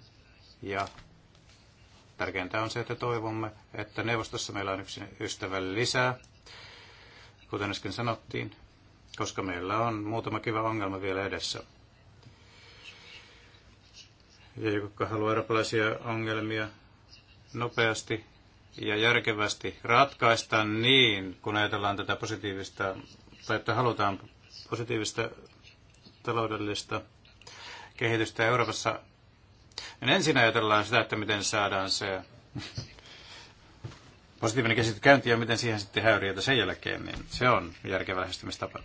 Ja tärkeintä on se, että toivomme, että neuvostossa meillä on yksi ystävä lisää, kuten äsken sanottiin, koska meillä on muutama kiva ongelma vielä edessä ja jotka haluaa eurooppalaisia ongelmia nopeasti ja järkevästi ratkaista niin, kun ajatellaan tätä positiivista, tai että halutaan positiivista taloudellista kehitystä Euroopassa, niin ensin ajatellaan sitä, että miten saadaan se positiivinen käsitys käyntiin ja miten siihen sitten häyriötä sen jälkeen, niin se on järkevä lähestymistapa.